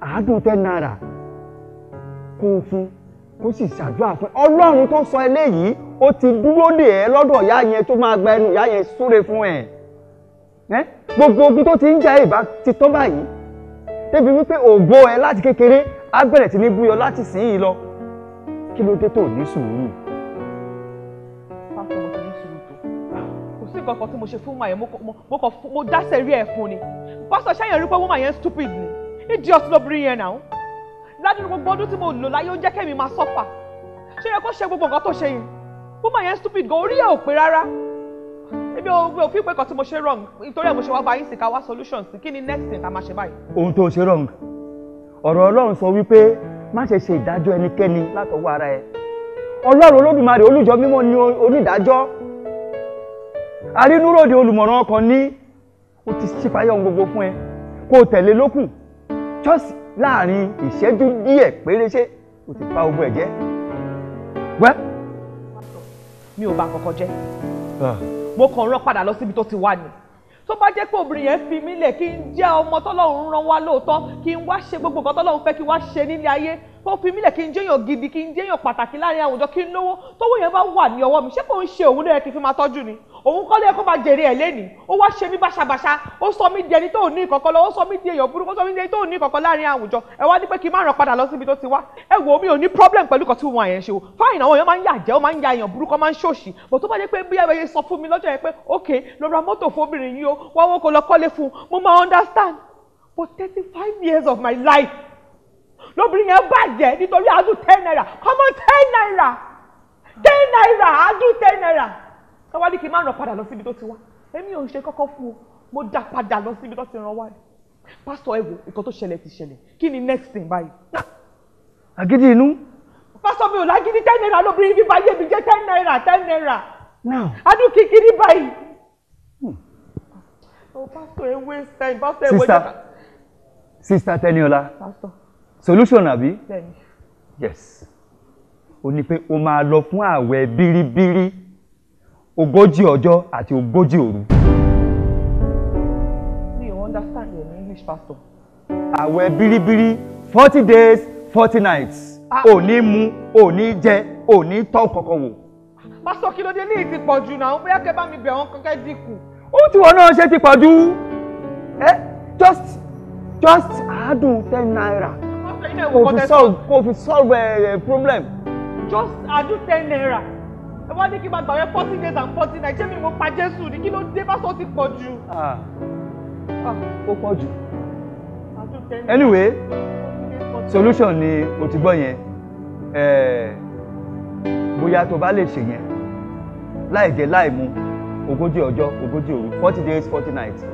àádùn tẹ́ náírà kó o fún kó sì ṣàdúrà fún ọlọ́run tó sọ eléyìí ó ti dúró dè ẹ́ lọ́dọ̀ ìyá yẹn tó máa gba ẹnu ìyá yẹn súre fún ẹ̀ ẹ́ gbogbo ogun tó ti ń jà ìbá ti tán báyìí débi wípé ògo ẹ láti kékeré á bẹ̀rẹ̀ sí ní búyọ láti sìn yìí lọ kí ló dé tó ní sùúrù. pásítọ̀ mo ti ní sùúrù tó kò sí nǹkan kan tí mo ṣe fún màyẹn mo kàn mo dá rí ẹ̀ fún ni pásítọ̀ ṣáyẹn rí pé wọ́n màyẹn stupid ni ìdí ọtí lóbìnrin yẹn náà ládùúgbò gbogbo ọdún tí mo lò láyé ó jẹ́ kẹ́mi máa sọ́fà ṣé yẹ kó ṣe gbogbo nǹkan tó ṣe yìí wọ́n màyẹn stupid gan orí ẹ̀ ò pé rárá èmi ò mi ò fi pé kan tí mo ṣe wrong nítorí ẹ̀ mo ṣe wá bá yín sí ká wá solution sí kí ni next thing ká máa ṣe báyìí. ohun tó ṣe wrong ọ̀rọ̀ ọlọ́run sọ wípé má ṣe ṣe ìdájọ́ ẹnikẹ́ni látọwọ́ ara ẹ ọlọ́run olódùmarè olùjọ mímọ́ ni onídàájọ́ arínúròde olùmọ̀ràn ọkàn ní o ti ṣípayá ohun gbogbo fún ẹ kó o tẹ̀lé lókù just láàrin ìṣẹ́jú díẹ̀ péré ṣé o ti pa ogun ẹ̀ jẹ́ wẹ́. mi ò bà kankan jẹ́. Ah mo kàn rán padà lọ síbi tó ti wà ní tó bá jẹ́ pé obìnrin yẹn fi mí lẹ̀ kí n jẹ́ ọmọ tọ́lọ́run rán wá lóòótọ́ kí n wá ṣe gbogbo nǹkan tọ́lọ́run fẹ́ kí n wá ṣe nílé ayé kó fi mílẹ̀ kí n jẹ́yàn gidi kí n jẹ́yàn pàtàkì láàrin àwùjọ kí n lówó tówó yẹn bá wà ní ọwọ́ mi ṣé kò ń ṣe òun lẹ́yìn kí n fi máa tọ́jú ni òun kọ́ lẹ́yìn kó máa jèrè ẹ̀ lẹ́nìí ó wá ṣe mí báṣabàṣa ó sọ mí di ẹni tó ní ìkọ̀kọ̀ lọ ó sọ mí di èèyàn burúkú ó sọ mí di ẹni tó ní ìkọ̀kọ̀ láàrin àwùjọ ẹ wá ní pé kí n má ràn padà lọ síbi tó ti wá ẹ wò mí ò ní problem pẹ̀lú kan tí wọn àyẹn ṣe o fáyìn àwọn èèyàn máa ń yà jẹ́ ó máa ń ya èèyàn burúkú ó máa ń ṣòṣì bó tó bá jẹ́ pé bí ẹyẹ sọ fún mi lọ́jọ́ yẹn pé ok lọ ra mọ́tò fóbìnrin yìí o wá wọ́n kó lọ kọ́lé fún mo máa understand for thirty five years of my life lóbìnrin yẹn bàjẹ́ nítorí àádùn ten naira kọ́mọ ten naira ten naira àádùn ten naira káwá ní kí n má ràn padà lọ síbi tó ti wá èmi ò ṣe kọ́kọ́ fún o mo dá padà lọ síbi tó ti ràn wá rẹ̀ pásítọ̀ ẹ wo nǹkan tó ṣẹlẹ̀ ti ṣẹlẹ̀ kí ni next thing báyìí. àgídí inú. pásítọ̀ mi ò lágídí ten naira lóbìnrin bíbá yé mi jẹ́ ten naira ten naira. now adùn kíkiri báyìí. Hmm. Oh, pásítọ̀ ẹ wé sẹ́yìn pásítọ̀ ẹ wé jẹ́ta. sista sista Tẹniọla solution àbí yes o ní pé o máa lọ fún ààwẹ̀ bíríbírí ogójì ọjọ́ àti ogójì òru. mi ò understand your English pastor. ààwẹ̀ bíríbírí forty days forty nights ah. ò ní mu ò ní jẹ ò ní tọ́ kọ̀kọ̀ wò. pásítọ̀ kí ló dé ní ìtì pọ̀ jù náà bóyá kẹ́ bá mi bẹ̀ wọ́n kankan dínkù. ó ti wọ́n náà ṣe ti pọ̀ jù ẹ́ eh, just just àádùn ten naira ten naira kò tẹ sọ. kò fi solve eh, eh, problem. just adu ten naira ẹ wá ní kí n máa gbàgbé fourteen days and forty nights ṣé mi mo pa jésù ni kí ló dé bá sọ ti pọ̀ jù. Ah, ah, ó pọ̀ jù. anyway solution ni o ti gbọ́ yẹn eh, bóyá tó bá lè ṣe yẹn láì jẹ láì mu ogójì ọjọ́ ogójì òru forty days forty nights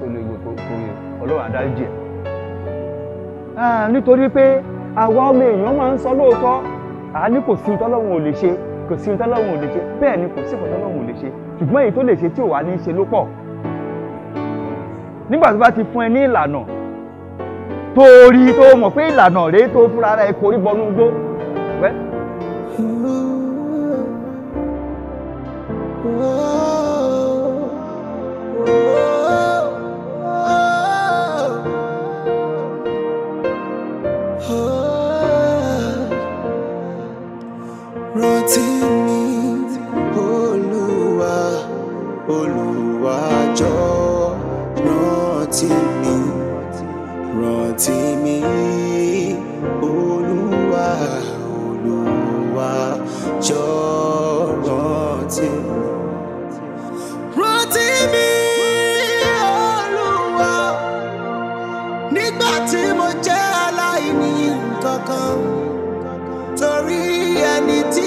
tó lè wò tó tó yẹ ọlọ́run adájú jẹ́ nítorí pé àwa ọmọ èèyàn máa ń sọ lóòótọ́ àá ní kò sí tọ́lọ́run ò lè ṣe kò sí tọ́lọ́run ò lè ṣe bẹ́ẹ̀ ni kò sí tọ́lọ́run ò lè ṣe ṣùgbọ́n èyí tó lè ṣe tí ò wá ní í ṣe ló pọ̀ nígbà tó bá ti fún ẹ ní ìlànà tó rí tó mọ̀ pé ìlànà rèé tó fúnra rẹ̀ korí bọnú gbó Oh, oh, oh.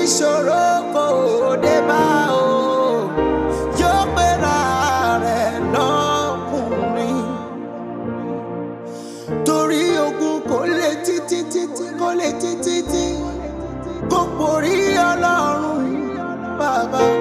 ìṣòro kò dé bá o yóò pera rẹ̀ lọ́kùnrin torí ogun kò lè títí títí kò lè títí tí kò borí ọlọ́run bàbá.